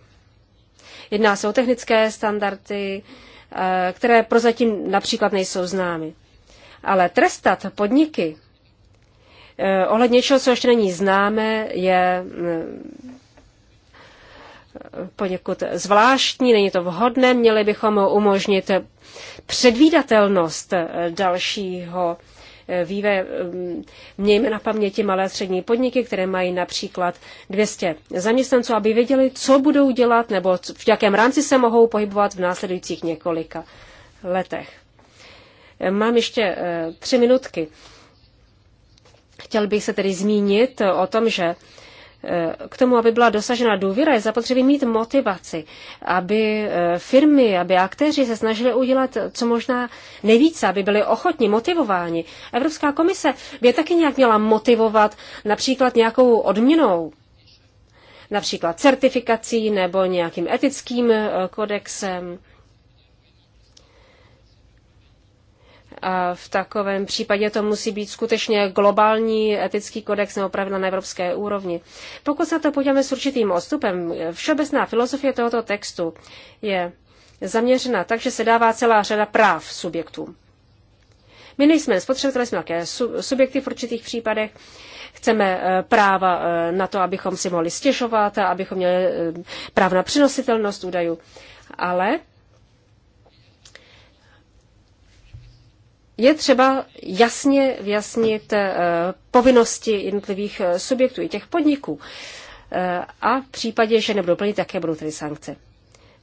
Jedná se o technické standardy, eh, které prozatím například nejsou známy. Ale trestat podniky eh, ohledně něčeho, co ještě není známe, je mm, poněkud zvláštní, není to vhodné, měli bychom umožnit předvídatelnost dalšího eh, vývoje. Mm, mějme na paměti malé a střední podniky, které mají například 200 zaměstnanců, aby věděli, co budou dělat nebo v jakém rámci se mohou pohybovat v následujících několika letech. Eh, mám ještě eh, tři minutky. Chtěl bych se tedy zmínit o tom, že Eh, k tomu, aby byla dosažena důvěra, je zapotřebí mít motivaci, aby eh, firmy, aby aktéři se snažili udělat eh, co možná nejvíce, aby byli ochotní, motivováni. Evropská komise by je taky nějak měla motivovat například nějakou odměnou, například certifikací nebo nějakým etickým kodexem v takovém případě to musí být skutečně globální etický kodex nebo pravidla na evropské úrovni. Pokud se to podíváme s určitým odstupem, všeobecná filozofie tohoto textu je zaměřena tak, že se dává celá řada práv subjektům. My nejsme spotřebitelé, jsme také subjekty v určitých případech. Chceme eh, práva eh, na to, abychom si mohli stěžovat a abychom měli eh, práv na přenositelnost údajů. Ale je třeba jasně vyjasnit eh, povinnosti jednotlivých eh, subjektů i těch podniků. Eh, a v případě, že nebudou plnit, jaké budou tedy sankce.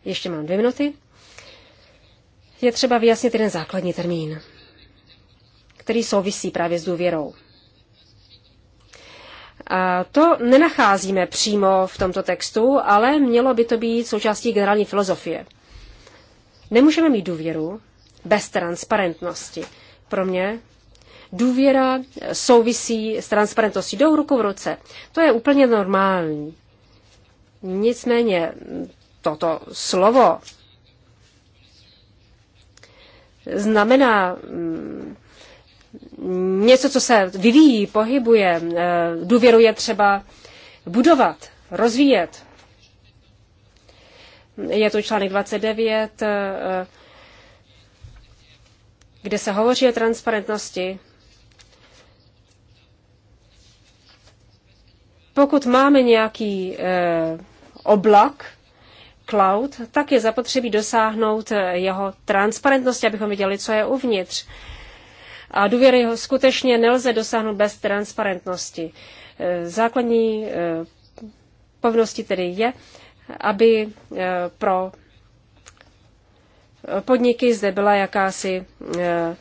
Ještě mám dvě minuty. Je třeba vyjasnit jeden základní termín, který souvisí právě s důvěrou. A to nenacházíme přímo v tomto textu, ale mělo by to být součástí generální filozofie. Nemůžeme mít důvěru bez transparentnosti pro mě důvěra souvisí s transparentností. Jdou ruku v ruce. To je úplně normální. Nicméně toto slovo znamená mm, něco, co se vyvíjí, pohybuje. Eh, důvěru je třeba budovat, rozvíjet. Je to článek 29 kde se hovoří o transparentnosti. Pokud máme nějaký eh, oblak, cloud, tak je zapotřebí dosáhnout eh, jeho transparentnosti, abychom viděli, co je uvnitř. A důvěry ho skutečně nelze dosáhnout bez transparentnosti. Eh, základní eh, povnosti, tedy je, aby pro podniky, zde byla jakási e,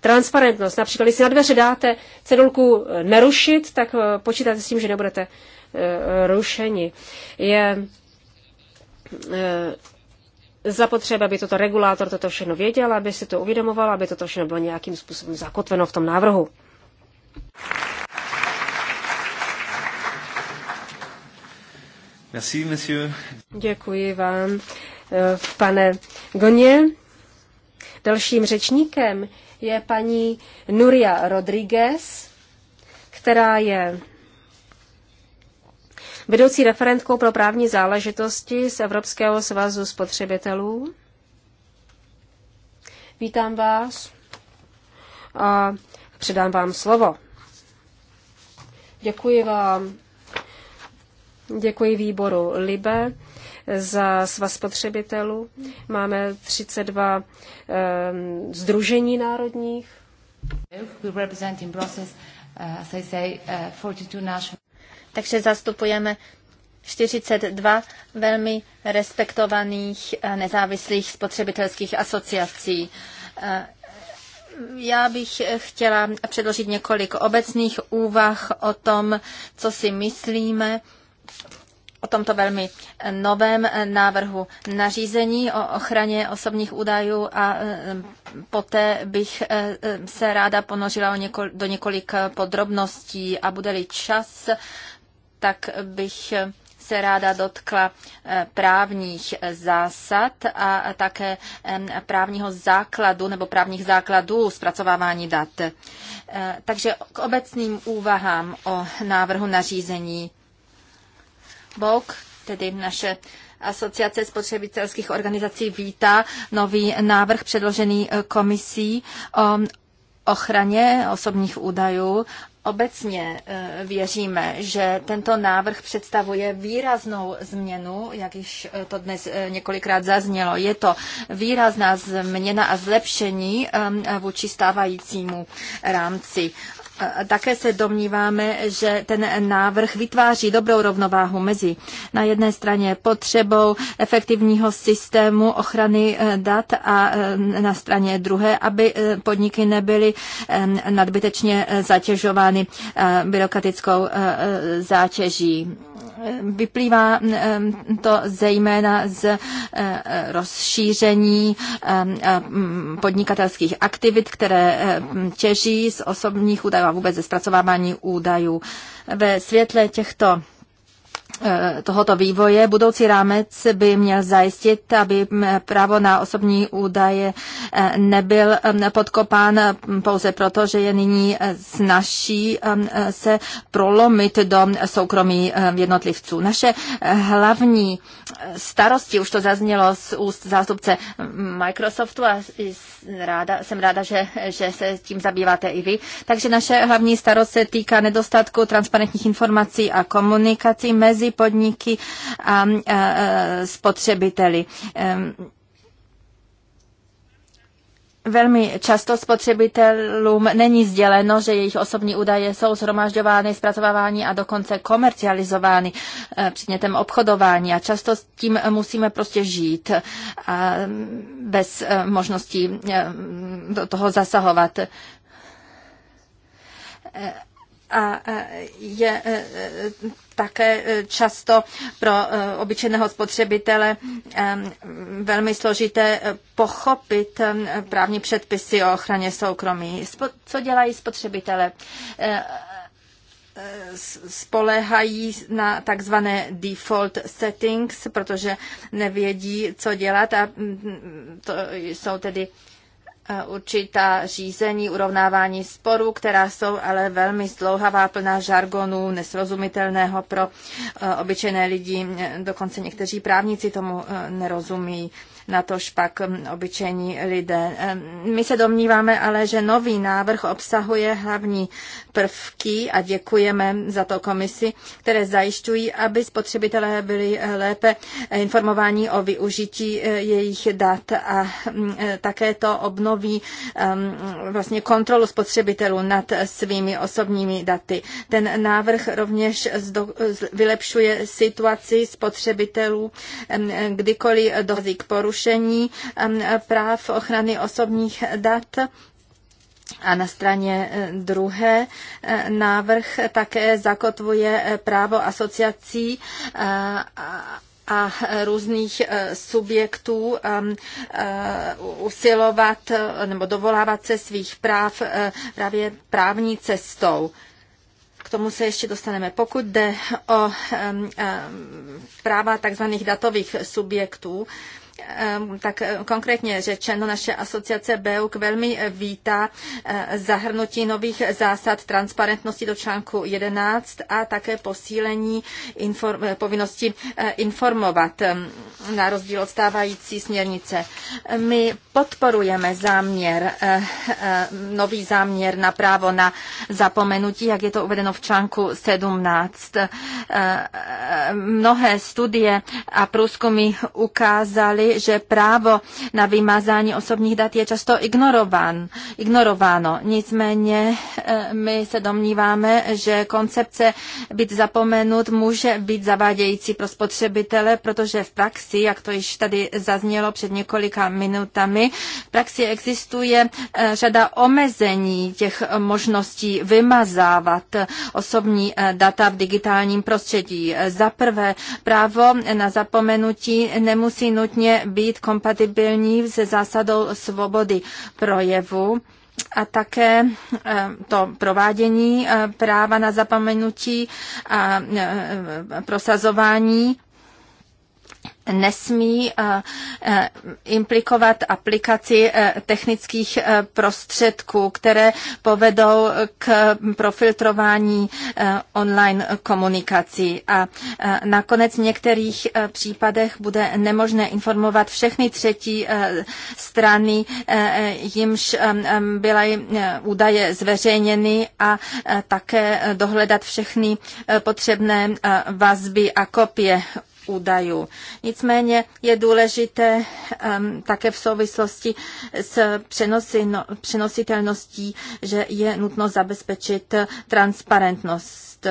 transparentnost. Například, když si na dveře dáte cedulku e, nerušit, tak e, počítáte s tím, že nebudete rušeni. Je zapotřeba, aby toto regulátor toto všechno věděl, aby si to uvědomoval, aby toto všechno bylo nějakým způsobem zakotveno v tom návrhu. Merci, monsieur. Děkuji vám. Eh, pane Goně. Dalším řečníkem je paní Nuria Rodriguez, která je vedoucí referentkou pro právní záležitosti z Evropského svazu spotřebitelů. Vítám vás a předám vám slovo. Děkuji vám. Děkuji výboru Libe za svaz spotřebitelů, máme 32 um, ehm, združení národních. Eh, eh, Takže zastupujeme 42 velmi respektovaných eh, nezávislých spotřebitelských asociací. Já bych chtěla předložit několik obecných úvah o tom, co si myslíme o tomto velmi novém návrhu nařízení o ochraně osobních údajů a e, poté bych e, se ráda ponožila do několik podrobností a bude-li čas, tak bych se ráda dotkla e, právních zásad a také právního základu nebo právních základů zpracovávání dat. Takže k obecným úvahám o návrhu nařízení BOK, tedy naše Asociace spotřebitelských organizací vítá nový návrh předložený eh, komisí o ochraně osobních údajů. Obecně eh, věříme, že tento návrh představuje výraznou změnu, jak již eh, to dnes několikrát zaznělo. Je to výrazná změna a zlepšení vůči stávajícímu rámci. Také se domníváme, že ten návrh vytváří dobrou rovnováhu mezi na jedné straně potřebou efektivního systému ochrany e, dat a e, na straně druhé, aby e, podniky nebyly nadbytečně zatěžovány byrokratickou zátěží. Vyplývá mm, mm, to zejména z eh, eh, rozšíření eh, podnikatelských aktivit, které mm, těží z osobních údajů a vůbec ze zpracovávání údajů. Ve světle těchto Eh, tohoto vývoje. Budoucí rámec by měl zajistit, aby mm, právo na osobní údaje eh, nebyl mm, podkopán mm, pouze proto, že je nyní eh, snaží se prolomit do soukromí jednotlivců. Naše hlavní starosti, už to zaznělo z úst zástupce Microsoftu a ráda, jsem ráda, že, že se tím zabýváte i vy. Takže naše hlavní starost se týká nedostatku transparentních informací a komunikací mezi podniky a spotřebiteli velmi často spotřebitelům není sděleno, že jejich osobní údaje jsou zhromažďovány, zpracovávány a dokonce komercializovány eh, předmětem obchodování a často s tím musíme prostě žít a bez eh, možnosti eh, do toho zasahovat a e, je e, e, také často pro obyčejného spotřebitele velmi složité pochopit právní předpisy o ochraně soukromí. Co dělají spotřebitele? spolehají na takzvané default settings, protože nevědí, co dělat a to jsou tedy určitá řízení urovnávání sporů, která jsou ale velmi zdlouhavá, plná žargonu, nesrozumitelného pro e, obyčejné lidi. Dokonce někteří právníci tomu e, nerozumí na to pak um, obyčejní lidé. Um, my se domníváme ale, že nový návrh obsahuje hlavní prvky a děkujeme za to komisi, které zajišťují, aby spotřebitelé byli lépe informováni o využití eh, jejich dat a mm, eh, také to obnoví ehm, vlastně kontrolu spotřebitelů nad svými osobními daty. Ten návrh rovněž vylepšuje situaci spotřebitelů, ehm, eh, kdykoliv dochází k porušení porušení práv ochrany osobních dat. A na straně eh, druhé eh, návrh také zakotvuje eh, právo asociací a různých subjektů usilovat nebo dovolávat se svých práv právě právní cestou. K tomu se ještě dostaneme. Pokud jde o práva tzv. datových subjektů, Ehm, tak eh, konkrétně řečeno, naše asociace BEUK velmi eh, vítá eh, zahrnutí nových zásad transparentnosti do článku 11 a také posílení inform, povinnosti informovat ehm, na rozdíl od stávající směrnice. My podporujeme záměr, nový záměr na právo na zapomenutí, jak je to uvedeno v článku 17. Mnohé studie a průzkumy ukázaly, že právo na vymazání osobních dat je často ignorován, ignorováno. Nicméně eh, my se domníváme, že koncepce být zapomenut může být zavádějící pro spotřebitele, protože v praxi, jak to již tady zaznělo před několika minutami, v praxi existuje eh, řada omezení těch možností vymazávat osobní eh, data v digitálním prostředí. Za prvé, právo na zapomenutí nemusí nutně být kompatibilní se zásadou svobody projevu a také eh, to provádění eh, práva na zapomenutí a eh, prosazování nesmí eh, eh, implikovat aplikaci eh, technických prostředků, které povedou k profiltrování online komunikací. A nakonec v některých případech bude nemožné informovat všechny třetí strany, jimž byly údaje zveřejněny a také dohledat všechny potřebné vazby a kopie údajů. Nicméně je důležité um, také v souvislosti s přenosy, no, přenositelností, že je nutno zabezpečit transparentnost.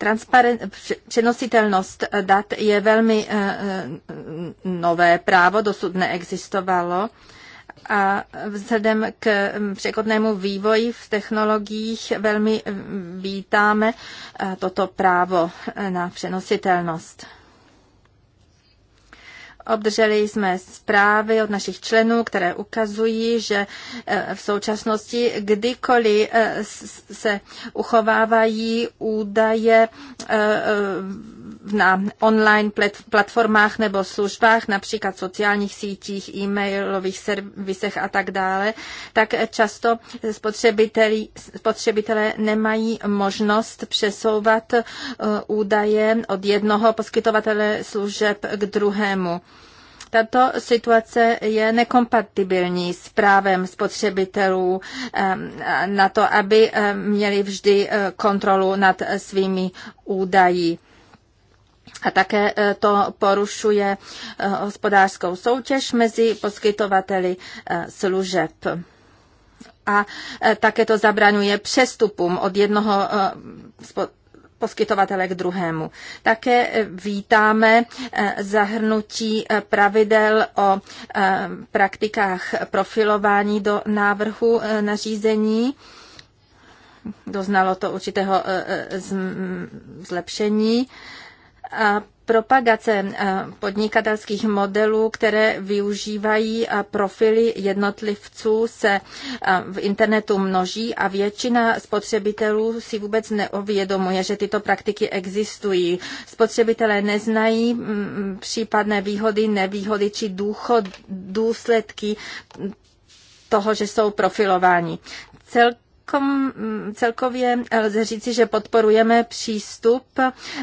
Transparen- přenositelnost dat je velmi uh, nové právo, dosud neexistovalo. Uh, a vzhledem k mm, překotnému vývoji v technologiích velmi mm, vítáme e, toto právo e, na přenositelnost. Obdrželi jsme zprávy od našich členů, které ukazují, že e, v současnosti kdykoliv se uchovávají údaje na online platformách nebo službách, například sociálních sítích, e-mailových servisech a tak dále, tak často spotřebitelé nemají možnost přesouvat e, údaje od jednoho poskytovatele služeb k druhému. Tato situace je nekompatibilní s právem spotřebitelů na to, aby měli vždy e, kontrolu nad svými údaji. A také e, to porušuje e, hospodářskou soutěž mezi poskytovateli e, služeb. A také to zabraňuje přestupům od jednoho poskytovatele k druhému. Také vítáme zahrnutí pravidel o praktikách profilování do návrhu nařízení doznalo to určitého zlepšení propagace podnikatelských modelů, které využívají profily jednotlivců, se v internetu množí a většina spotřebitelů si vůbec neuvědomuje, že tyto praktiky existují. Spotřebitelé neznají případné výhody, nevýhody či důchod, důsledky toho, že jsou profilováni. Celk celkově lze říci, že podporujeme přístup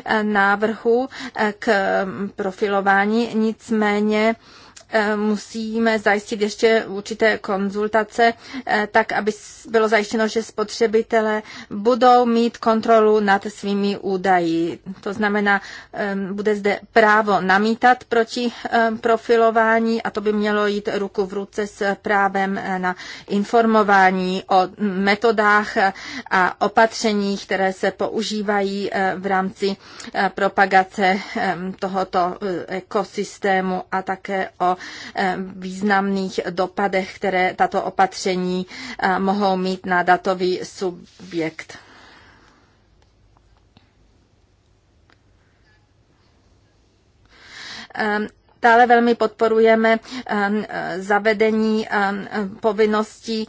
eh, návrhu eh, k mm, profilování, nicméně Eh, musíme zajistit ještě určité konzultace, eh, tak aby bylo zajištěno, že spotřebitele budou mít kontrolu nad svými údaji. To znamená, eh, bude zde právo namítat proti profilování a to by mělo jít ruku v ruce s právem na informování o metodách a opatřeních, které se používají v rámci propagace tohoto ekosystému a také o Eh, významných dopadech, které tato opatření eh, mohou mít na datový subjekt. Ehm, dále velmi podporujeme ehm, eh, zavedení ehm, povinností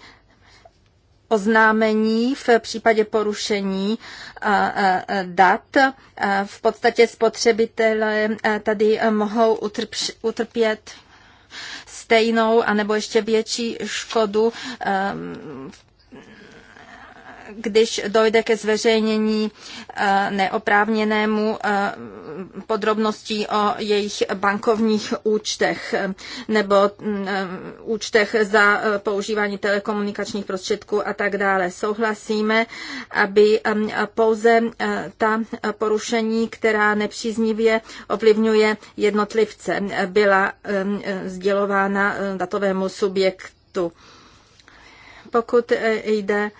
oznámení v případě porušení dat. V podstatě spotřebitelé tady mohou utrpět stejnou anebo ještě větší škodu v ehm, když dojde ke zveřejnění eh, neoprávněnému eh, podrobností o jejich bankovních účtech eh, nebo mm, účtech za používání telekomunikačních prostředků a tak dále. Souhlasíme, aby mm, pouze ta porušení, která nepříznivě ovlivňuje jednotlivce, byla mm, sdělována datovému subjektu. Pokud jde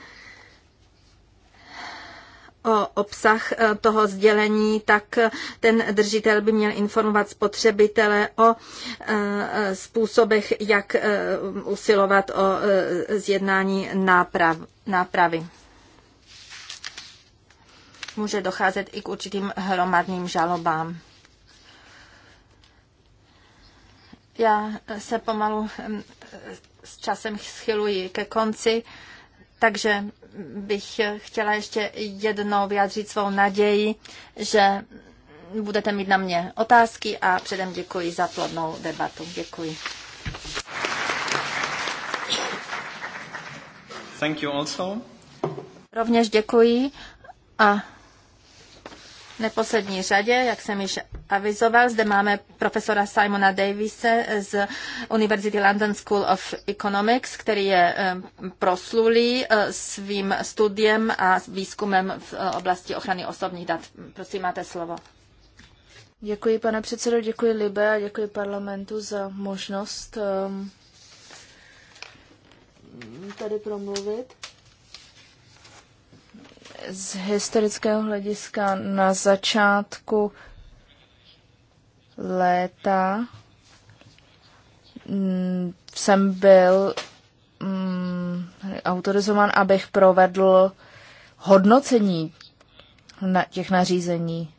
o obsah e, toho sdělení, tak ten držitel by měl informovat spotřebitele o e, způsobech, jak e, usilovat o zjednání náprav, nápravy. Může docházet i k určitým hromadným žalobám. Já se pomalu s časem schyluji ke konci, takže bych chtěla ještě jednou vyjádřit svou naději, že budete mít na mě otázky a předem děkuji za plodnou debatu. Děkuji. Thank you also. Rovněž děkuji a neposlední řadě, jak jsem již avizoval, zde máme profesora Simona Davise z Univerzity London School of Economics, který je proslulý eh, svým studiem a výzkumem v eh, oblasti ochrany osobních dat. Prosím, máte slovo. Děkuji, pane předsedo, děkuji Libe a děkuji parlamentu za možnost tady promluvit z historického hlediska na začátku léta mm, jsem byl mm, autorizovan, abych provedl hodnocení těch nařízení.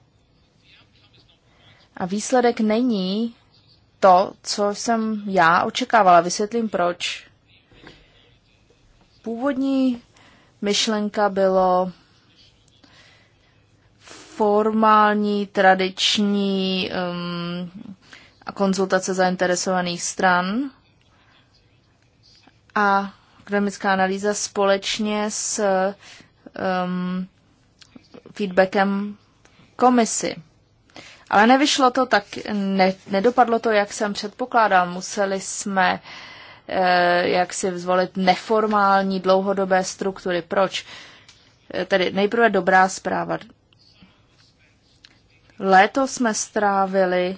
A výsledek není to, co jsem já očekávala. Vysvětlím proč. Původní myšlenka bylo formální, tradiční um, konzultace zainteresovaných stran a akademická analýza společně s um, feedbackem komisi. Ale nevyšlo to tak, ne, nedopadlo to, jak jsem předpokládal. Museli jsme eh, jak si zvolit neformální dlouhodobé struktury. Proč? Eh, tedy nejprve dobrá zpráva. Léto jsme strávili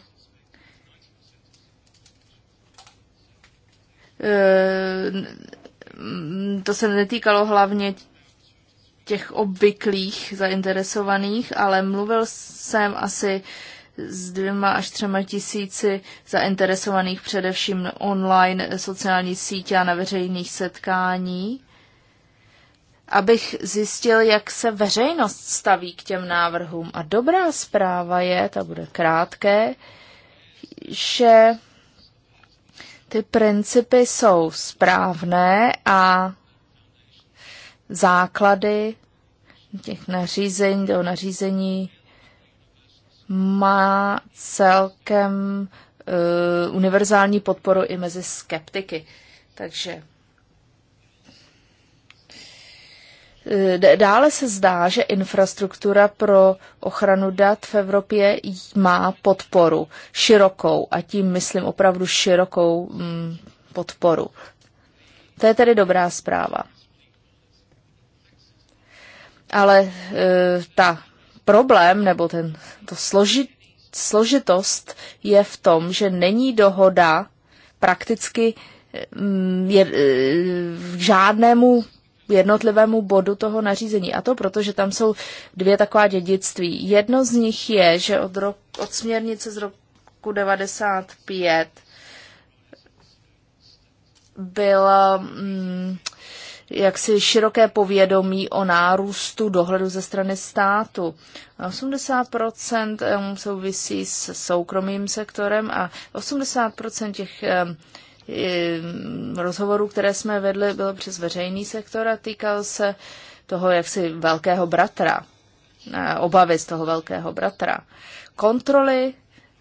eh, to se netýkalo hlavně těch obvyklých zainteresovaných, ale mluvil jsem asi s dvěma až třema tisíci zainteresovaných především online sociální sítě a na veřejných setkání abych zjistil, jak se veřejnost staví k těm návrhům. A dobrá zpráva je, ta bude krátké, že ty principy jsou správné a základy těch nařízení, do nařízení má celkem uh, univerzální podporu i mezi skeptiky. Takže Eh, dále se zdá, že infrastruktura pro ochranu dat v Evropě má podporu širokou a tím myslím opravdu širokou mm, podporu. To je tedy dobrá zpráva. Ale e, ta problém nebo ten, to složit, složitost je v tom, že není dohoda prakticky eh, mm, je, k žádnému jednotlivému bodu toho nařízení. A to proto, že tam jsou dvě taková dědictví. Jedno z nich je, že od, rok, od směrnice z roku 95 byla mm, jaksi široké povědomí o nárůstu dohledu ze strany státu. 80% souvisí s soukromým sektorem a 80% těch Ehm, rozhovorů, které jsme vedli, bylo přes veřejný sektor a týkal se toho jaksi velkého bratra, eh, obavy z toho velkého bratra. Kontroly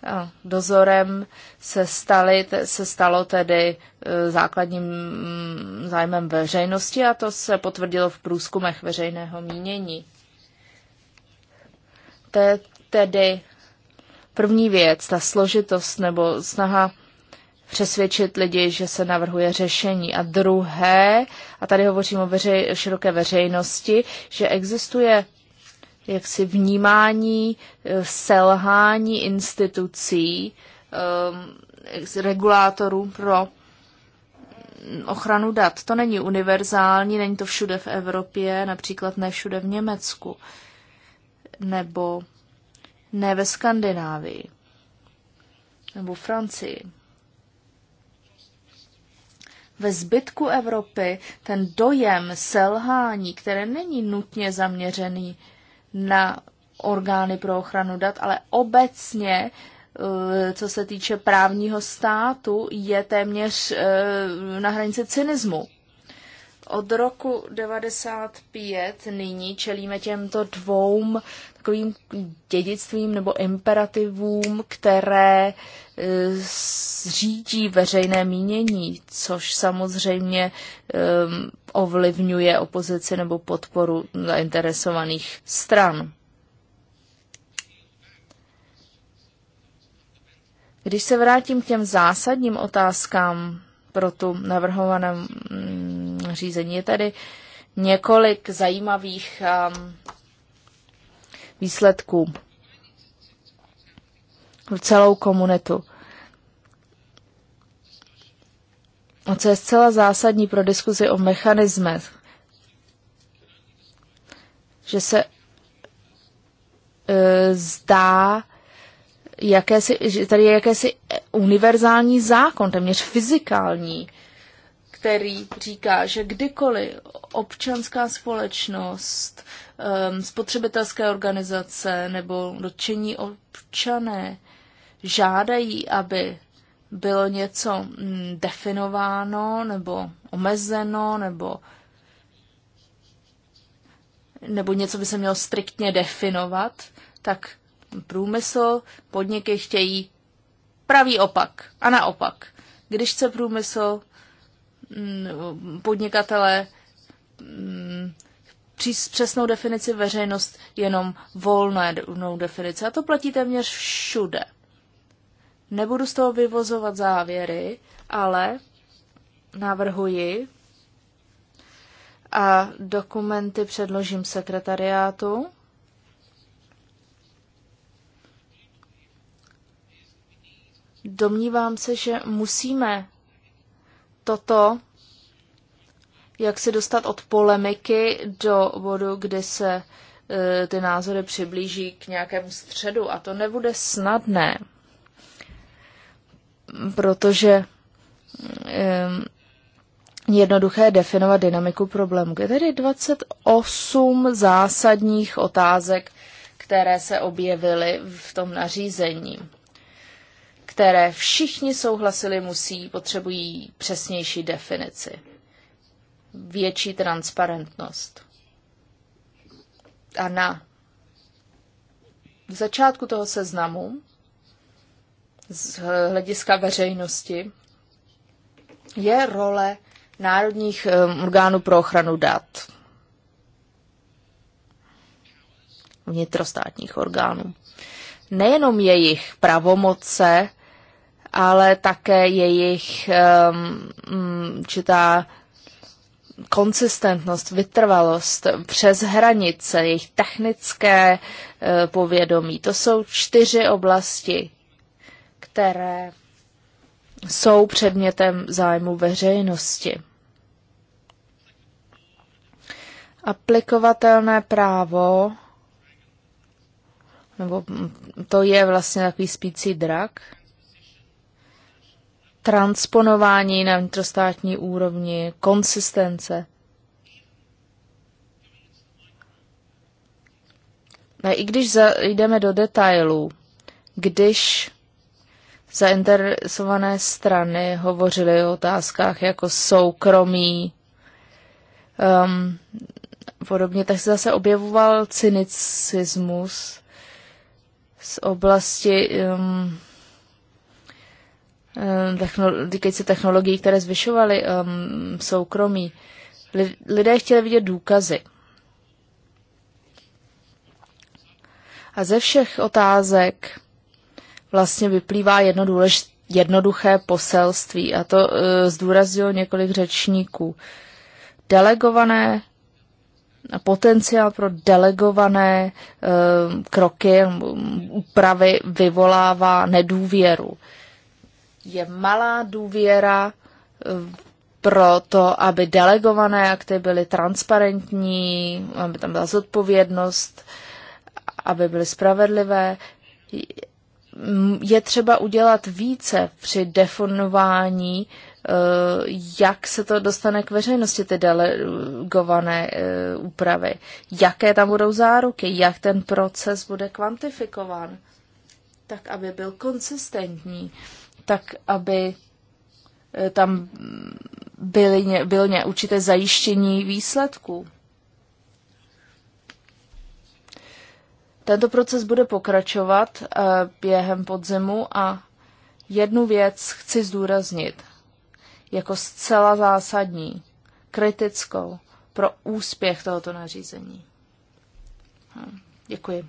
a eh, dozorem se, staly, se stalo tedy eh, základním mm, zájmem veřejnosti a to se potvrdilo v průzkumech veřejného mínění. To je tedy první věc, ta složitost nebo snaha přesvědčit lidi, že se navrhuje řešení. A druhé, a tady hovořím o veřej, široké veřejnosti, že existuje jaksi vnímání eh, selhání institucí, um, regulátorů pro ochranu dat. To není univerzální, není to všude v Evropě, například ne všude v Německu, nebo ne ve Skandinávii, nebo Francii ve zbytku Evropy ten dojem selhání, které není nutně zaměřený na orgány pro ochranu dat, ale obecně eh, co se týče právního státu, je téměř eh, na hranici cynismu. Od roku 95 nyní čelíme těmto dvou takovým dědictvím nebo imperativům, které e, řídí veřejné mínění, což samozřejmě e, ovlivňuje opozici nebo podporu zainteresovaných stran. Když se vrátím k těm zásadním otázkám pro tu navrhovanou mm, nařízení. Je tady několik zajímavých um, výsledků v celou komunitu. A co je zcela zásadní pro diskuzi o mechanismech, že se e, zdá, jakési, že tady je jakési univerzální zákon, téměř fyzikální, který říká, že kdykoliv občanská společnost, um, spotřebitelské organizace nebo dotčení občané žádají, aby bylo něco mm, definováno nebo omezeno nebo nebo něco by se mělo striktně definovat, tak průmysl, podniky chtějí pravý opak a naopak. Když chce průmysl Mm, podnikatele mm, přesnou definici veřejnost jenom volnou no, definici. A to platí téměř všude. Nebudu z toho vyvozovat závěry, ale navrhuji a dokumenty předložím sekretariátu. Domnívám se, že musíme toto, jak se dostat od polemiky do bodu, kde se e, ty názory přiblíží k nějakému středu. A to nebude snadné, protože e, jednoduché definovat dynamiku problému. Je tedy 28 zásadních otázek, které se objevily v tom nařízení které všichni souhlasili, musí, potřebují přesnější definici, větší transparentnost. A na začátku toho seznamu z hlediska veřejnosti je role národních um, orgánů pro ochranu dat, vnitrostátních orgánů. Nejenom jejich pravomoce ale také jejich um, určitá konsistentnost, vytrvalost přes hranice, jejich technické uh, povědomí. To jsou čtyři oblasti, které jsou předmětem zájmu veřejnosti. Aplikovatelné právo, nebo mm, to je vlastně takový spící drak, transponování na vnitrostátní úrovni, konsistence. A no, i když jdeme do detailů, když zainteresované strany hovořily o otázkách jako soukromí, um, podobně, tak se zase objevoval cynicismus z oblasti um, Eh, týkající technologií, které zvyšovaly um, soukromí. Lidé chtěli vidět důkazy. A ze všech otázek vlastně vyplývá jedno důlež, jednoduché poselství, a to uh, eh, zdůrazilo několik řečníků. Delegované potenciál pro delegované uh, kroky, úpravy vyvolává nedůvěru. Uh, je malá důvěra eh, pro to, aby delegované akty byly transparentní, aby tam byla zodpovědnost, aby byly spravedlivé. Je třeba udělat více při definování, eh, jak se to dostane k veřejnosti, ty delegované eh, úpravy, jaké tam budou záruky, jak ten proces bude kvantifikován, tak aby byl konsistentní tak aby eh, tam byly, bylo určité zajištění výsledků. Tento proces bude pokračovat eh, během podzimu a jednu věc chci zdůraznit jako zcela zásadní, kritickou pro úspěch tohoto nařízení. Hm, děkuji.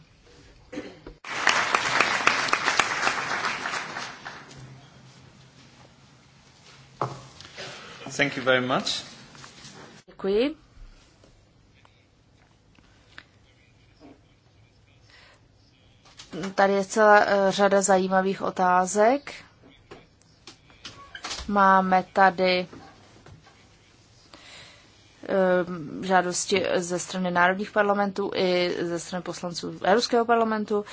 Thank you very much. Děkuji. Tady je celá eh, řada zajímavých otázek. Máme tady eh, žádosti ze strany národních parlamentů i ze strany poslanců Evropského parlamentu.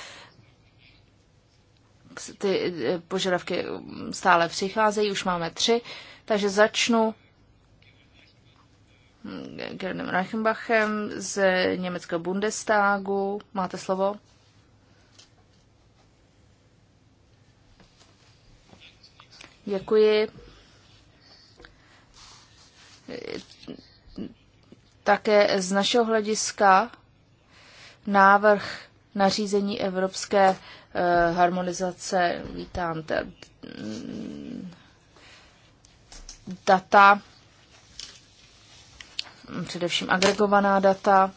Ty eh, požadavky stále přicházejí, už máme tři. Takže začnu Gerdem Reichenbachem z německého Bundestagu. Máte slovo? Děkuji. Také z našeho hlediska návrh nařízení evropské eh, harmonizace vítám data, především agregovaná data,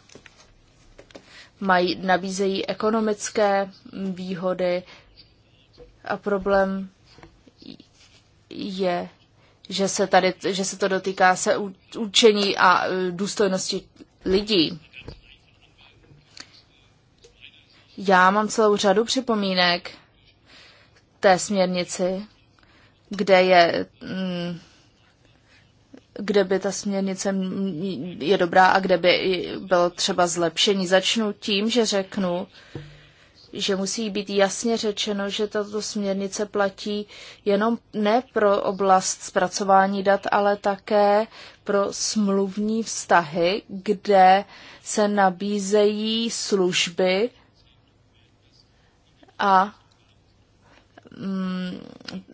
mají, nabízejí ekonomické výhody a problém je, že se, tady, že se to dotýká se učení a e, důstojnosti lidí. Já mám celou řadu připomínek té směrnici, kde je mm, kde by ta směrnice je dobrá a kde by bylo třeba zlepšení. Začnu tím, že řeknu, že musí být jasně řečeno, že tato směrnice platí jenom ne pro oblast zpracování dat, ale také pro smluvní vztahy, kde se nabízejí služby a mm,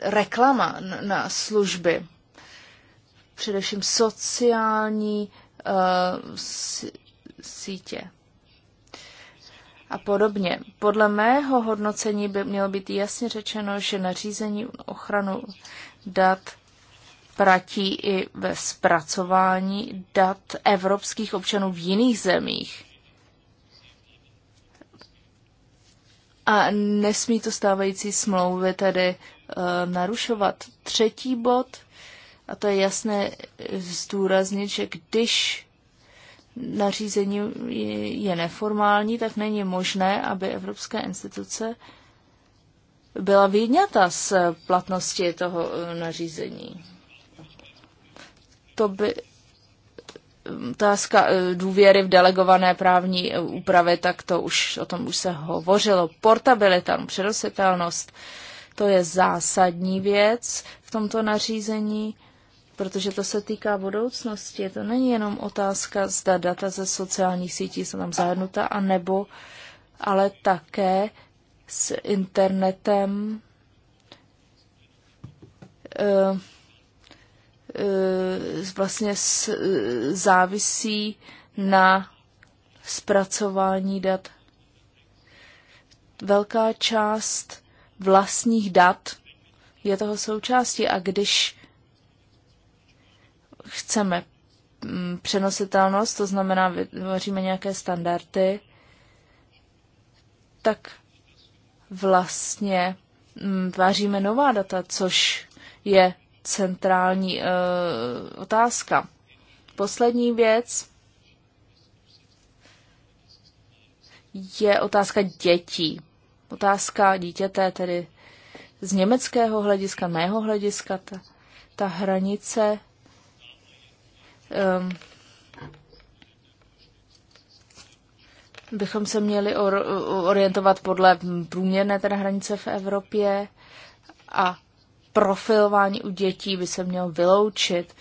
reklama na služby především sociální uh, sítě a podobně. Podle mého hodnocení by mělo být jasně řečeno, že nařízení ochranu dat pratí i ve zpracování dat evropských občanů v jiných zemích. A nesmí to stávající smlouvy tedy uh, narušovat. Třetí bod – a to je jasné eh, zdůraznit, že když nařízení je neformální, tak není možné, aby evropské instituce byla výňata z eh, platnosti toho eh, nařízení. To by otázka důvěry v delegované právní úpravy, tak to už o tom už se hovořilo. Portabilita, přenositelnost, to je zásadní věc v tomto nařízení protože to se týká budoucnosti. To není jenom otázka, zda data ze sociálních sítí jsou tam zahrnuta, anebo, ale také s internetem eh, eh, vlastně závisí na zpracování dat. Velká část vlastních dat je toho součástí a když chceme mm, přenositelnost, to znamená, vytvoříme nějaké standardy, tak vlastně mm, váříme nová data, což je centrální uh, e, otázka. Poslední věc je otázka dětí. Otázka dítěte tedy z německého hlediska, mého hlediska, ta, ta hranice Ehm, bychom se měli or, orientovat podle průměrné teda hranice v Evropě a profilování u dětí by se mělo vyloučit.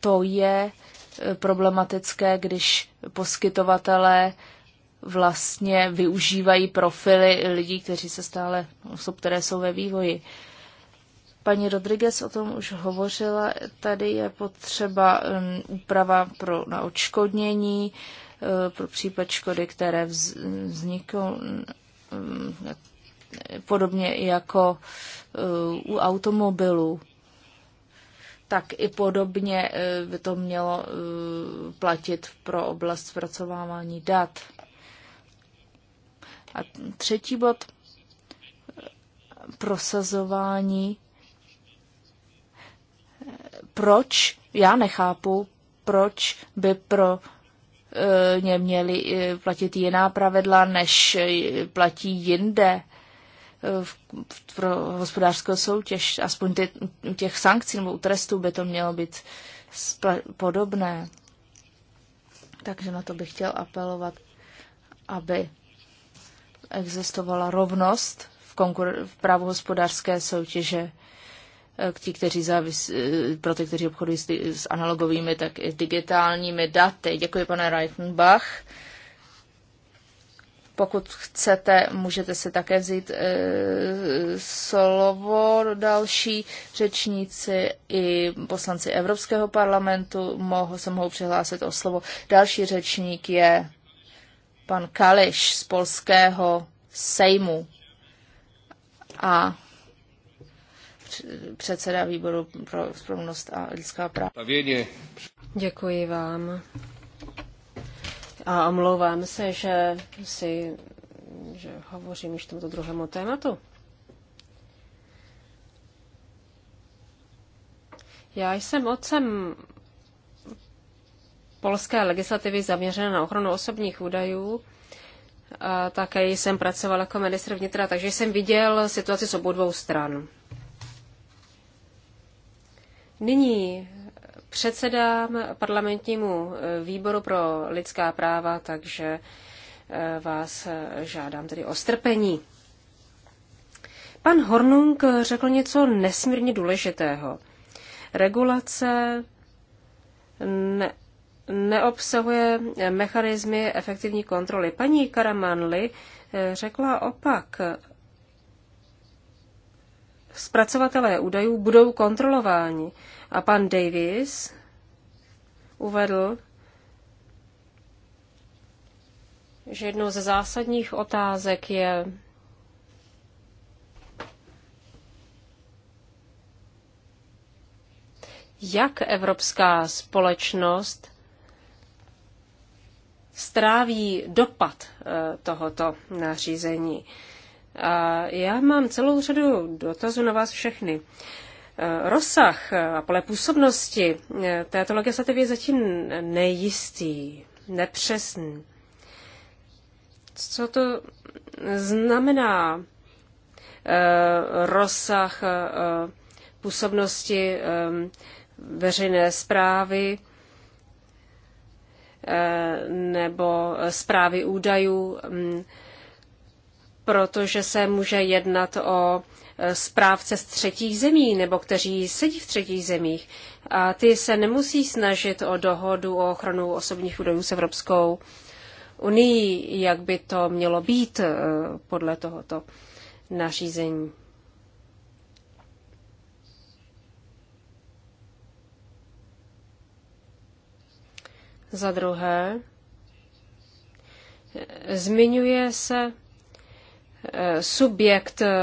To je eh, problematické, když poskytovatelé vlastně využívají profily lidí, kteří se stále, osob, které jsou ve vývoji. Uh, Paní Rodriguez o tom už hovořila. Tady je potřeba um, úprava pro, na odškodnění uh, pro případ škody, které vzniknou um, podobně jako uh, u automobilů, tak i podobně uh, by to mělo platit pro oblast zpracovávání dat. A třetí bod prosazování proč, já nechápu, proč by pro eh, ně měli eh, platit jiná pravidla, než eh, platí jinde pro hospodářskou soutěž. Aspoň ty, u těch sankcí nebo u trestů by to mělo být podobné. Takže na to bych chtěl apelovat, aby existovala rovnost v, konkur- v právu hospodářské soutěže Eh, ti, kteří závis, eh, pro ty, kteří obchodují s, s analogovými, tak i s digitálními daty. Děkuji, pane Reifenbach. Pokud chcete, můžete se také vzít e, slovo další řečníci i poslanci Evropského parlamentu Mohu, se mohou přihlásit o slovo. Další řečník je pan Kališ z polského Sejmu. A předseda výboru pro spravedlnost a lidská práva. Děkuji vám. A omlouvám se, že si že hovořím již tomuto druhému tématu. Já jsem otcem polské legislativy zaměřené na ochranu osobních údajů. A také jsem pracoval jako ministr vnitra, takže jsem viděl situaci z obou dvou stran. Nyní předsedám parlamentnímu eh, výboru pro lidská práva, takže eh, vás eh, žádám tedy o strpení. Pan Hornung řekl něco nesmírně důležitého. Regulace ne, neobsahuje mechanismy efektivní kontroly. Paní Karamanli řekla opak zpracovatelé údajů budou kontrolováni. A pan Davis uvedl, že jednou ze zásadních otázek je jak evropská společnost stráví dopad eh, tohoto nařízení. A já mám celou řadu dotazů na vás všechny. E, rozsah a pole působnosti e, této legislativy je zatím nejistý, nepřesný. Co to znamená e, rozsah působnosti veřejné zprávy nebo zprávy údajů protože se může jednat o e, správce z třetích zemí nebo kteří sedí v třetích zemích. A ty se nemusí snažit o dohodu o ochranu osobních údajů s Evropskou unii, jak by to mělo být e, podle tohoto nařízení. Za druhé, zmiňuje se Eh, subjekt eh,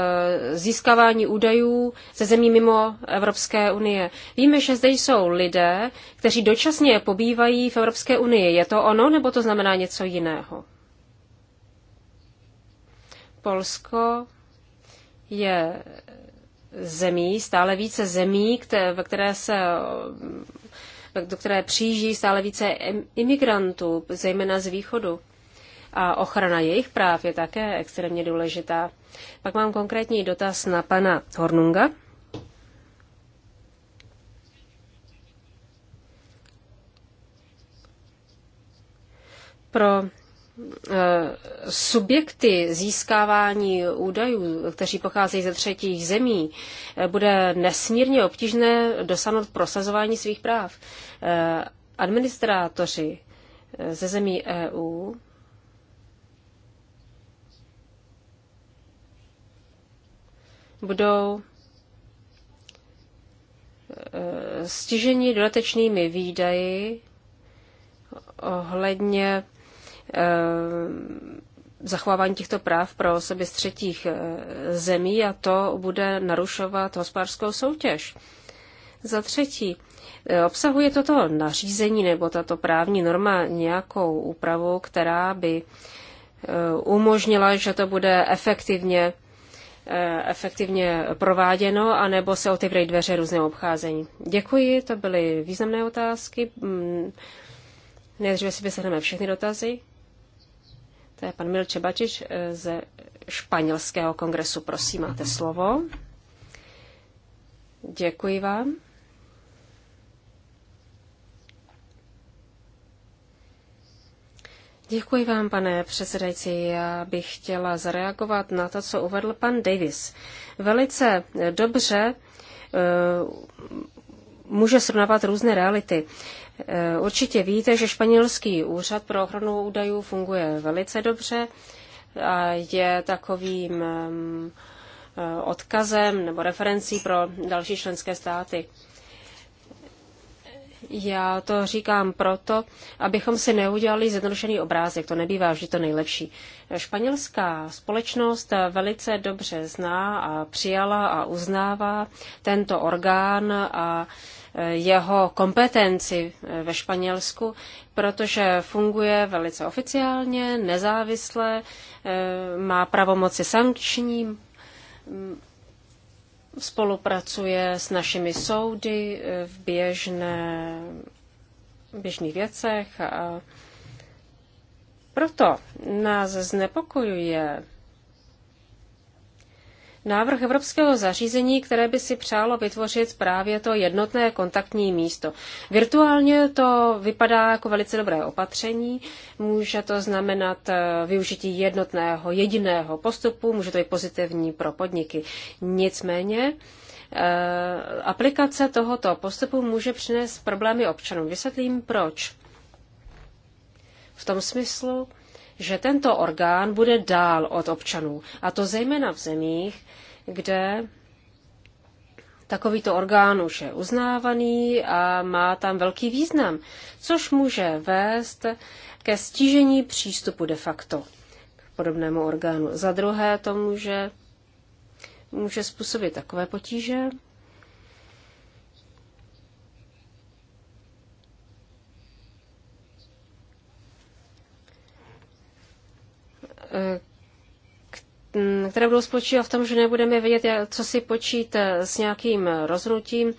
získávání údajů ze zemí mimo Evropské unie. Víme, že zde jsou lidé, kteří dočasně pobývají v Evropské unii. Je to ono, nebo to znamená něco jiného? Polsko je zemí, stále více zemí, které, ve které se do které přijíždí stále více imigrantů, zejména z východu a ochrana jejich práv je také extrémně důležitá. Pak mám konkrétní dotaz na pana Hornunga. Pro eh, subjekty získávání údajů, kteří pocházejí ze třetích zemí, eh, bude nesmírně obtížné dosáhnout prosazování svých práv. Eh, administrátoři ze zemí EU budou eh, stiženi dodatečnými výdaji ohledně eh, zachovávání těchto práv pro osoby z třetích eh, zemí a to bude narušovat hospodářskou soutěž. Za třetí, obsahuje toto nařízení nebo tato právní norma nějakou úpravu, která by umožnila, že to bude efektivně Eh, efektivně prováděno, anebo se otevřejí dveře různého obcházení. Děkuji, to byly významné otázky. Mm, nejdříve si vysvětlíme všechny dotazy. To je pan Milče Bačič eh, ze španělského kongresu. Prosím, máte slovo. Děkuji vám. Děkuji vám, pane předsedající. Já bych chtěla zareagovat na to, co uvedl pan Davis. Velice dobře eh, může srovnávat různé reality. Eh, určitě víte, že španělský úřad pro ochranu údajů funguje velice dobře a je takovým eh, odkazem nebo referencí pro další členské státy. Já to říkám proto, abychom si neudělali zjednodušený obrázek. To nebývá vždy to nejlepší. Španělská společnost velice dobře zná a přijala a uznává tento orgán a eh, jeho kompetenci eh, ve Španělsku, protože funguje velice oficiálně, nezávisle, eh, má pravomoci sankčním spolupracuje s našimi soudy eh, v běžné, běžných věcech. A proto nás znepokojuje návrh evropského zařízení, které by si přálo vytvořit právě to jednotné kontaktní místo. Virtuálně to vypadá jako velice dobré opatření, může to znamenat eh, využití jednotného, jediného postupu, může to být pozitivní pro podniky. Nicméně, eh, aplikace tohoto postupu může přinést problémy občanům. Vysvětlím proč. V tom smyslu, že tento orgán bude dál od občanů. A to zejména v zemích, kde takovýto orgán už je uznávaný a má tam velký význam, což může vést ke stížení přístupu de facto k podobnému orgánu. Za druhé to může, může způsobit takové potíže, Eh, které budou spočívat v tom, že nebudeme vědět, co si počít eh, s nějakým rozhodnutím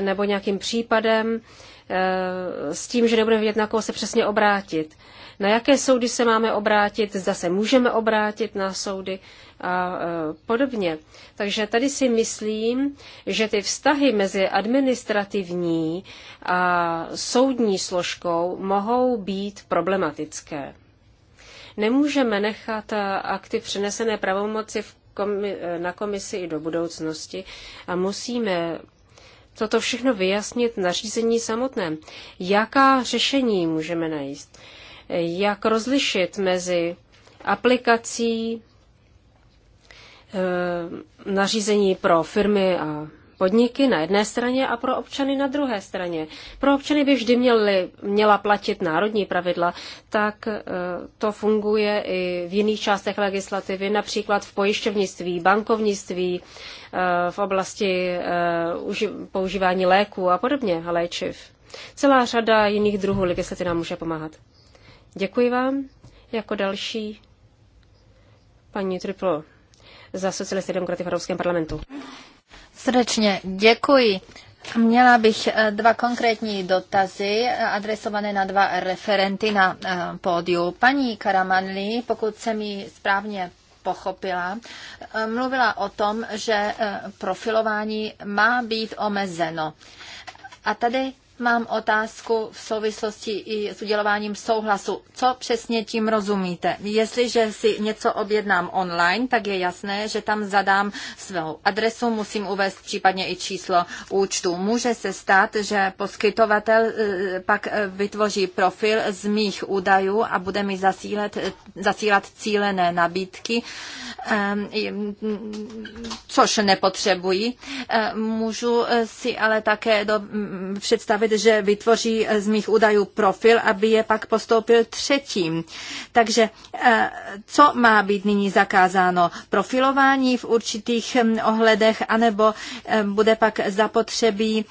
nebo nějakým případem, eh, s tím, že nebudeme vědět, na koho se přesně obrátit. Na jaké soudy se máme obrátit, zda se můžeme obrátit na soudy a podobně. Takže tady si myslím, že ty vztahy mezi administrativní a soudní složkou mohou být problematické. Nemůžeme nechat eh, akty přenesené pravomoci v komi- eh, na komisi i do budoucnosti a musíme toto všechno vyjasnit nařízení samotném. Jaká řešení můžeme najít? Jak rozlišit mezi aplikací eh, nařízení pro firmy a podniky na jedné straně a pro občany na druhé straně. Pro občany by vždy měly, měla platit národní pravidla, tak eh, to funguje i v jiných částech legislativy, například v pojišťovnictví, bankovnictví, eh, v oblasti eh, používání léků a podobně, a léčiv. Celá řada jiných druhů legislativy nám může pomáhat. Děkuji vám. Jako další paní Triplo za socialisty demokraty v Evropském parlamentu. Srdečně děkuji. Měla bych eh, dva konkrétní dotazy eh, adresované na dva referenty na eh, pódiu. Paní Karamanli, pokud se mi správně pochopila, mluvila o tom, že profilování má být omezeno. A tady Mám otázku v souvislosti i s udělováním souhlasu. Co přesně tím rozumíte? Jestliže si něco objednám online, tak je jasné, že tam zadám svou adresu, musím uvést případně i číslo účtu. Může se stát, že poskytovatel eh, pak eh, vytvoří profil z mých údajů a bude mi zasílat, eh, zasílat cílené nabídky Ehm, což nepotřebují. Ehm, můžu eh, si ale také do, mm, představit, že vytvoří eh, z mých údajů profil, aby je pak postoupil třetím. Takže eh, co má být nyní zakázáno? Profilování v určitých mm, ohledech, anebo bude pak zapotřebí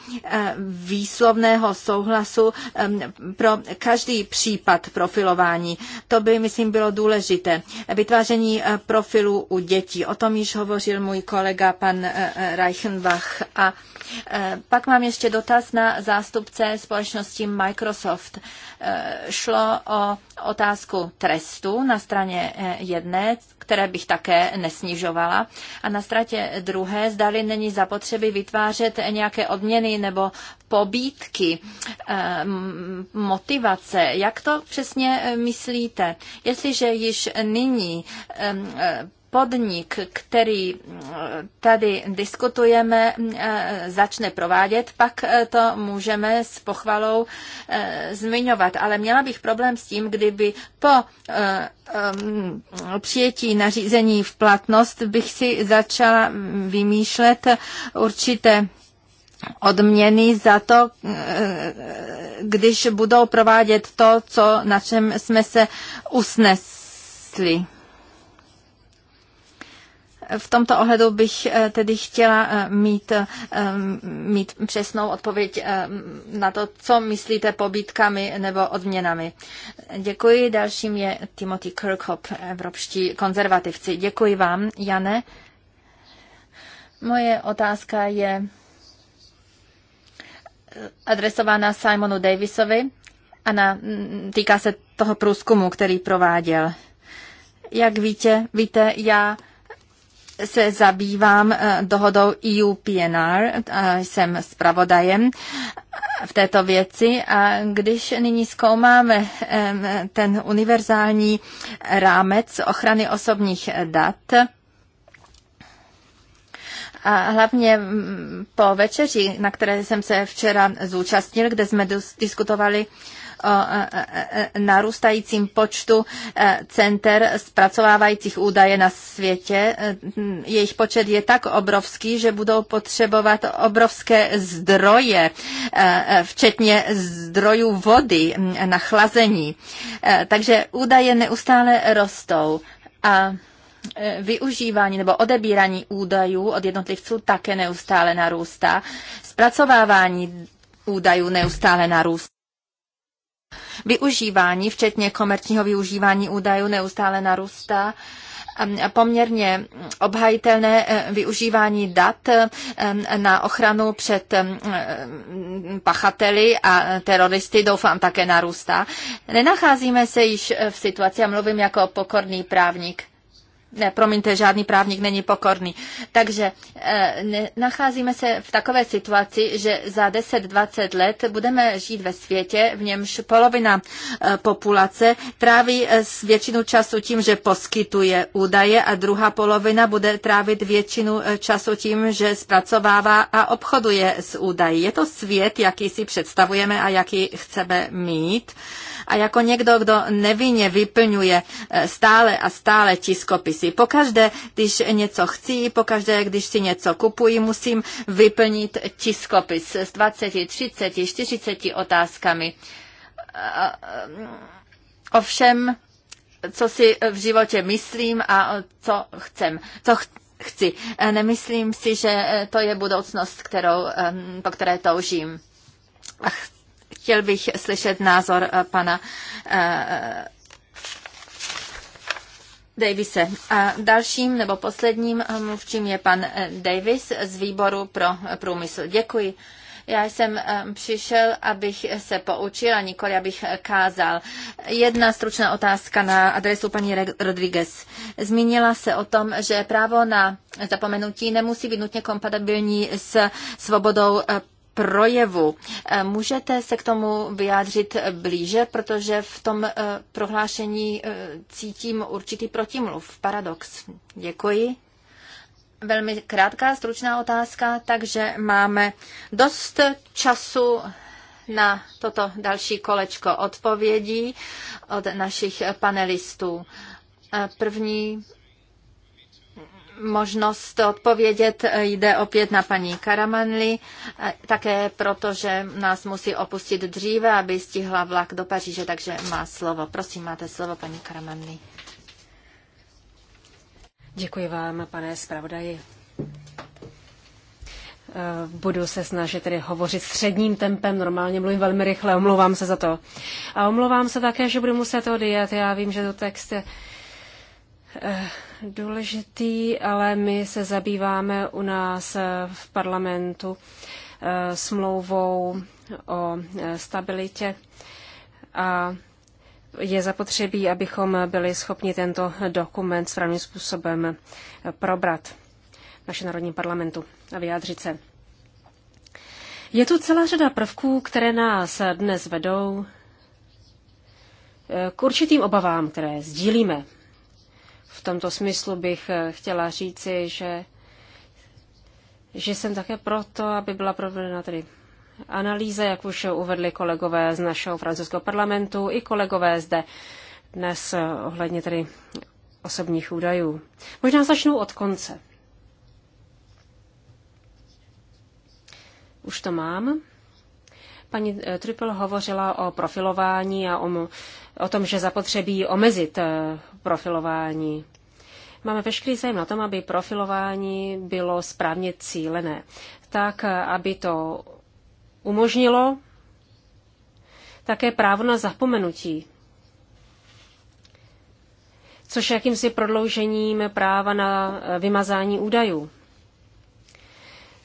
výslovného souhlasu ehm, pro každý případ profilování. To by, myslím, bylo důležité. Vytváření profilu u dětí. O tom již hovořil můj kolega pan eh, eh, Reichenbach. A eh, pak mám ještě dotaz na zástupce společnosti Microsoft. Šlo o otázku trestu na straně jedné, které bych také nesnižovala. A na straně druhé, zdali není zapotřeby vytvářet nějaké odměny nebo pobídky, motivace. Jak to přesně myslíte? Jestliže již nyní podnik, který eh, tady diskutujeme, eh, začne provádět, pak eh, to můžeme s pochvalou zmiňovat. Ale měla bych problém s tím, kdyby po přijetí nařízení v platnost bych si začala vymýšlet určité odměny za to, když budou provádět to, co, na čem jsme se usnesli. V tomto ohledu bych eh, tedy chtěla eh, mít, eh, mm, mít přesnou odpověď na to, co myslíte pobítkami nebo odměnami. Děkuji. Dalším je Timothy Kirkhope, evropští konzervativci. Děkuji vám, Jane. Moje otázka je adresována Simonu Davisovi a na, mm, týká se toho průzkumu, který prováděl. Jak víte, víte, já se zabývám eh, dohodou EU-PNR, jsem zpravodajem eh, v této věci a když nyní zkoumáme eh, ten univerzální rámec ochrany osobních dat, a hlavně mm, po večeři, na které jsem se včera zúčastnil, kde jsme diskutovali uh, E, e, e, narůstajícím počtu center zpracovávajících údaje na světě. Jejich počet je tak obrovský, že budou potřebovat obrovské zdroje, včetně zdrojů vody na chlazení. Takže údaje neustále rostou. A využívání nebo odebírání údajů od jednotlivců také neustále narůstá. Zpracovávání údajů neustále narůstá. Využívání, včetně komerčního využívání údajů, neustále narůstá poměrně obhajitelné eh, využívání dat eh, na ochranu před eh, pachateli a teroristy, doufám, také narůstá. Nenacházíme se již v situaci, a mluvím jako pokorný právník, ne, promiňte, žádný právník není pokorný. Takže e, nacházíme se v takové situaci, že za 10-20 let budeme žít ve světě, v němž polovina e, populace tráví eh, s většinu času tím, že poskytuje údaje a druhá polovina bude trávit většinu času tím, že zpracovává a obchoduje s údaji. Je to svět, jaký si představujeme a jaký chceme mít. E, a jako někdo, kdo nevinně vyplňuje eh, stále a stále tiskopisy. Pokaždé, když něco chci, pokaždé, když si něco kupuji, musím vyplnit tiskopis s 20, 30, 40 otázkami. Ovšem, co si v životě myslím a co chcem, co ch- chci. Eh, nemyslím si, že eh, to je budoucnost, kterou, po které toužím. A Chtěl bych slyšet názor eh, pana eh, Davise. A dalším nebo posledním eh, mluvčím je pan Davis z výboru pro průmysl. Děkuji. Já jsem přišel, abych se poučil a nikoli, abych kázal. Jedna stručná otázka na adresu paní Rodriguez. Zmínila se o tom, že právo na zapomenutí nemusí být nutně kompatibilní s svobodou projevu. Eh, můžete se k tomu vyjádřit blíže, protože v tom eh, prohlášení eh, cítím určitý protimluv, paradox. Děkuji. Velmi krátká, stručná otázka, takže máme dost času na toto další kolečko odpovědí od našich panelistů. První možnost odpovědět jde opět na paní Karamanli, eh, také proto, že nás musí opustit dříve, aby stihla vlak do Paříže, takže má slovo. Prosím, máte slovo, paní Karamanli. Děkuji vám, pane zpravodaji. Eh, budu se snažit tedy hovořit středním tempem, normálně mluvím velmi rychle, omlouvám se za to. A omlouvám se také, že budu muset odjet, já vím, že to text je eh, důležitý, ale my se zabýváme u nás v parlamentu eh, smlouvou o eh, stabilitě a je zapotřebí, abychom byli schopni tento dokument správným způsobem eh, probrat v našem národním parlamentu a vyjádřit se. Je tu celá řada prvků, které nás dnes vedou k určitým obavám, které sdílíme v tomto smyslu bych eh, chtěla říci, že, že jsem také proto, aby byla provedena tedy analýza, jak už uvedli kolegové z našeho francouzského parlamentu i kolegové zde dnes eh, ohledně tedy osobních údajů. Možná začnu od konce. Už to mám. Paní eh, Triple hovořila o profilování a o, o tom, že zapotřebí omezit profilování. Máme veškerý zájem na tom, aby profilování bylo správně cílené, tak aby to umožnilo také právo na zapomenutí, což je jakýmsi prodloužením práva na eh, vymazání údajů.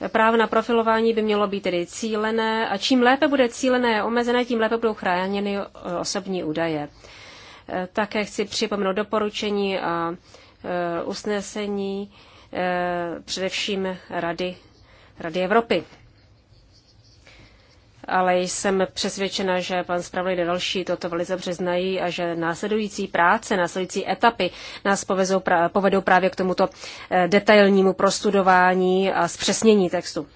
Právo na profilování by mělo být tedy cílené a čím lépe bude cílené omezené, tím lépe budou chráněny eh, osobní údaje. Eh, také chci připomenout doporučení a Eh, usnesení eh, především Rady, Rady Evropy. Ale jsem přesvědčena, že pan zpravodaj další toto velice dobře znají a že následující práce, následující etapy nás povedou právě k tomuto eh, detailnímu prostudování a zpřesnění textu.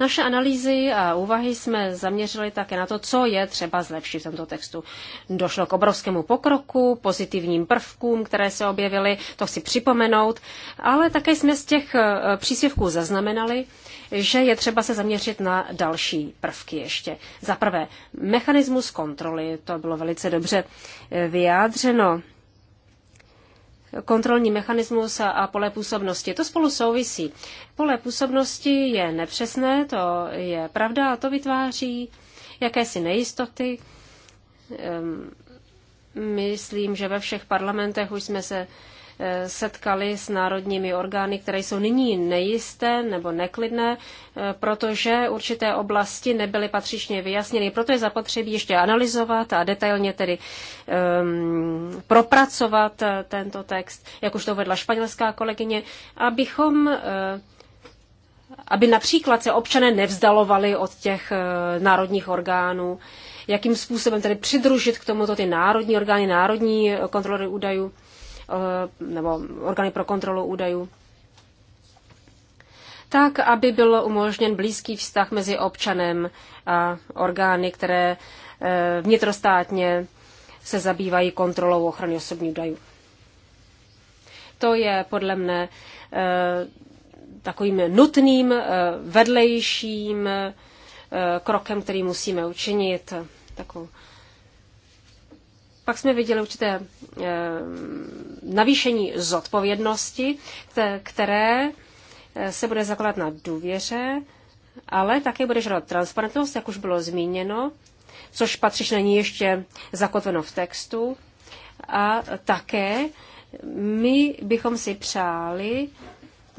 Naše analýzy a úvahy jsme zaměřili také na to, co je třeba zlepšit v tomto textu. Došlo k obrovskému pokroku, pozitivním prvkům, které se objevily, to chci připomenout, ale také jsme z těch eh, příspěvků zaznamenali, že je třeba se zaměřit na další prvky ještě. Za prvé, mechanismus kontroly, to bylo velice dobře eh, vyjádřeno kontrolní mechanismus a pole působnosti. To spolu souvisí. Pole působnosti je nepřesné, to je pravda a to vytváří jakési nejistoty. Myslím, že ve všech parlamentech už jsme se setkali s národními orgány, které jsou nyní nejisté nebo neklidné, eh, protože určité oblasti nebyly patřičně vyjasněny. Proto je zapotřebí ještě analyzovat a detailně tedy um, propracovat eh, tento text, jak už to vedla španělská kolegyně, abychom uh, aby například se občané nevzdalovali od těch národních orgánů, jakým způsobem tedy přidružit k tomuto ty národní orgány, národní kontrolory údajů. Eh, nebo orgány pro kontrolu údajů, tak, aby byl umožněn blízký vztah mezi občanem a orgány, které eh, vnitrostátně se zabývají kontrolou ochrany osobních údajů. To je podle mne eh, takovým nutným vedlejším krokem, který musíme učinit, takovou pak jsme viděli určité eh, navýšení zodpovědnosti, které eh, se bude zakládat na důvěře, ale také bude žádat transparentnost, jak už bylo zmíněno, což patříš není ještě zakotveno v textu. A také my bychom si přáli,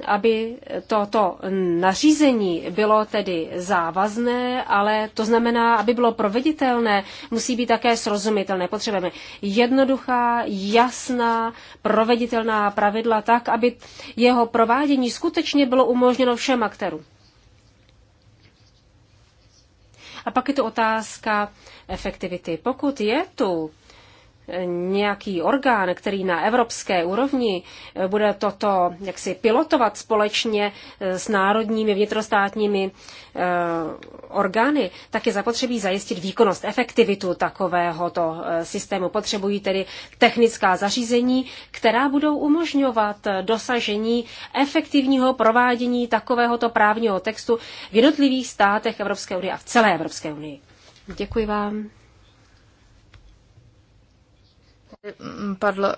aby toto nařízení bylo tedy závazné, ale to znamená, aby bylo proveditelné, musí být také srozumitelné. Potřebujeme jednoduchá, jasná, proveditelná pravidla tak, aby jeho provádění skutečně bylo umožněno všem aktérům. A pak je tu otázka efektivity. Pokud je tu nějaký orgán, který na evropské úrovni eh, bude toto jaksi pilotovat společně eh, s národními vnitrostátními eh, orgány, tak je zapotřebí zajistit výkonnost, efektivitu takovéhoto systému. Potřebují tedy technická zařízení, která budou umožňovat dosažení efektivního provádění takovéhoto právního textu v jednotlivých státech Evropské unie a v celé Evropské unii. Děkuji vám. Mm, Padla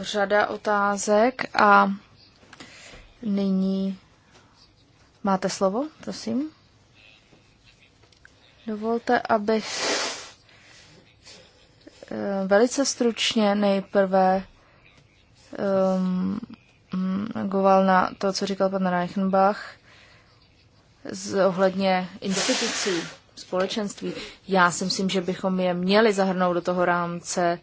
řada otázek a nyní máte slovo, prosím. Dovolte, abych eh, velice stručně nejprve um, na to, co říkal pan Reichenbach z ohledně institucí, společenství. Já si myslím, že bychom je měli zahrnout do toho rámce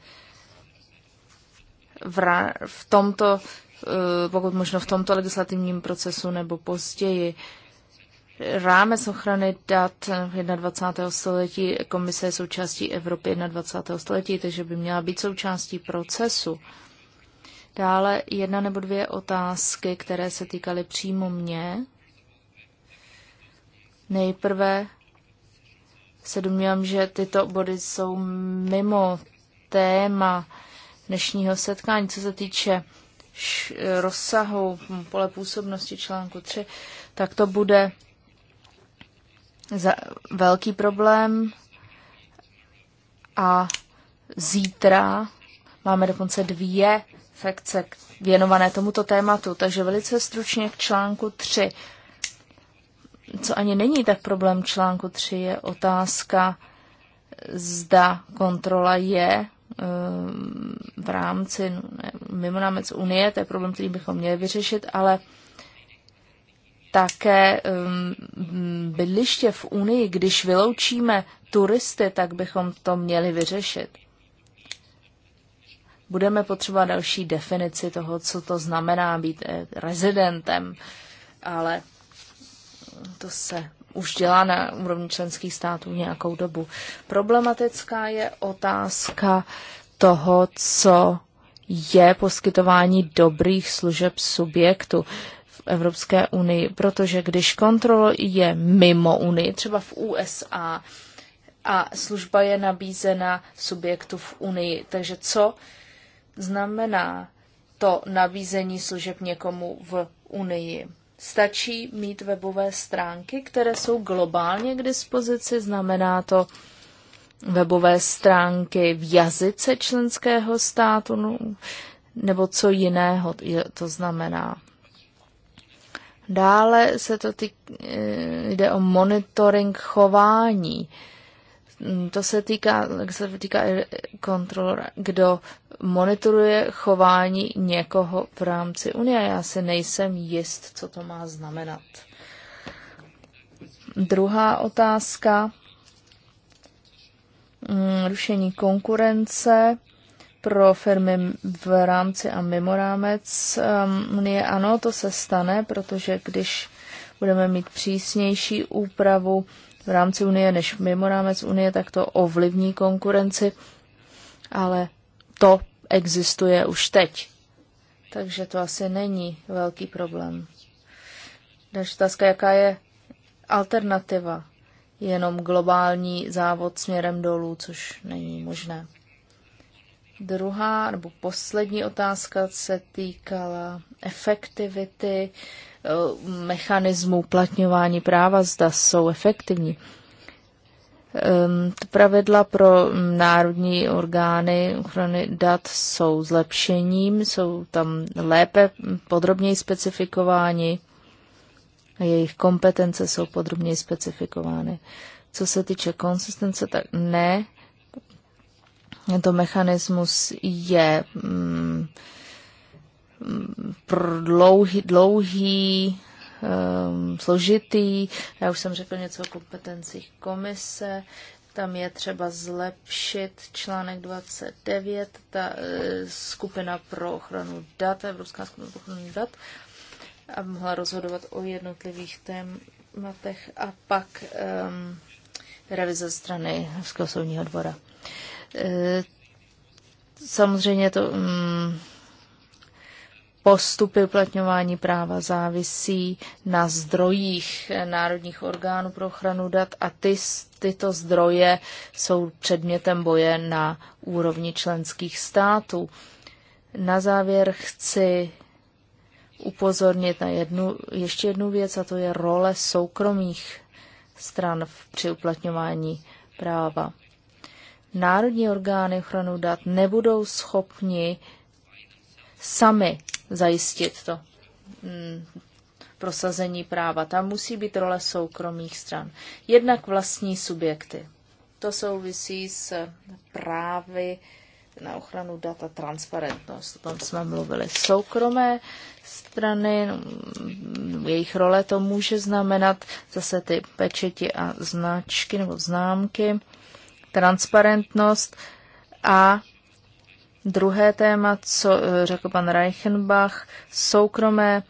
v, v tomto, eh, pokud možno v tomto legislativním procesu nebo později. Rámec ochrany dat 21. století komise je součástí Evropy 21. století, takže by měla být součástí procesu. Dále jedna nebo dvě otázky, které se týkaly přímo mě. Nejprve se domnívám, že tyto body jsou mimo téma dnešního setkání. Co se týče rozsahu pole působnosti článku 3, tak to bude za velký problém a zítra máme dokonce dvě sekce věnované tomuto tématu, takže velice stručně k článku 3. Co ani není tak problém článku 3 je otázka, zda kontrola je ehm, v rámci mimo rámec Unie, to je problém, který bychom měli vyřešit, ale také um, bydliště v Unii, když vyloučíme turisty, tak bychom to měli vyřešit. Budeme potřebovat další definici toho, co to znamená být eh, rezidentem, ale to se už dělá na úrovni členských států nějakou dobu. Problematická je otázka toho, co je poskytování dobrých služeb subjektu v Evropské unii, protože když kontrol je mimo unii, třeba v USA, a služba je nabízena subjektu v unii, takže co znamená to nabízení služeb někomu v unii? Stačí mít webové stránky, které jsou globálně k dispozici, znamená to, webové stránky v jazyce členského státu, no, nebo co jiného to znamená. Dále se to ty, eh, jde o monitoring chování. Mm, to se týká, se týká kontrolora, kdo monitoruje chování někoho v rámci Unie. Já si nejsem jist, co to má znamenat. Druhá otázka Mm, rušení konkurence pro firmy v rámci a mimo rámec um, Unie. Ano, to se stane, protože když budeme mít přísnější úpravu v rámci Unie než mimo rámec Unie, tak to ovlivní konkurenci, ale to existuje už teď. Takže to asi není velký problém. Další otázka, jaká je alternativa jenom globální závod směrem dolů, což není možné. Druhá nebo poslední otázka se týkala efektivity eh, mechanismů platňování práva, zda jsou efektivní. Ehm, pravidla pro národní orgány ochrany dat jsou zlepšením, jsou tam lépe podrobněji specifikováni a jejich kompetence jsou podrobněji specifikovány. Co se týče konsistence, tak ne. Tento mechanismus je mm, mm dlouhý, dlouhý um, složitý. Já už jsem řekl něco o kompetencích komise. Tam je třeba zlepšit článek 29, ta e, skupina pro ochranu dat, Evropská skupina pro ochranu dat a mohla rozhodovat o jednotlivých tématech a pak um, revize strany Evropského soudního dvora. E, samozřejmě to um, postupy uplatňování práva závisí na zdrojích národních orgánů pro ochranu dat a ty, tyto zdroje jsou předmětem boje na úrovni členských států. Na závěr chci upozornit na jednu, ještě jednu věc, a to je role soukromých stran v, při uplatňování práva. Národní orgány ochranu dat nebudou schopni sami zajistit to mm, prosazení práva. Tam musí být role soukromých stran. Jednak vlastní subjekty. To souvisí s právy na ochranu data transparentnost. O tom jsme mluvili. Soukromé strany, no, jejich role to může znamenat zase ty pečeti a značky nebo známky, transparentnost a druhé téma, co eh, řekl pan Reichenbach, soukromé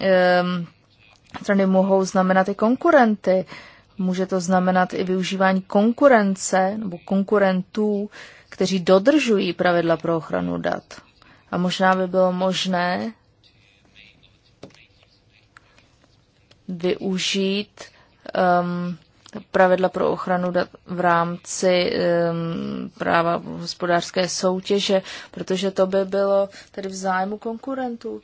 um, strany mohou znamenat i konkurenty. Může to znamenat i využívání konkurence nebo konkurentů kteří dodržují pravidla pro ochranu dat. A možná by bylo možné využít um, pravidla pro ochranu dat v rámci um, práva hospodářské soutěže, protože to by bylo tedy v zájmu konkurentů.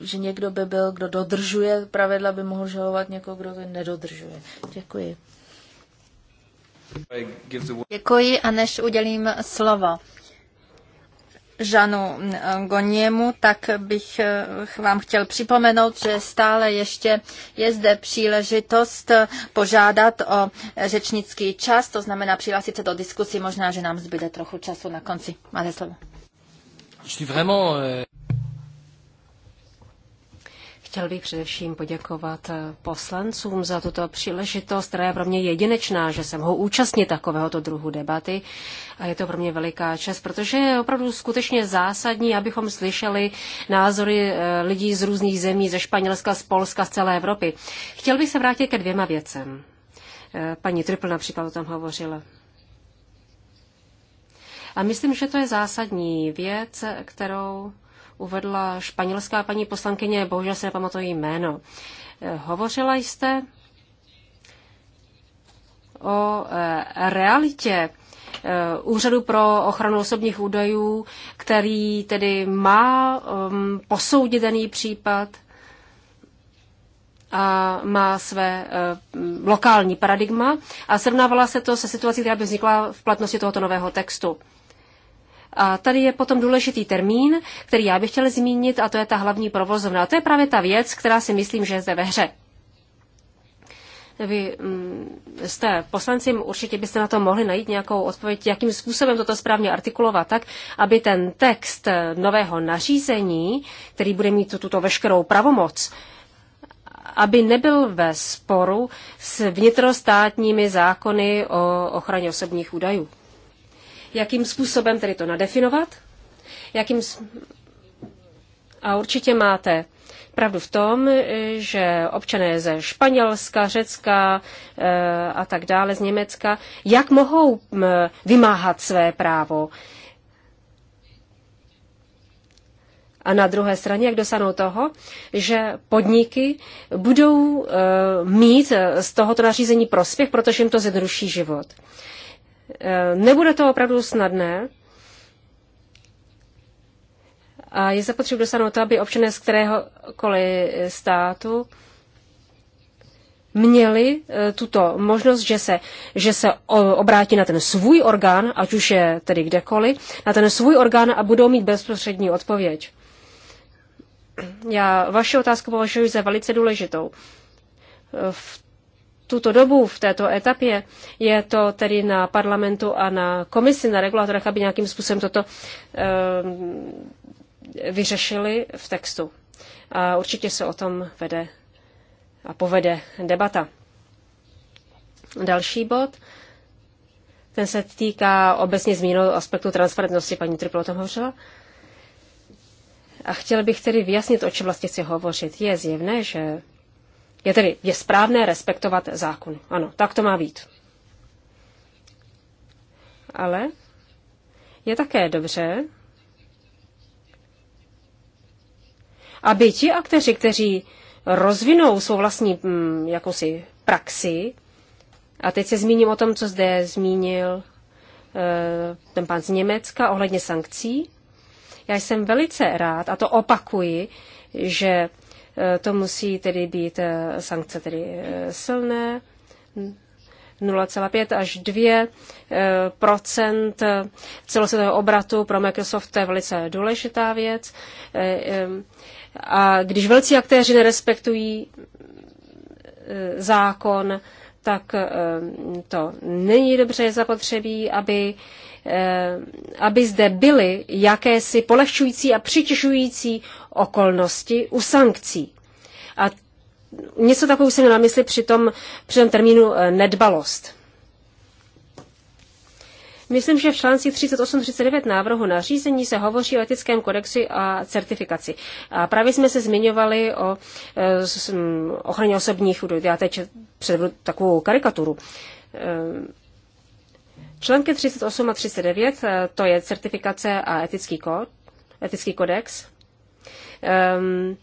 Že někdo by byl, kdo dodržuje pravidla, by mohl žalovat někoho, kdo by nedodržuje. Děkuji. Děkuji a než udělím slovo Žanu Goněmu, tak bych eh, vám chtěl připomenout, že stále ještě je zde příležitost požádat o řečnický čas, to znamená přihlásit se do diskusy, možná, že nám zbyde trochu času na konci. Máte slovo. Chtěl bych především poděkovat eh, poslancům za tuto příležitost, která je pro mě jedinečná, že se mohu účastnit takovéhoto druhu debaty. A je to pro mě veliká čest, protože je opravdu skutečně zásadní, abychom slyšeli názory eh, lidí z různých zemí, ze Španělska, z Polska, z celé Evropy. Chtěl bych se vrátit ke dvěma věcem. Eh, paní Tripl například o tom hovořila. A myslím, že to je zásadní věc, kterou uvedla španělská paní poslankyně, bohužel se nepamatuji jméno. Eh, hovořila jste o eh, realitě eh, Úřadu pro ochranu osobních údajů, který tedy má ehm, posoudit daný případ a má své ehm, lokální paradigma a srovnávala se to se situací, která by vznikla v platnosti tohoto nového textu. A tady je potom důležitý termín, který já bych chtěl zmínit, a to je ta hlavní provozovna. A to je právě ta věc, která si myslím, že je zde ve hře. Vy mm, jste poslanci, určitě byste na to mohli najít nějakou odpověď, jakým způsobem toto správně artikulovat tak, aby ten text nového nařízení, který bude mít tuto veškerou pravomoc, aby nebyl ve sporu s vnitrostátními zákony o ochraně osobních údajů jakým způsobem tedy to nadefinovat, jakým a určitě máte pravdu v tom, že občané ze Španělska, Řecka eh, a tak dále, z Německa, jak mohou vymáhat své právo. A na druhé straně, jak dosáhnou toho, že podniky budou eh, mít z tohoto nařízení prospěch, protože jim to zjednoduší život. Eh, nebude to opravdu snadné. A je zapotřebí dosáhnout to, aby občané z kteréhokoliv státu měli eh, tuto možnost, že se, že se obrátí na ten svůj orgán, ať už je tedy kdekoliv, na ten svůj orgán a budou mít bezprostřední odpověď. Já vaši otázku považuji za velice důležitou. Eh, v tuto dobu, v této etapě, je to tedy na parlamentu a na komisi, na regulatorech, aby nějakým způsobem toto ehm, vyřešili v textu. A určitě se o tom vede a povede debata. Další bod. Ten se týká obecně zmíněného aspektu transparentnosti, paní Triplo o tom hovořila. A chtěl bych tedy vyjasnit, o čem vlastně chci hovořit. Je zjevné, že je tedy je správné respektovat zákon. Ano, tak to má být. Ale je také dobře, aby ti akteři, kteří rozvinou svou vlastní hm, jakousi praxi, a teď se zmíním o tom, co zde zmínil eh, ten pán z Německa ohledně sankcí. Já jsem velice rád, a to opakuji, že to musí tedy být eh, sankce tedy eh, silné, 0,5 až 2 eh, celosvětového obratu pro Microsoft to je velice důležitá věc. A když velcí aktéři nerespektují zákon, tak eh, to není dobře zapotřebí, aby, eh, aby zde byly jakési polehčující a přitěžující okolnosti u sankcí. A něco takového jsem na mysli při tom, při tom termínu eh, nedbalost. Myslím, že v článci 38-39 návrhu nařízení se hovoří o etickém kodexu a certifikaci. A právě jsme se zmiňovali o e, ochraně osobních údajů. Já teď předvedu takovou karikaturu. E, články 38 a 39, e, to je certifikace a etický, kód, etický kodex, um,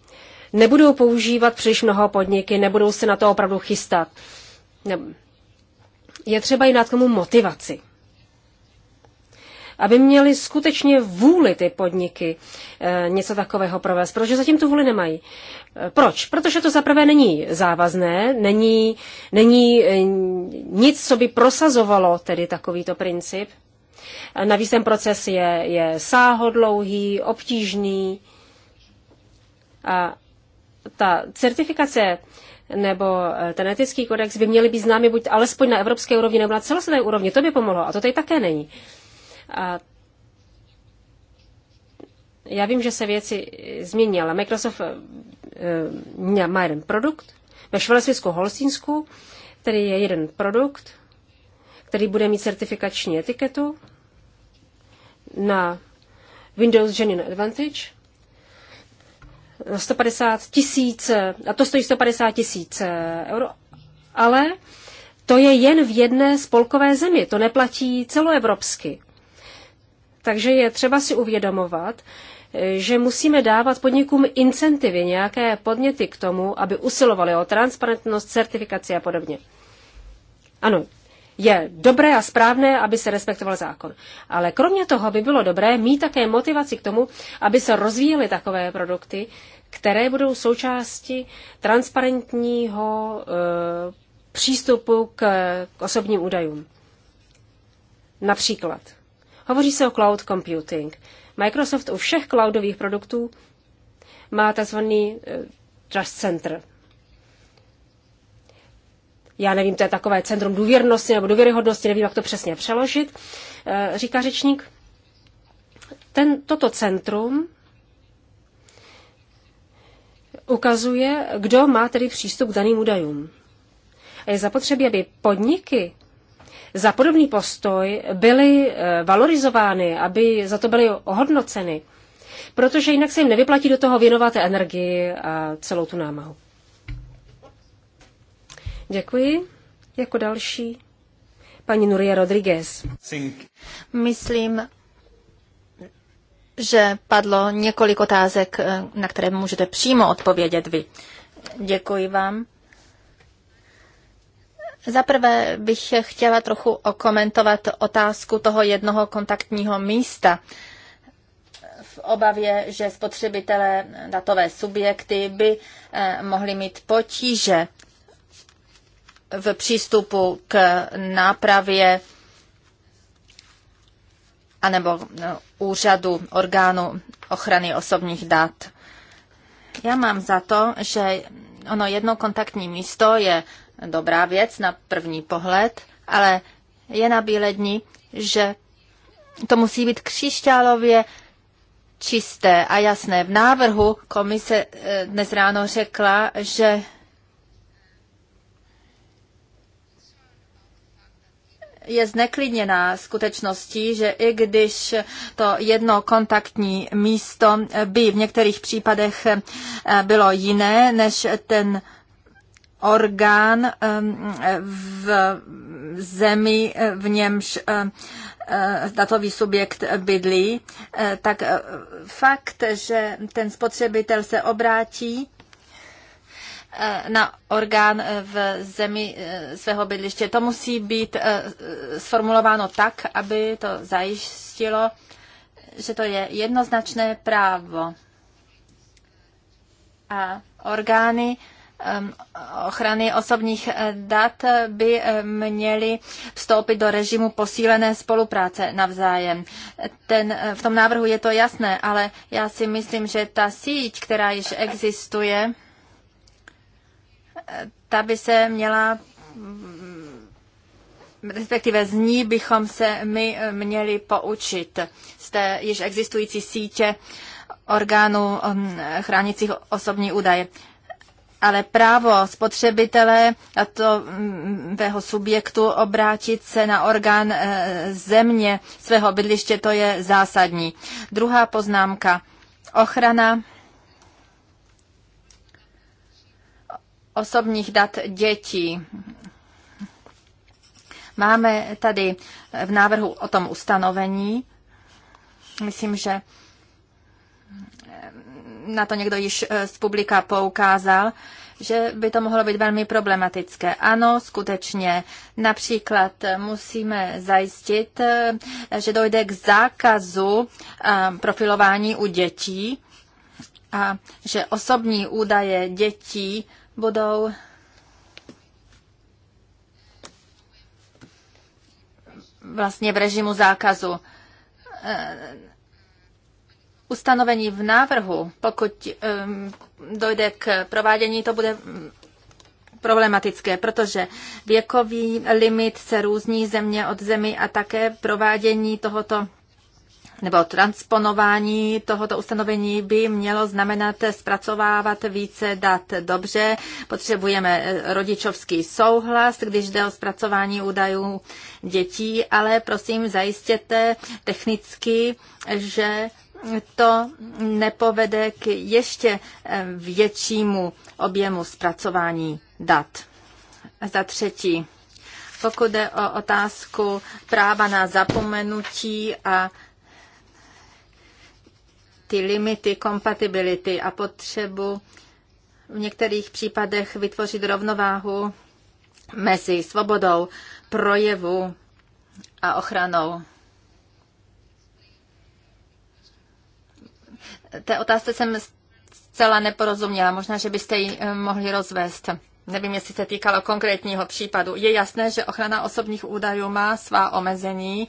nebudou používat příliš mnoho podniky, nebudou se na to opravdu chystat. Je třeba jim dát tomu motivaci aby měli skutečně vůli ty podniky eh, něco takového provést, protože zatím tu vůli nemají. Eh, proč? Protože to zaprvé není závazné, není, není eh, nic, co by prosazovalo tedy takovýto princip. Navíc ten proces je, je sáhodlouhý, obtížný a ta certifikace nebo ten etický kodex by měly být známy buď alespoň na evropské úrovni nebo na celosvětové úrovni. To by pomohlo a to tady také není. A já vím, že se věci změní, ale Microsoft e, má jeden produkt. Ve Švelsvisku Holstínsku, který je jeden produkt, který bude mít certifikační etiketu na Windows Genuine Advantage. 150 tisíc, a to stojí 150 tisíc eh, euro, ale to je jen v jedné spolkové zemi, to neplatí celoevropsky. Takže je třeba si uvědomovat, že musíme dávat podnikům incentivy, nějaké podněty k tomu, aby usilovali o transparentnost, certifikaci a podobně. Ano, je dobré a správné, aby se respektoval zákon. Ale kromě toho by bylo dobré mít také motivaci k tomu, aby se rozvíjely takové produkty, které budou součástí transparentního e, přístupu k, k osobním údajům. Například Hovoří se o cloud computing. Microsoft u všech cloudových produktů má tzv. Eh, trust center. Já nevím, to je takové centrum důvěrnosti nebo důvěryhodnosti, nevím, jak to přesně přeložit, eh, říká řečník. Ten, toto centrum ukazuje, kdo má tedy přístup k daným údajům. A je zapotřebí, aby podniky za podobný postoj byly eh, valorizovány, aby za to byly ohodnoceny, protože jinak se jim nevyplatí do toho věnovat energii a celou tu námahu. Děkuji. Jako další paní Nuria Rodriguez. Myslím, že padlo několik otázek, eh, na které můžete přímo odpovědět vy. Děkuji vám. Zaprvé bych chtěla trochu okomentovat otázku toho jednoho kontaktního místa v obavě, že spotřebitelé, datové subjekty by eh, mohli mít potíže v přístupu k nápravě anebo no, úřadu orgánu ochrany osobních dat. Já mám za to, že ono jedno kontaktní místo je dobrá věc na první pohled, ale je na dní, že to musí být křišťálově čisté a jasné. V návrhu komise eh, dnes ráno řekla, že je zneklidněná skutečností, že i když to jedno kontaktní místo by v některých případech eh, bylo jiné než ten orgán v zemi, v němž datový subjekt bydlí, eh, tak eh, fakt, že ten spotřebitel se obrátí eh, na orgán v zemi svého bydliště. To musí být sformulováno tak, aby to zajistilo, že to je jednoznačné právo. A orgány ochrany osobních eh, dat by eh, měly vstoupit do režimu posílené spolupráce navzájem. Ten, eh, v tom návrhu je to jasné, ale já si myslím, že ta síť, která již existuje, ta by se měla mm, respektive z ní bychom se my měli poučit z té již existující sítě orgánů mm, chránících osobní údaje ale právo spotřebitele a to tého mm, subjektu obrátit se na orgán e, země svého bydliště, to je zásadní. Druhá poznámka. Ochrana osobních dat dětí. Máme tady v návrhu o tom ustanovení. Myslím, že na to někdo již eh, z publika poukázal, že by to mohlo být velmi problematické. Ano, skutečně. Například eh, musíme zajistit, eh, že dojde k zákazu profilování u dětí a že osobní údaje dětí budou vlastně v režimu zákazu ustanovení v návrhu, pokud dojde k provádění, to bude problematické, protože věkový limit se různí země od zemi a také provádění tohoto nebo transponování tohoto ustanovení by mělo znamenat zpracovávat více dat. Dobře, potřebujeme eh, rodičovský souhlas, když jde o zpracování údajů dětí, ale prosím zajistěte technicky, že to nepovede k ještě eh, většímu objemu zpracování dat. Za třetí, pokud jde o otázku práva na zapomenutí a ty limity kompatibility a potřebu v některých případech vytvořit rovnováhu mezi svobodou projevu a ochranou té otázce jsem zcela neporozuměla. Možná, že byste ji eh, mohli rozvést. Nevím, jestli se týkalo konkrétního případu. Je jasné, že ochrana osobních údajů má svá omezení.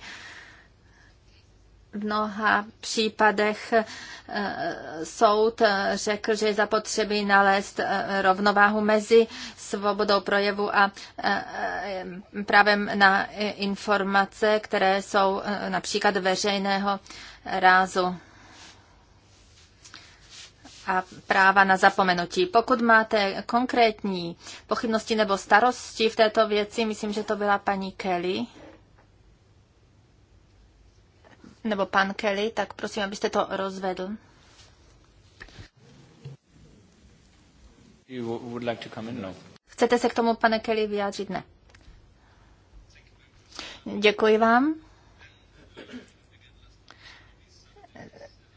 V mnoha případech eh, soud eh, řekl, že je zapotřebí nalézt rovnováhu mezi svobodou projevu a právem na informace, které jsou například veřejného rázu a práva na zapomenutí. Pokud máte konkrétní pochybnosti nebo starosti v této věci, myslím, že to byla paní Kelly, nebo pan Kelly, tak prosím, abyste to rozvedl. No. Chcete se k tomu, pane Kelly, vyjádřit? Ne. Děkuji vám.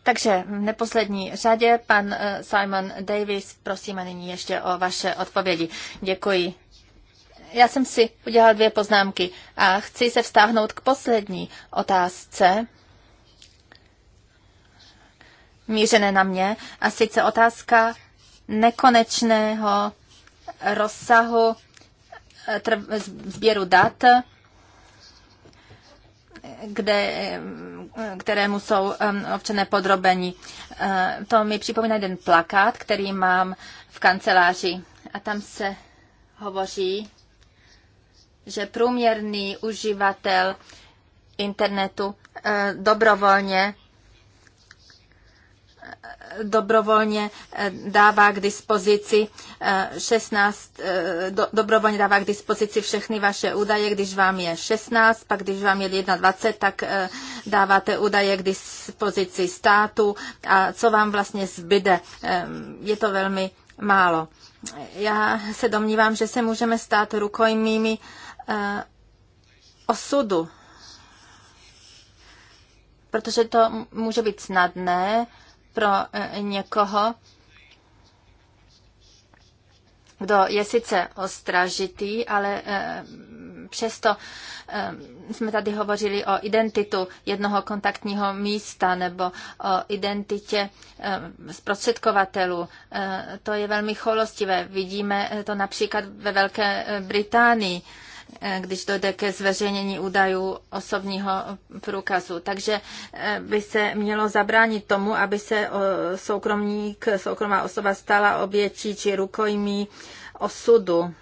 Takže v neposlední řadě pan eh, Simon Davis, prosíme nyní ještě o vaše odpovědi. Děkuji. Já jsem si udělal dvě poznámky a chci se vztáhnout k poslední otázce mířené na mě, a sice otázka nekonečného rozsahu eh, sběru dat kde, kterému jsou občané podrobeni. To mi připomíná jeden plakát, který mám v kanceláři. A tam se hovoří, že průměrný uživatel internetu eh, dobrovolně dobrovolně eh, dává k dispozici 16, eh, eh, do, dobrovolně dává k dispozici všechny vaše údaje, když vám je 16, pak když vám je 21, tak dáváte údaje k dispozici státu a co vám vlastně zbyde. Je to velmi málo. Já se domnívám, že se můžeme stát rukojmými osudu, protože to může být snadné, pro eh, někoho, kdo je sice ostražitý, ale eh, přesto eh, jsme tady hovořili o identitu jednoho kontaktního místa nebo o identitě zprostředkovatelů. To je velmi cholostivé. Vidíme to například ve Velké Británii. Eh, když dojde ke zveřejnění údajů osobního průkazu. Takže eh, by se mělo zabránit tomu, aby se soukromník, soukromá osoba stala obětí či rukojmí osudu.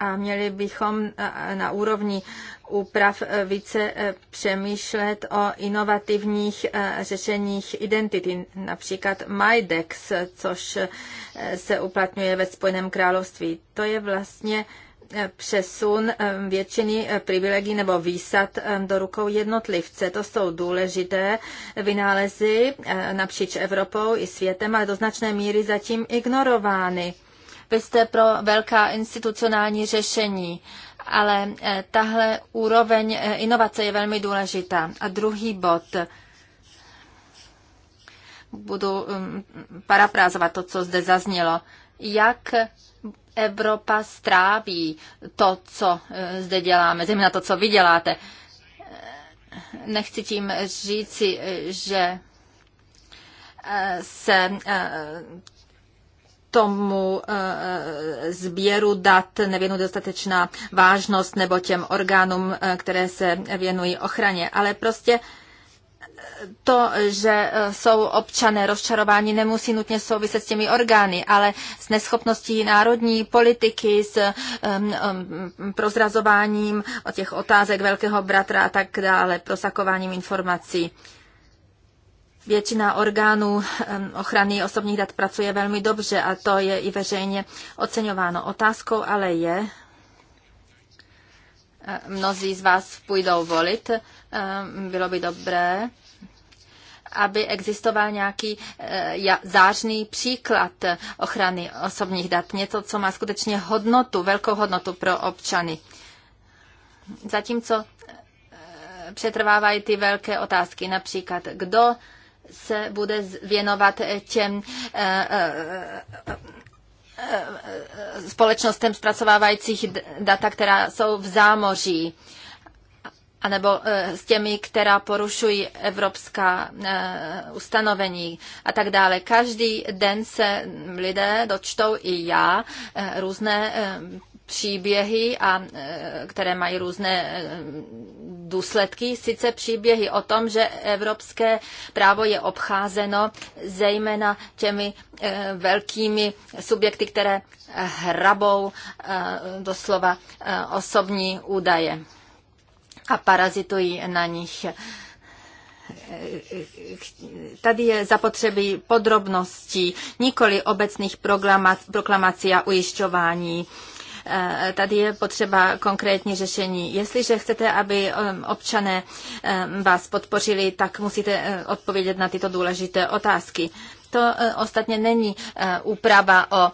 A měli bychom eh, na úrovni úprav více přemýšlet o inovativních řešeních identity, například MyDex, což se uplatňuje ve Spojeném království. To je vlastně Eh, přesun eh, většiny eh, privilegií nebo výsad do rukou jednotlivce. To jsou důležité vynálezy napříč Evropou i světem, ale do značné míry zatím ignorovány. Vy jste pro velká institucionální řešení, ale tahle úroveň inovace je velmi důležitá. A druhý bod budu um, parafrázovat to, co zde zaznělo. Jak Evropa stráví to, co eh, zde děláme, zejména to, co vy děláte. Eh, nechci tím říci, eh, že se tomu sběru dat nevěnuje dostatečná vážnost nebo těm orgánům, které se věnují ochraně. Ale prostě to, že eh, jsou občané rozčarováni, nemusí nutně souviset s těmi orgány, ale s neschopností národní politiky, s um, um, prozrazováním o těch otázek velkého bratra a tak dále, prosakováním informací. Většina orgánů eh, ochrany osobních dat pracuje velmi dobře a to je i veřejně oceňováno. Otázkou ale je, mnozí z vás půjdou volit, bylo by dobré, aby existoval nějaký eh, zářný příklad ochrany osobních dat. Něco, co má skutečně hodnotu, velkou hodnotu pro občany. Zatímco eh, přetrvávají ty velké otázky, například kdo se bude věnovat těm eh, společnostem zpracovávajících data, která jsou v zámoří anebo eh, s těmi, která porušují evropská eh, ustanovení a tak dále. Každý den se lidé dočtou i já eh, různé příběhy, a, které mají různé důsledky, sice příběhy o tom, že evropské právo je obcházeno zejména těmi velkými subjekty, které hrabou doslova osobní údaje a parazitují na nich. Tady je zapotřebí podrobností, nikoli obecných proklamací a ujišťování eh, tady je potřeba konkrétní řešení. Jestliže chcete, aby občané vás podpořili, tak musíte eh, odpovědět na tyto důležité otázky. To eh, ostatně není úprava o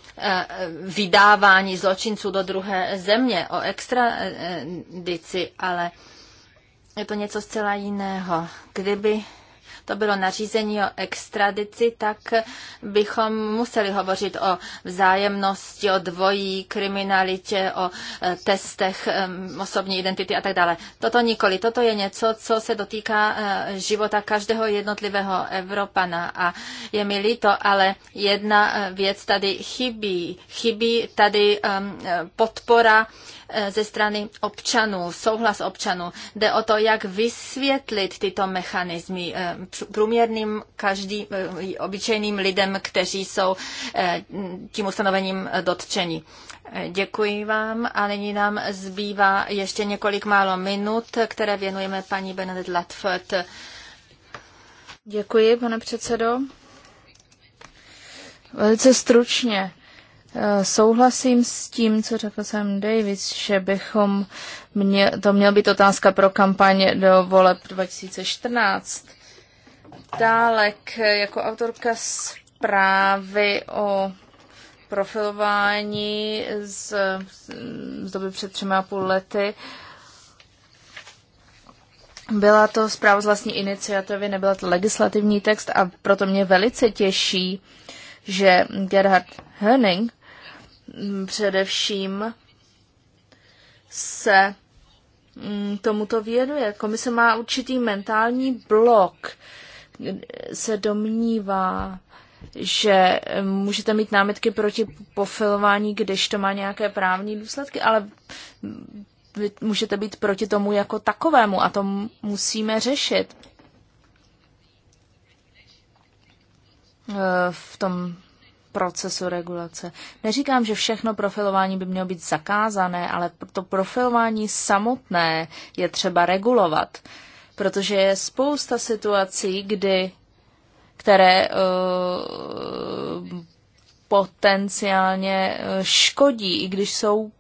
vydávání zločinců do druhé země, o extradici, ale je to něco zcela jiného. Kdyby to bylo nařízení o extradici, tak bychom museli hovořit o vzájemnosti, o dvojí kriminalitě, o e, testech e, osobní identity a tak dále. Toto nikoli. Toto je něco, co se dotýká e, života každého jednotlivého Evropana a je mi líto, ale jedna věc tady chybí. Chybí tady podpora Eh, ze strany občanů, souhlas občanů. Jde o to, jak vysvětlit tyto mechanismy eh, průměrným, každý, eh, obyčejným lidem, kteří jsou tím ustanovením dotčeni. Děkuji vám a nyní nám zbývá ještě několik málo minut, které věnujeme paní Benedikt Latford. Děkuji, pane předsedo. Velice stručně. Eh, souhlasím s tím, co řekl Sam Davis, že bychom mě, to měl být otázka pro kampaně do voleb 2014. Dále eh, jako autorka zprávy o profilování z, z doby před třemi a půl lety. Byla to zpráva z vlastní iniciativy, nebyla to legislativní text a proto mě velice těší, že Gerhard Hörning, Mm, především se mm, tomuto věnuje. Komise má určitý mentální blok, se domnívá, že můžete mít námitky proti pofilování, když to má nějaké právní důsledky, ale vy můžete být proti tomu jako takovému a to musíme řešit. Eh, v tom procesu regulace. Neříkám, že všechno profilování by mělo být zakázané, ale to profilování samotné je třeba regulovat, protože je spousta situací, kdy které uh, potenciálně eh, škodí, i když jsou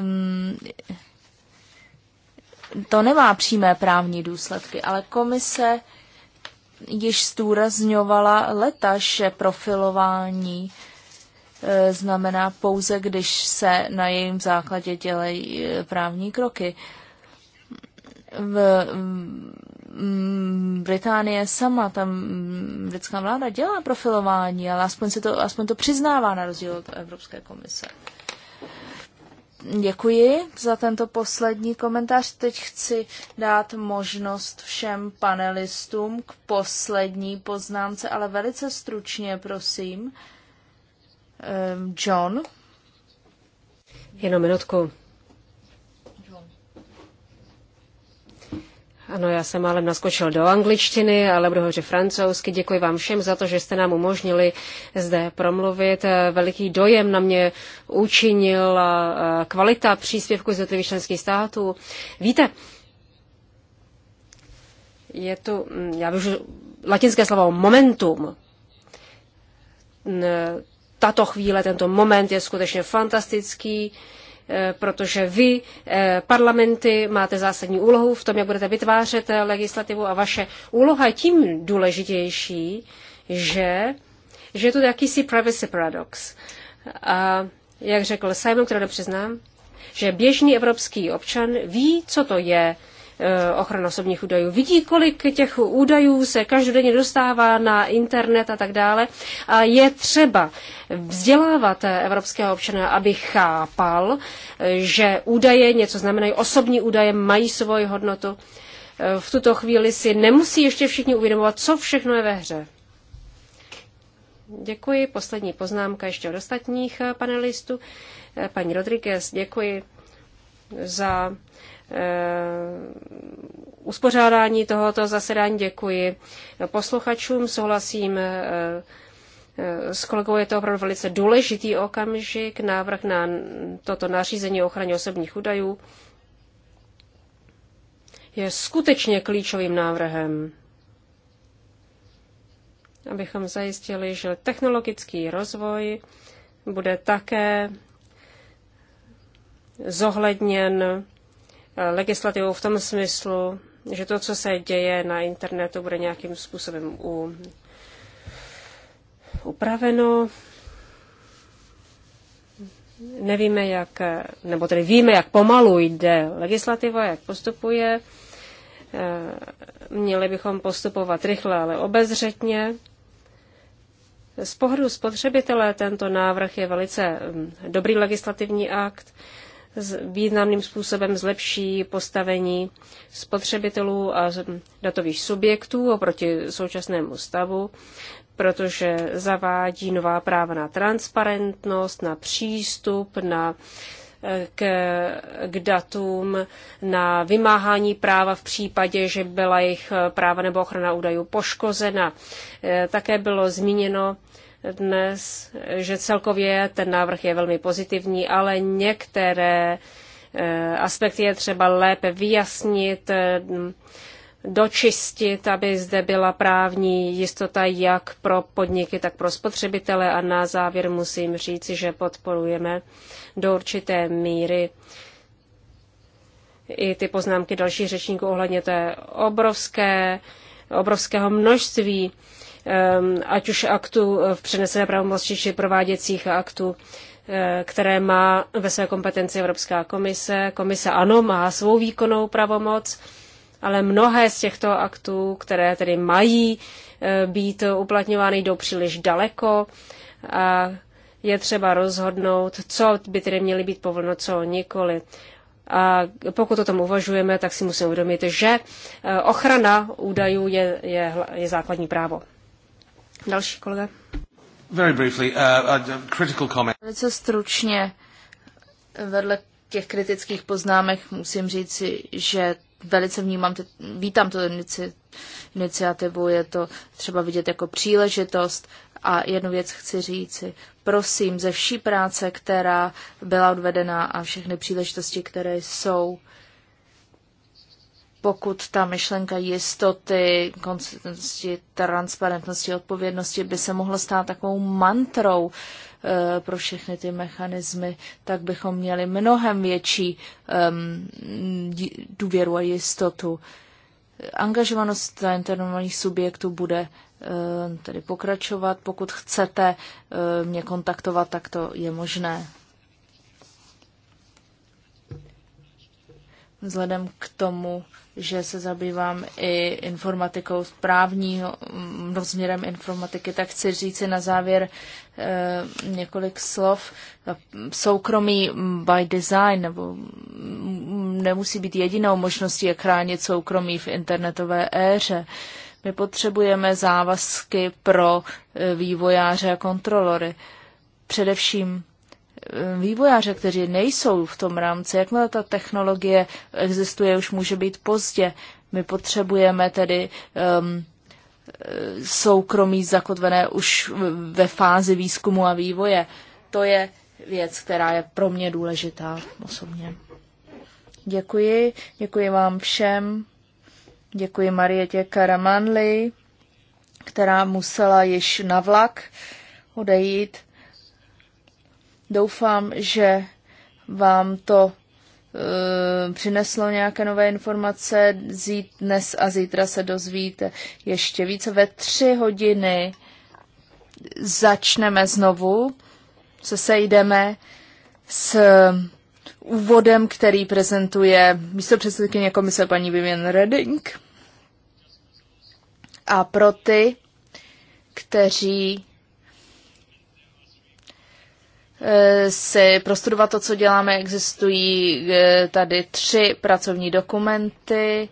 um, to nemá přímé právní důsledky, ale komise již zdůrazňovala leta, profilování e, znamená pouze, když se na jejím základě dělají e, právní kroky. V mm, Británie sama, tam mm, britská vláda dělá profilování, ale aspoň, se to, aspoň to přiznává na rozdíl od Evropské komise. Děkuji za tento poslední komentář. Teď chci dát možnost všem panelistům k poslední poznámce, ale velice stručně, prosím. Ehm, John. Jenom minutku. Ano, já jsem málem naskočil do angličtiny, ale budu hovořit francouzsky. Děkuji vám všem za to, že jste nám umožnili zde promluvit. Veliký dojem na mě učinil kvalita příspěvku z jednotlivých členských států. Víte, je tu, já využiju latinské slovo momentum. Tato chvíle, tento moment je skutečně fantastický Eh, protože vy, eh, parlamenty, máte zásadní úlohu v tom, jak budete vytvářet eh, legislativu a vaše úloha je tím důležitější, že, že je to jakýsi privacy paradox. A jak řekl Simon, kterého nepřiznám, že běžný evropský občan ví, co to je Eh, ochrana osobních údajů. Vidí, kolik těch údajů se každodenně dostává na internet a tak dále. A je třeba vzdělávat eh, evropského občana, aby chápal, eh, že údaje něco znamenají, osobní údaje mají svoji hodnotu. V tuto chvíli si nemusí ještě všichni uvědomovat, co všechno je ve hře. Děkuji. Poslední poznámka ještě od ostatních panelistů. Paní Rodriguez, děkuji za Eh, uspořádání tohoto zasedání. Děkuji posluchačům, souhlasím eh, eh, s kolegou je to opravdu velice důležitý okamžik, návrh na toto nařízení o ochraně osobních údajů je skutečně klíčovým návrhem, abychom zajistili, že technologický rozvoj bude také zohledněn legislativou v tom smyslu, že to, co se děje na internetu, bude nějakým způsobem u, upraveno. Nevíme, jak, nebo tedy víme, jak pomalu jde legislativa, jak postupuje. Eh, měli bychom postupovat rychle, ale obezřetně. Z pohledu spotřebitele tento návrh je velice mm, dobrý legislativní akt významným způsobem zlepší postavení spotřebitelů a datových subjektů oproti současnému stavu, protože zavádí nová práva na transparentnost, na přístup, na eh, k, k datům, na vymáhání práva v případě, že byla jejich eh, práva nebo ochrana údajů poškozena. Eh, také bylo zmíněno, dnes, že celkově ten návrh je velmi pozitivní, ale některé eh, aspekty je třeba lépe vyjasnit, eh, dočistit, aby zde byla právní jistota jak pro podniky, tak pro spotřebitele. A na závěr musím říci, že podporujeme do určité míry i ty poznámky dalších řečníků ohledně té obrovské, obrovského množství Ehm, ať už aktu eh, v přenesené pravomoci či prováděcích aktů, eh, které má ve své kompetenci Evropská komise. Komise ano, má svou výkonnou pravomoc, ale mnohé z těchto aktů, které tedy mají eh, být uplatňovány, jdou příliš daleko a je třeba rozhodnout, co by tedy měly být povoleno, co nikoli. A pokud o tom uvažujeme, tak si musíme uvědomit, že ochrana údajů je, je, je základní právo. Další kolega. Very briefly, uh, uh, critical comment. Velice stručně, vedle těch kritických poznámek musím říci, že velice vnímám, ty, vítám tu inici, iniciativu, je to třeba vidět jako příležitost a jednu věc chci říci. Prosím, ze vší práce, která byla odvedena a všechny příležitosti, které jsou, pokud ta myšlenka jistoty, konzistentnosti, transparentnosti, odpovědnosti by se mohla stát takovou mantrou eh, pro všechny ty mechanismy, tak bychom měli mnohem větší důvěru a jistotu. Angažovanost internovaných subjektů bude tedy pokračovat. Pokud chcete mě kontaktovat, tak to je možné. vzhledem k tomu, že se zabývám i informatikou správního no, rozměrem informatiky, tak chci říci na závěr e, několik slov. Soukromí by design nebo nemusí být jedinou možností, jak chránit soukromí v internetové éře. My potřebujeme závazky pro eh, vývojáře a kontrolory. Především Eh, vývojáře, kteří nejsou v tom rámci, jakmile ta technologie existuje, už může být pozdě. My potřebujeme tedy um, soukromí zakotvené už ve fázi výzkumu a vývoje. To je věc, která je pro mě důležitá osobně. Děkuji, děkuji vám všem, děkuji Marietě Karamanli, která musela již na vlak odejít. Doufám, že vám to e, přineslo nějaké nové informace. Zít, dnes a zítra se dozvíte ještě více. Ve tři hodiny začneme znovu, se sejdeme s úvodem, který prezentuje místo předsedkyně komise paní Vivian Redding. A pro ty, kteří Eh, si prostudovat to, co děláme. Existují eh, tady tři pracovní dokumenty,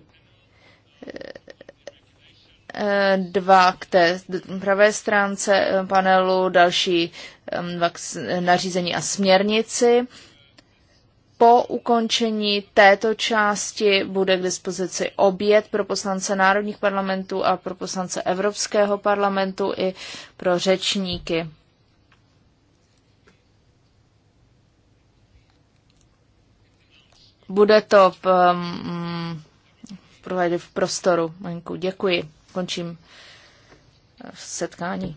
eh, dva k té pravé stránce panelu, další nařízení a směrnici. Po ukončení této části bude k dispozici oběd pro poslance národních parlamentů a pro poslance Evropského parlamentu i pro řečníky. Bude to v, um, v prostoru. Maňku, děkuji. Končím eh, setkání.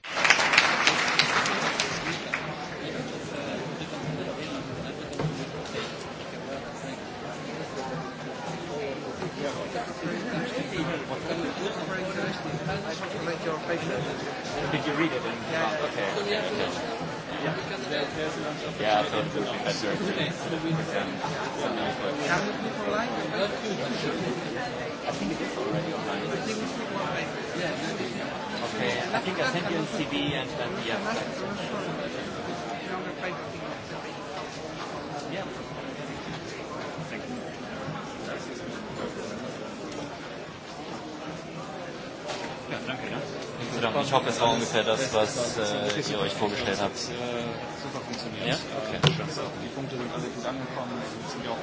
Did you read it? In, yeah, yeah. Okay. Yeah, yeah. yeah. yeah. yeah. yeah. yeah. yeah. yeah. yeah ich hoffe, es war ungefähr das, was äh, ihr euch vorgestellt habt. Äh, super funktioniert. Ja? Okay. Die Punkte sind alle gut angekommen, sind ja auch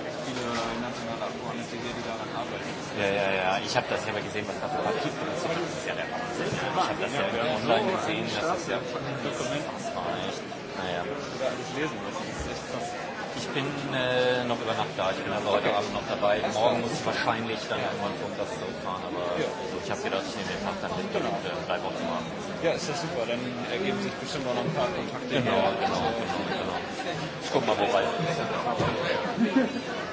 nationale Abgeordnete hier, die daran arbeiten. Ja, ja, ja. Ich habe das ja mal gesehen, was da vor Archiv benutzt Das ist ja der Wahnsinn. Ich habe das ja, ja online so gesehen. Das ist ja von dem Dokument. Das war echt. Naja. Oder alles lesen müssen. Das ist echt krass. Ich bin äh, noch über Nacht da. Ich bin also heute okay. Abend noch dabei. Das Morgen muss ich wahrscheinlich dann irgendwann vom das so fahren. Aber ja. ich habe gedacht, ich nehme den Tag dann mit genau. und äh, bleibe auch zum Abend. Ja, ist das super. Dann ergeben sich bestimmt auch noch ein paar Kontakte. Genau, genau, genau, genau. Ich guck mal, wobei.